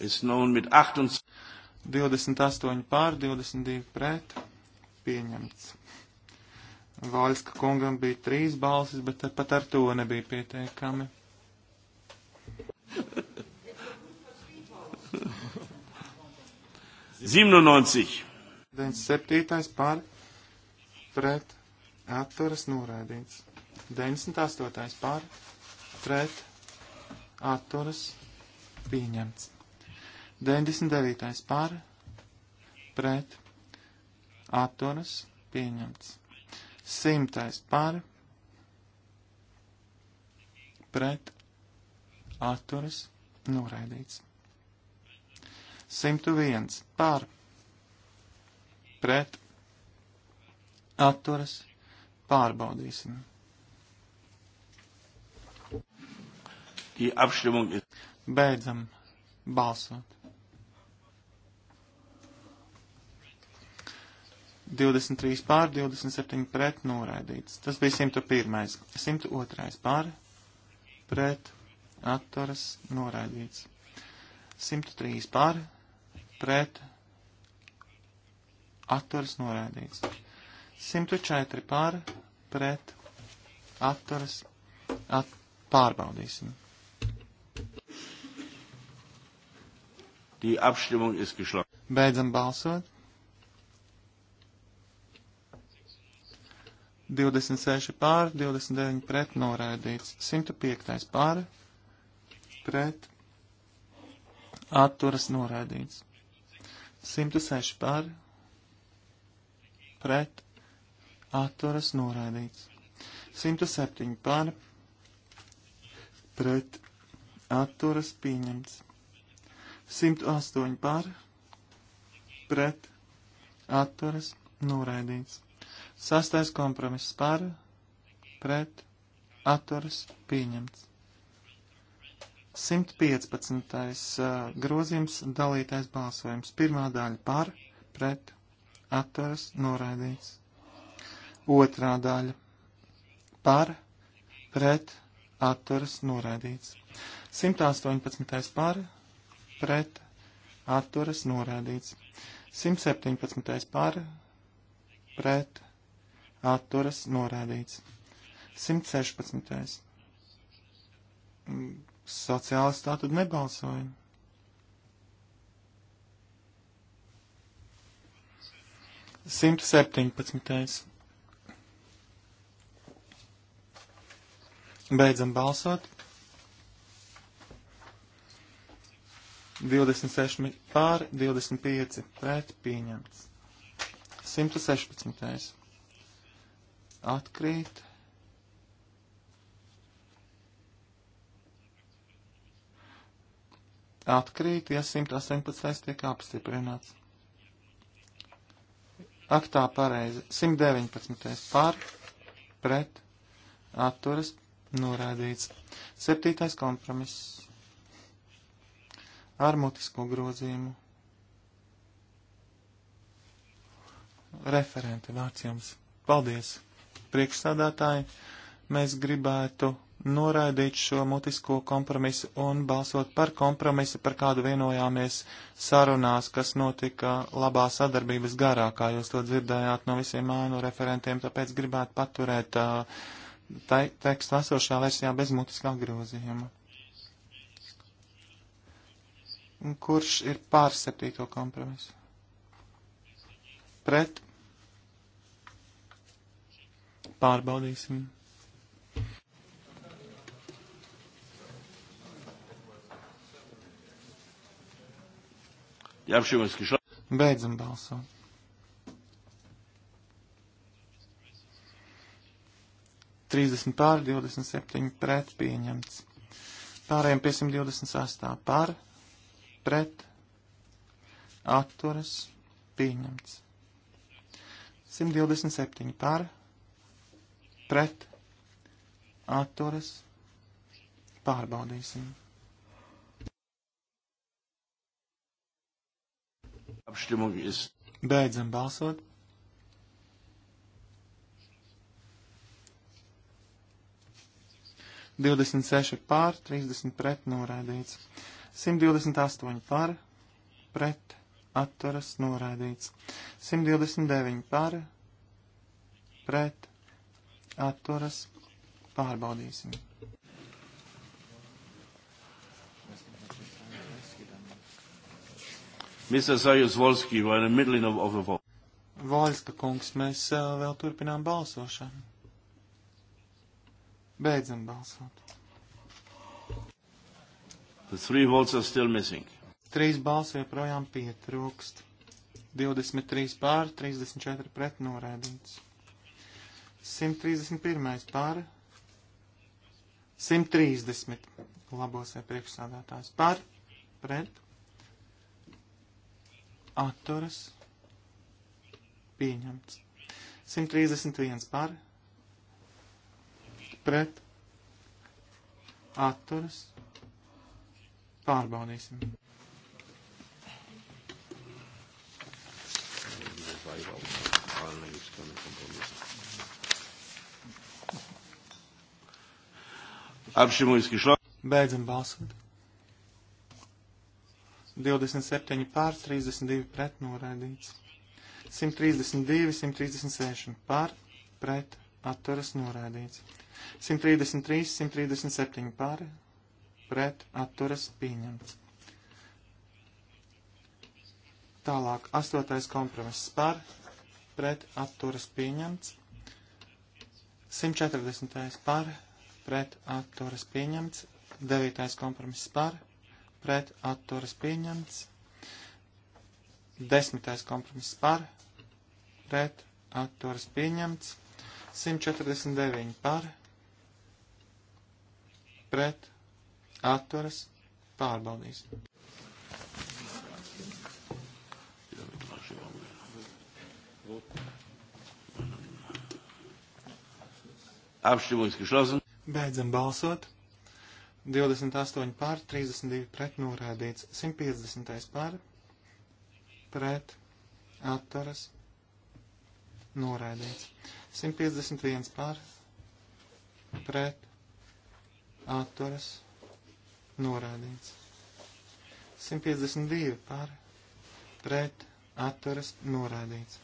Ist nun mit 28 pār 22 pret pieņemts. Vaļska kungam bija trīs balsis, bet pat ar to nebija pietiekami. 97. 97. par pret atturas noraidīts. 98. par pret atturas pieņemts. 99. par pret atturas pieņemts. 100. par pret atturas noraidīts. 101 par pret atturas pārbaudīsim. Beidzam balsot. 23 pār, 27 pret noraidīts. Tas bija 101. 102 pār, pret, atturas, noraidīts. 103 pār, pret atturas norādīts. 104 pār pret atturas at, pārbaudīsim. Die Abstimmung ist geschlossen. Beidzam balsot. 26 pār, 29 pret noraidīts. 105 pār, pret atturas noraidīts. 106 par pret atturas noraidīts. 107 par pret atturas pieņemts. 108 par pret atturas noraidīts. Sastais kompromiss par pret atturas pieņemts. 115. grozījums, dalītais balsojums. Pirmā daļa par, pret, atturas, noraidīts. Otrā daļa par, pret, atturas, noraidīts. 118. par, pret, atturas, noraidīts. 117. par, pret, atturas, noraidīts. 116 Sociālisti tā tad nebalsoja. Simt septiņpadsmitais. Beidzam balsot. 26 pār, 25 pret pieņemts. 116. Atkrīt. atkrīt, ja 118. tiek apstiprināts. Ak tā pareizi, 119. par, pret, atturas, norādīts. Septītais kompromiss ar mutisko grozījumu. Referente vārds jums. Paldies, priekšsādātāji. Mēs gribētu noraidīt šo mutisko kompromisu un balsot par kompromisu, par kādu vienojāmies sarunās, kas notika labā sadarbības garā, kā jūs to dzirdējāt no visiem ēnu referentiem, tāpēc gribētu paturēt uh, te tekstu esošā versijā bez mutiskā grozījuma. Kurš ir pār septīto kompromisu? Pret? Pārbaudīsim. Die Abstimmung ist geschlossen. Beidzam balsot. Trīsdesmit pār, divdesmit septiņi pret pieņemts. Pārējiem pie 128 par, pret, atturas, pieņemts. 127 par, pret, atturas, pārbaudīsim. Abstimmung ist. Beidzam balsot. Divdesmit seši pār, trīsdesmit pret noraidīts. 128 par, pret, atturas noraidīts. 129 par, pret, atturas pārbaudīsim. Mr. Sajus Volski, vai the middle of, of the vote? Volska kungs, mēs uh, vēl turpinām balsošanu. Beidzam balsot. The three votes are still missing. Trīs balsu joprojām pietrūkst. 23 pār, 34 pret norēdīts. 131 pār, 130 labos vai priekšsādātājs pār, pret atturas, pieņemts. 131 par, pret, atturas, pārbaudīsim. Apšimuiski šlā. Beidzam balsot. 27 pār, 32 pret noraidīts. 132, 136 pār, pret atturas noraidīts. 133, 137 pār, pret atturas pieņemts. Tālāk, 8. kompromiss pār, pret atturas pieņemts. 140. pār, pret atturas pieņemts. 9. kompromiss pār, pret atturas pieņemts. Desmitais kompromiss par, pret atturas pieņemts. 149 par, pret atturas pārbaudīs. Apšķirīgs, ka šodien. Beidzam balsot. 28 pār, 32 pret norādīts, 150 pār, pret atturas norādīts, 151 pār, pret atturas norādīts, 152 pār, pret atturas norādīts,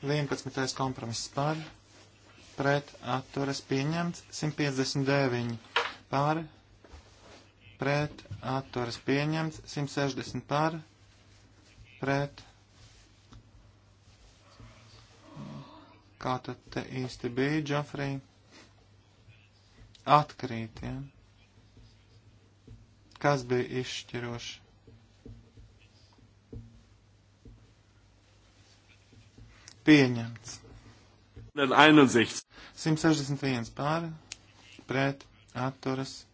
11. kompromiss pār, pret atturas pieņemts, 159 pār, pret atturas pieņemts, 160 par pret. Kā tad te īsti bija, Džofrī? Atkrīt, jā. Ja? Kas bija izšķiroši? Pieņemts. 161 pāri pret atturas pieņemts.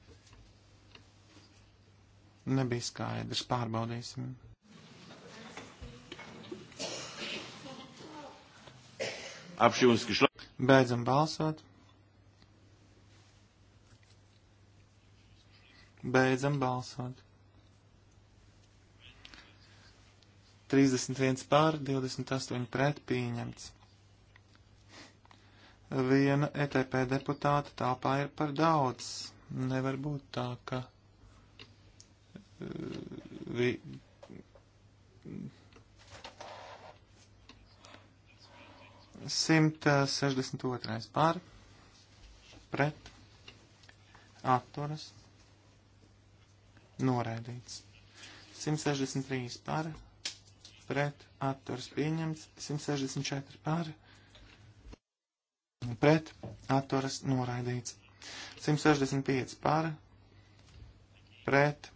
Nebija skaidrs, pārbaudīsim. Apšķirums, ka šlāk. Beidzam balsot. Beidzam balsot. 31 pār, 28 pret pieņemts. Viena ETP deputāta tāpā ir par daudz. Nevar būt tā, ka vi, simt sešdesmit otrais pār, pret, atturas, noraidīts. Simt sešdesmit trīs pār, pret, atturas pieņemts, simt sešdesmit četri pār, pret, atturas noraidīts. 165 par, pret,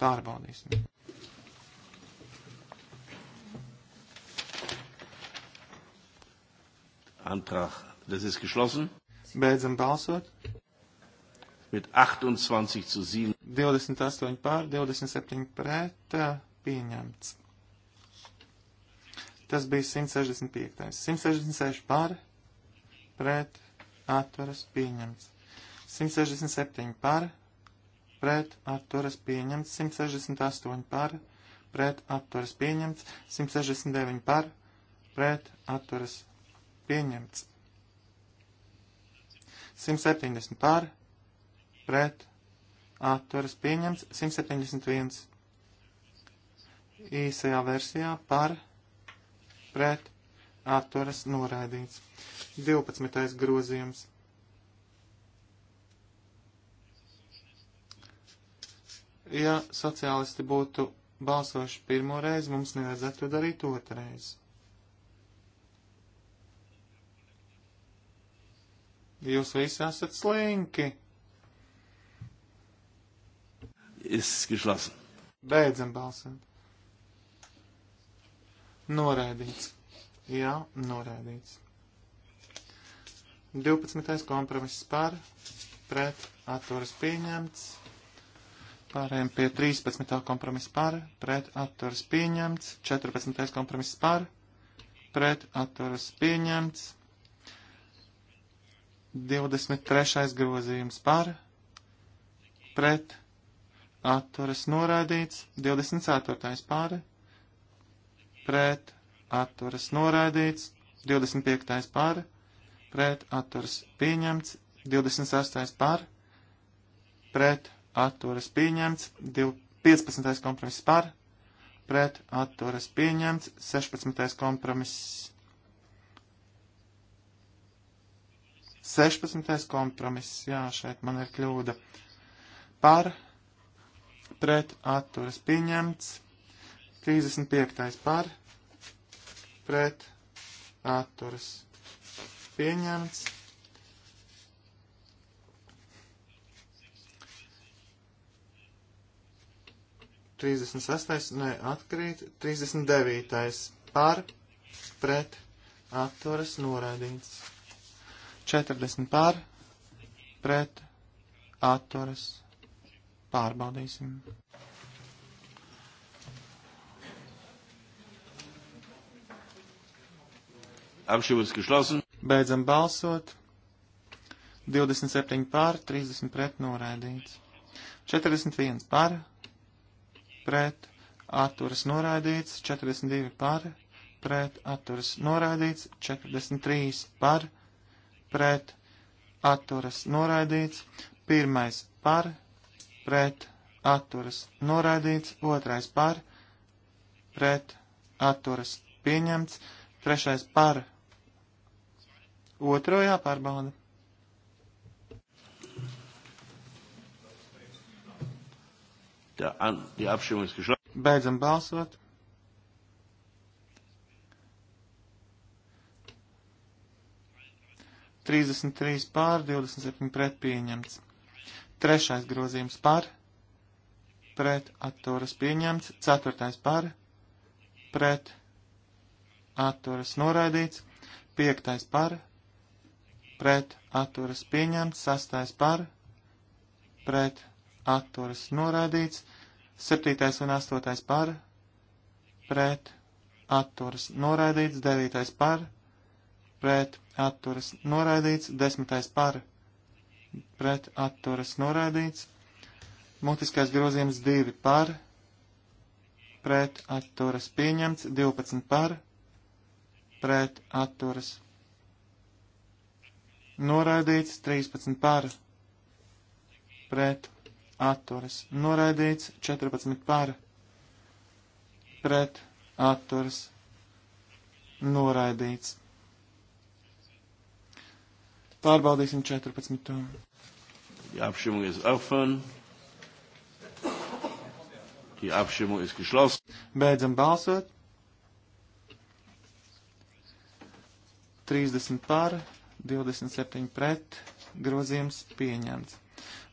Pārbaudīsim. Antrag, das ist geschlossen. Beidzam balsot. Mit 28 zu 7. 28 pār, 27 pret, eh, pieņemts. Tas bija 165. 166 pār, pret, atturas, pieņemts. 167 pār, pret atturas pieņemts 168 par, pret atturas pieņemts 169 par, pret atturas pieņemts 170 par, pret atturas pieņemts 171 īsajā versijā par, pret atturas noraidīts 12. grozījums ja sociālisti būtu balsojuši pirmo reizi, mums nevajadzētu to darīt otrreiz. Jūs visi esat slinki. Es geschlossen. Beidzam balsot. Noraidīts. Jā, noraidīts. 12. kompromiss par, pret, atturas pieņemts. Pārējiem pie 13. kompromisa par, pret atturas pieņemts, 14. kompromiss par, pret atturas pieņemts, 23. grozījums par, pret atturas noraidīts, 24. par, pret atturas noraidīts, 25. par, pret atturas pieņemts, 26. par, pret atturas pieņemts, 15. kompromiss par, pret atturas pieņemts, 16. kompromiss. 16. kompromiss, jā, šeit man ir kļūda. Par, pret atturas pieņemts, 35. par, pret atturas pieņemts. 36. ne, atkrīt, 39. par, pret, atturas noraidīts. 40 par, pret, atturas, pārbaudīsim. Apšķirības geschlossen. Beidzam balsot. 27 pār, 30 pret noraidīts. 41 pār, pret atturas noraidīts, 42 par, pret atturas noraidīts, 43 par, pret atturas noraidīts, pirmais par, pret atturas noraidīts, otrais par, pret atturas pieņemts, trešais par, otro jāpārbauda. Die Abstimmung ist geschlossen. Beidzam balsot. Trīsdesmit trīs pār, divdesmit septiņi pret pieņemts. Trešais grozījums par, pret atturas pieņemts. Ceturtais par, pret atturas noraidīts. Piektais par, pret atturas pieņemts. Sastais par, pret atturas norādīts, 7. un 8. par, pret, atturas norādīts, 9. par, pret, atturas norādīts, 10. par, pret, atturas norādīts, mutiskais grozījums 2 par, pret, atturas pieņemts, 12 par, pret, atturas norādīts, 13 par, pret, atturas noraidīts, 14 par pret atturas noraidīts. Pārbaudīsim 14. Die Abstimmung ist offen. Die Abstimmung ist geschlossen. Beidzam balsot. 30 par, 27 pret, grozījums pieņemts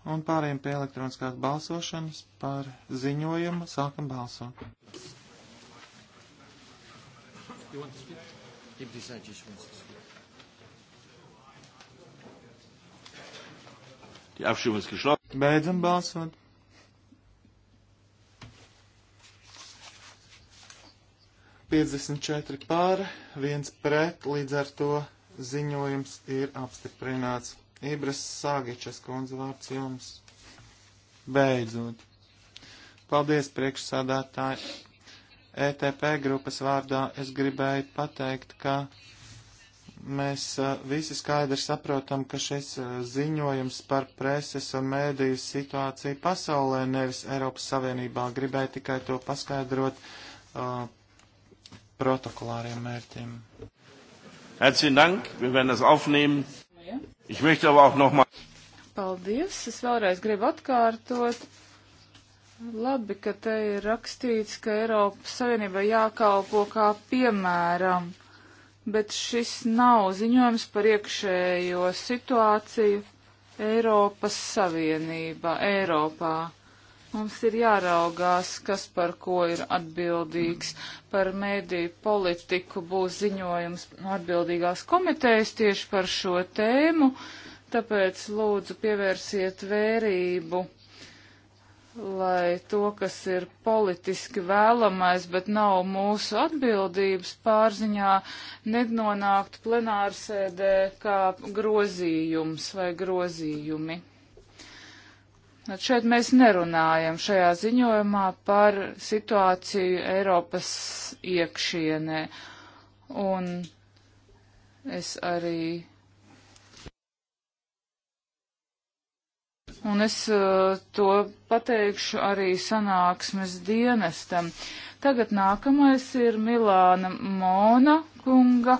un pāriem pie elektroniskās balsošanas par ziņojumu sākam balsot. Beidzam balsot. Piecdesmit četri pār, viens pret, līdz ar to ziņojums ir apstiprināts. Ibras Sāgečas kundze vārds jums. Beidzot. Paldies, priekšsādātāji. ETP grupas vārdā es gribēju pateikt, ka mēs a, e, visi skaidri saprotam, ka šis a, e, ziņojums par preses un mēdīju situāciju pasaulē, nevis Eiropas Savienībā, gribēju tikai to paskaidrot a, e, protokolāriem mērķiem. Herzlichen Dank, wir werden das aufnehmen. Ich möchte aber auch noch mal. Paldies, es vēlreiz gribu atkārtot. Labi, ka te ir rakstīts, ka Eiropas Savienībai jākalpo kā piemēram, bet šis nav ziņojums par iekšējo situāciju Eiropas Savienībā, Eiropā. Mums ir jāraugās, kas par ko ir atbildīgs. Par mēdīju politiku būs ziņojums no atbildīgās komitejas tieši par šo tēmu, tāpēc lūdzu pievērsiet vērību, lai to, kas ir politiski vēlamais, bet nav mūsu atbildības pārziņā, nenonāktu plenārsēdē kā grozījums vai grozījumi. At šeit mēs nerunājam šajā ziņojumā par situāciju Eiropas iekšienē. Un es arī. Un es uh, to pateikšu arī sanāksmes dienestam. Tagad nākamais ir Milāna Mona kunga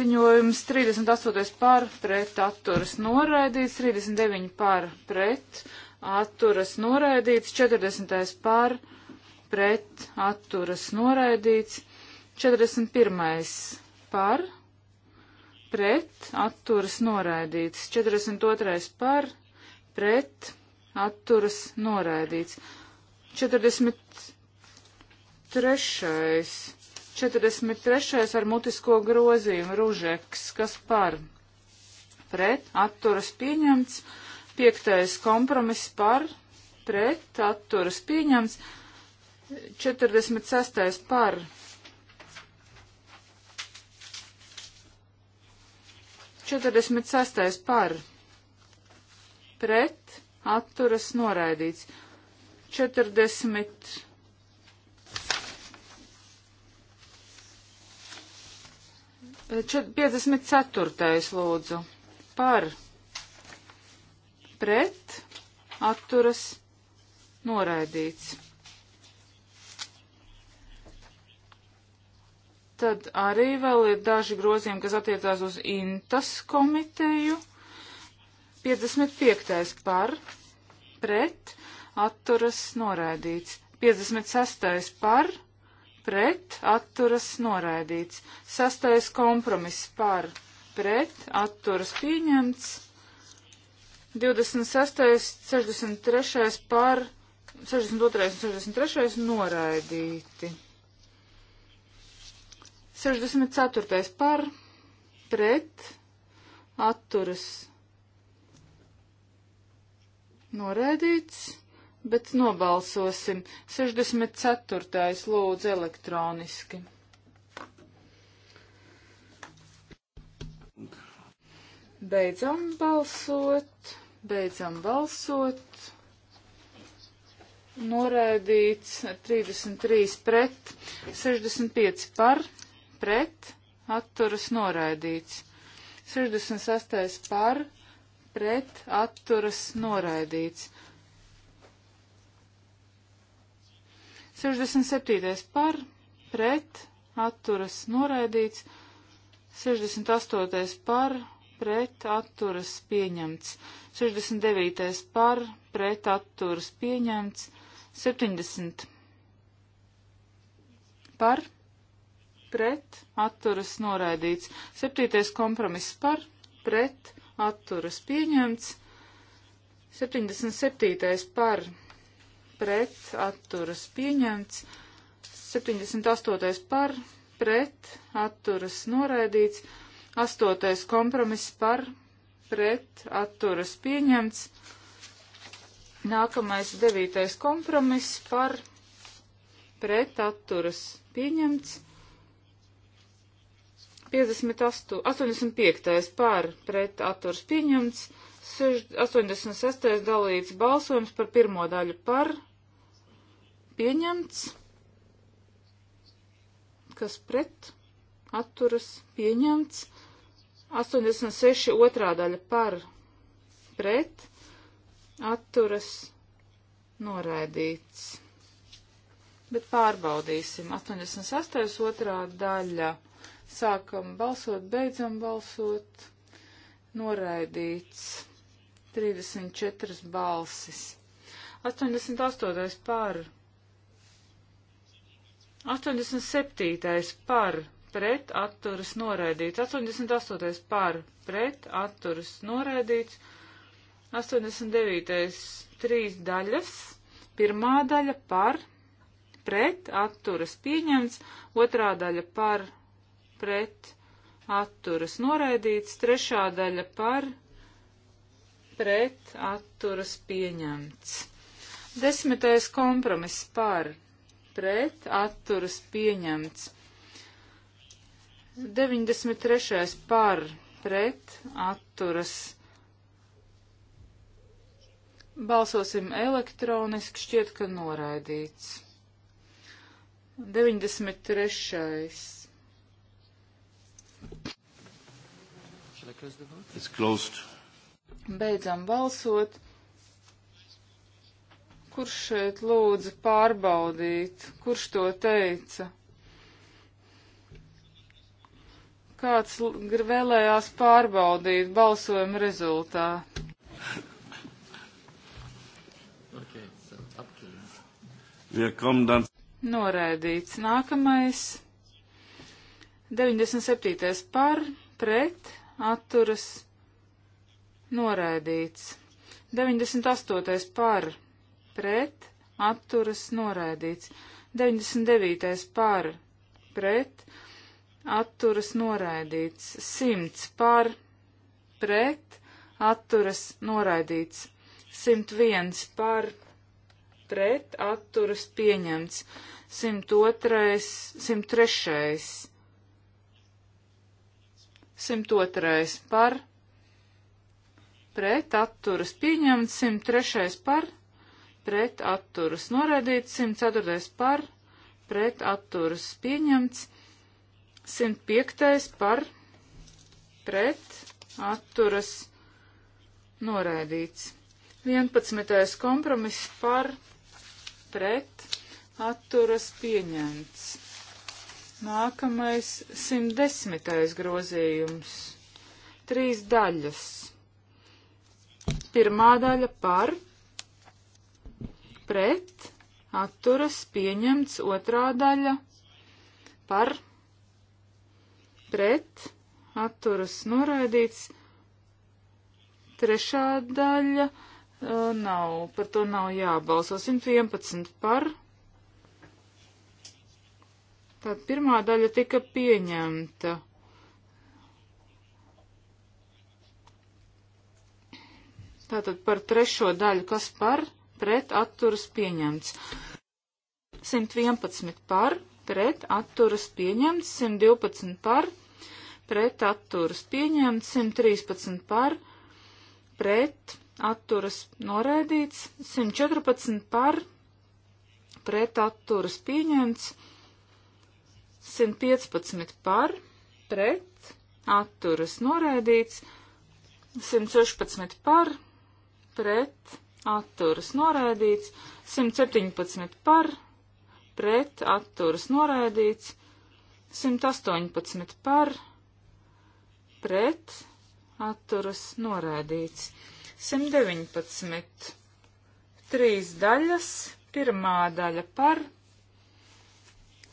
ziņojums 38 par pret atturas noraidīts, 39 par pret atturas noraidīts, 40. par, pret, atturas noraidīts, 41. par, pret, atturas noraidīts, 42. par, pret, atturas noraidīts, 43. 43. ar mutisko grozījumu ružeks, kas par, pret, atturas pieņemts, 42. Piektais kompromiss par, pret, atturas pieņemts. 46. par. Četrdesmit sastais par, pret, atturas noraidīts. Četrdesmit 40... 54. lūdzu par pret, atturas, noraidīts. Tad arī vēl ir daži grozījumi, kas attiecās uz Intas komiteju. 55. par, pret, atturas, noraidīts. 56. par, pret, atturas, noraidīts. 6. kompromiss par, pret, atturas, pieņemts. 26, 63 par 62 un 63 noraidīti. 64 par pret atturas noraidīts, bet nobalsosim 64. lūdzu elektroniski. Beidzam balsot. Beidzam balsot. Noraidīts 33 pret, 65 par, pret, atturas noraidīts. 68 par, pret, atturas noraidīts. 67. par, pret, atturas noraidīts, 68. par, pret atturas pieņemts. 69. par pret atturas pieņemts. 70. par pret atturas noraidīts. 7. kompromiss par pret atturas pieņemts. 77. par pret atturas pieņemts. 78. par pret atturas noraidīts. Astotais kompromiss par pret atturas pieņemts. Nākamais devītais kompromiss par pret atturas pieņemts. 58, 85. par pret atturas pieņemts. 86. dalīts balsojums par pirmo daļu par pieņemts. Kas pret atturas pieņemts. 86 otrā daļa par pret atturas noraidīts. Bet pārbaudīsim. 88. otrā daļa. Sākam balsot, beidzam balsot. Noraidīts. 34 balsis. 88. par. 87. par pret atturas noraidīts. 88. par pret atturas noraidīts. 89. trīs daļas. Pirmā daļa par pret atturas pieņemts. Otrā daļa par pret atturas noraidīts. Trešā daļa par pret atturas pieņemts. Desmitais kompromiss par pret atturas pieņemts. 93. par pret atturas. Balsosim elektroniski, šķiet, ka noraidīts. 93. It's closed. Beidzam balsot. Kurš šeit lūdza pārbaudīt? Kurš to teica? Kāds vēlējās pārbaudīt balsojuma rezultātu? Okay, so Noraidīts. Nākamais. 97. par, pret, atturas, noraidīts. 98. par, pret, atturas, noraidīts. 99. par, pret, atturas noraidīts. 100 par pret atturas noraidīts. 101 par pret atturas pieņemts. 102, 103. 102 par pret atturas pieņemts. 103 par pret atturas noraidīts. 104 par pret atturas pieņemts. 105. par pret atturas noraidīts. 11. kompromiss par pret atturas pieņemts. Nākamais 110. grozījums. Trīs daļas. Pirmā daļa par pret atturas pieņemts, otrā daļa par pret pret, atturas noraidīts. Trešā daļa nav, par to nav jābalso. 111 par. Tad pirmā daļa tika pieņemta. Tātad par trešo daļu, kas par, pret, atturas pieņemts. 111 par, pret atturas pieņemts 112 par, pret atturas pieņemts 113 par, pret atturas noraidīts 114 par, pret atturas pieņemts 115 par, pret atturas noraidīts 116 par, pret atturas noraidīts 117 par, pret atturas noraidīts, 118 par pret atturas noraidīts, 119 trīs daļas, pirmā daļa par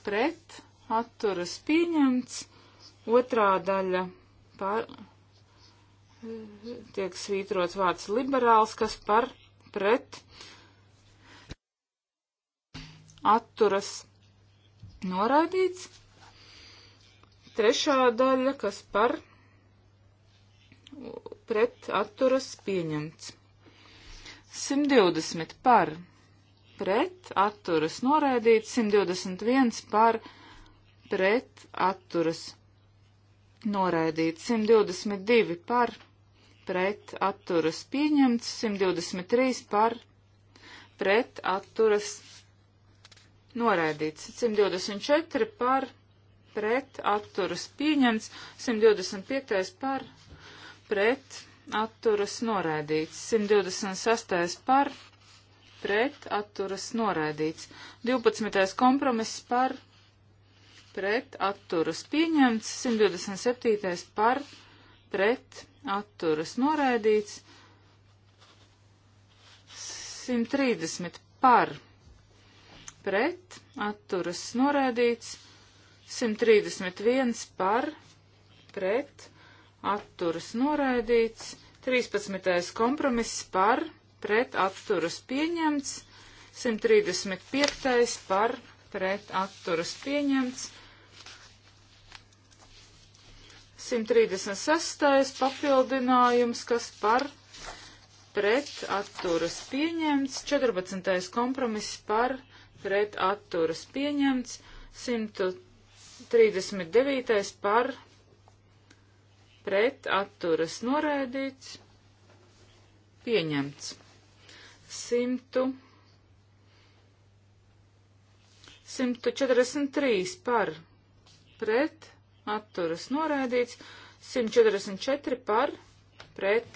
pret atturas pieņemts, otrā daļa par tiek svītrots vārds liberāls, kas par pret atturas noraidīts. Trešā daļa, kas par pret atturas pieņemts. 120 par pret atturas noraidīts, 121 par pret atturas noraidīts, 122 par pret atturas pieņemts, 123 par pret atturas pieņemts Noraidīts. 124 par pret atturas pieņemts. 125 par pret atturas noraidīts. 126 par pret atturas noraidīts. 12. kompromiss par pret atturas pieņemts. 127 par pret atturas noraidīts. 130 par pret pret, atturas norēdīts, 131 par, pret, atturas norēdīts, 13. kompromiss par, pret, atturas pieņemts, 135. par, pret, atturas pieņemts, 136. papildinājums, kas par, pret atturas pieņemts, 14. kompromiss par pret atturas pieņemts, 139. par pret atturas noraidīts, pieņemts. 100, 143 par pret atturas noraidīts, 144 par pret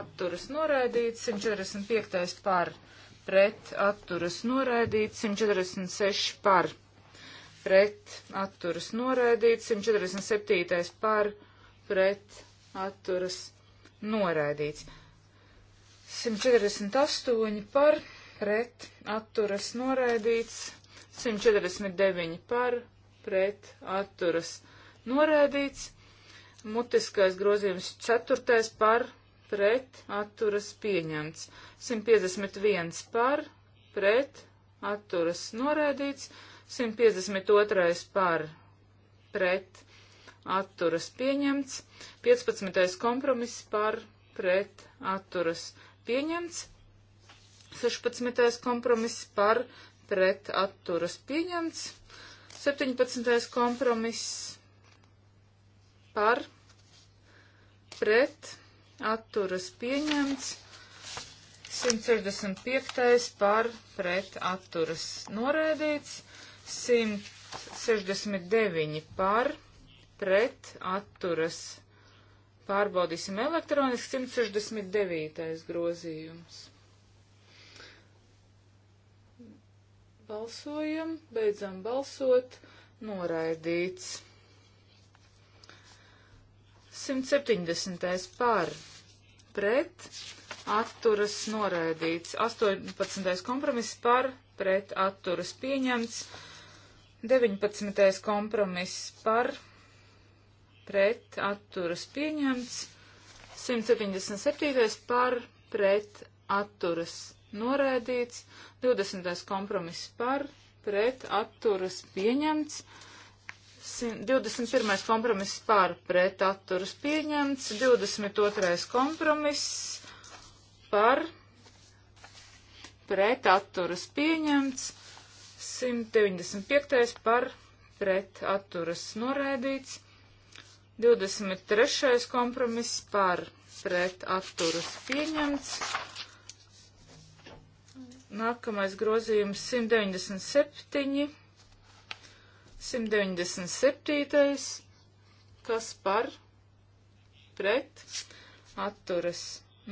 atturas noraidīts, 145 par pret pret atturas noraidīts 146 par, pret atturas noraidīts 147 par, pret atturas noraidīts 148 par, pret atturas noraidīts 149 par, pret atturas noraidīts mutiskais grozījums 4 par, pret, atturas pieņemts. 151 par, pret, atturas noraidīts. 152 par, pret, atturas pieņemts. 15. kompromiss par, pret, atturas pieņemts. 16. kompromiss par, pret, atturas pieņemts. 17. kompromiss par, pret, atturas pieņemts atturas pieņemts. 165. par pret atturas norēdīts. 169 par pret atturas. Pārbaudīsim elektroniski 169. grozījums. Balsojam, beidzam balsot, noraidīts. 170. par pret atturas noraidīts. 18. kompromiss par pret atturas pieņemts. 19. kompromiss par pret atturas pieņemts. 177. par pret atturas noraidīts. 20. kompromiss par pret atturas pieņemts. 21. kompromiss par pret atturas pieņemts, 22. kompromiss par pret atturas pieņemts, 195. par pret atturas noraidīts, 23. kompromiss par pret atturas pieņemts, nākamais grozījums 197 197. kas par pret atturas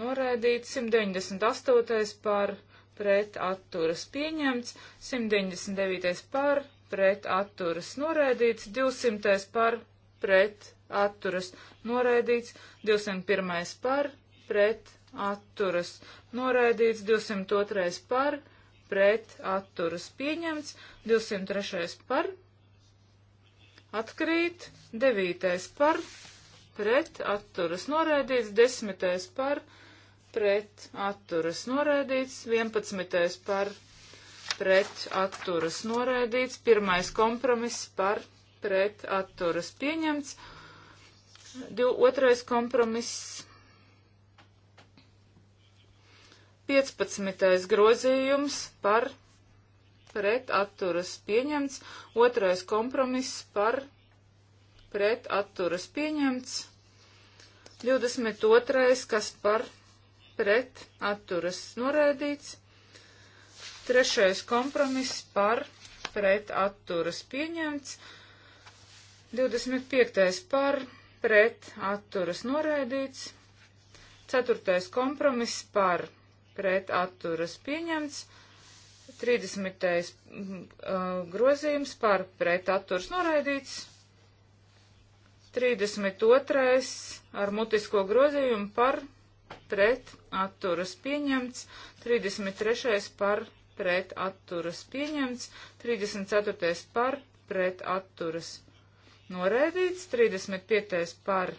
noraidīts, 198. par pret atturas pieņemts, 199. par pret atturas noraidīts, 200. par pret atturas noraidīts, 201. par pret atturas noraidīts, 202. par pret atturas pieņemts, 203. par pret atkrīt, devītais par, pret, atturas norēdīts, desmitais par, pret, atturas norēdīts, vienpadsmitais par, pret, atturas norēdīts, pirmais kompromiss par, pret, atturas pieņemts, div, otrais kompromiss. 15. grozījums par pret atturas pieņemts, otrais kompromiss par pret atturas pieņemts, 22. kas par pret atturas noraidīts, trešais kompromiss par pret atturas pieņemts, 25. par pret atturas noraidīts, ceturtais kompromiss par pret atturas pieņemts, 30. Mm, grozījums par pretatturs noraidīts. 32. ar mutisko grozījumu par pretatturas pieņemts. 33. par pretatturas pieņemts. 34. par pretatturas noraidīts. 35. par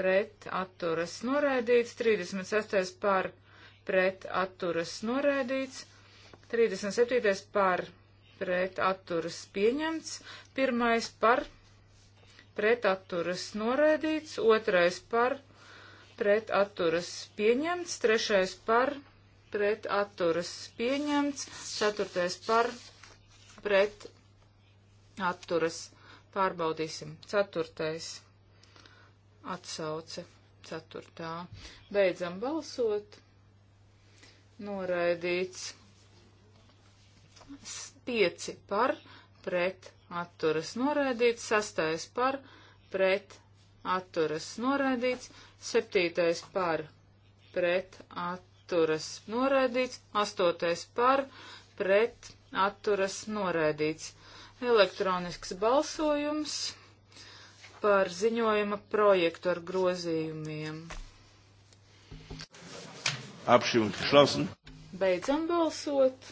pretatturas noraidīts. 36. par pretatturas noraidīts. 37. par pret atturas pieņemts, pirmais par pret atturas noraidīts, otrais par pret atturas pieņemts, trešais par pret atturas pieņemts, ceturtais par pret atturas pārbaudīsim. Ceturtais atsauce. Ceturtā. Beidzam balsot. Noraidīts. 5 par, pret, atturas noraidīts, 6 par, pret, atturas noraidīts, 7 par, pret, atturas noraidīts, 8 par, pret, atturas noraidīts. Elektronisks balsojums par ziņojuma projektu ar grozījumiem. Apšķirīgi, Beidzam balsot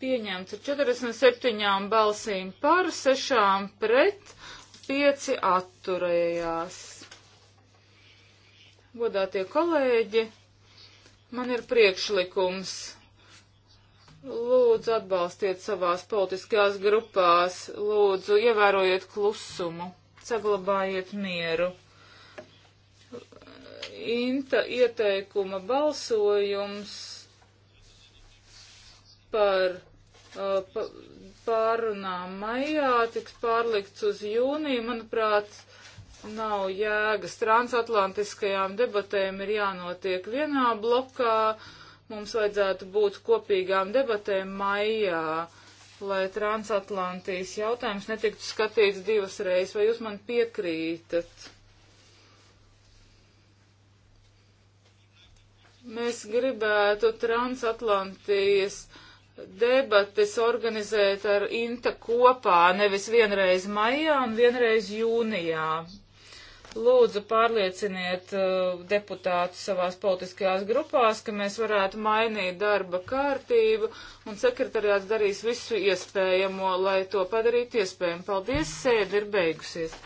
pieņemts ar 47 balsīm par, 6 pret, 5 atturējās. Godātie kolēģi, man ir priekšlikums. Lūdzu, atbalstiet savās politiskajās grupās, lūdzu, ievērojiet klusumu, saglabājiet mieru. Inta ieteikuma balsojums par Uh, pārunām maijā tiks pārlikts uz jūniju, manuprāt, nav jēgas. Transatlantiskajām debatēm ir jānotiek vienā blokā. Mums vajadzētu būt kopīgām debatēm maijā, lai transatlantijas jautājums netiktu skatīts divas reizes. Vai jūs man piekrītat? Mēs gribētu transatlantijas uh, debates organizēt ar Inta kopā, nevis vienreiz maijā un vienreiz jūnijā. Lūdzu, pārlieciniet uh, deputātus savās politiskajās grupās, ka mēs varētu mainīt darba kārtību, un sekretariāts darīs visu iespējamo, lai to padarītu iespējamu. Paldies, sēde ir beigusies.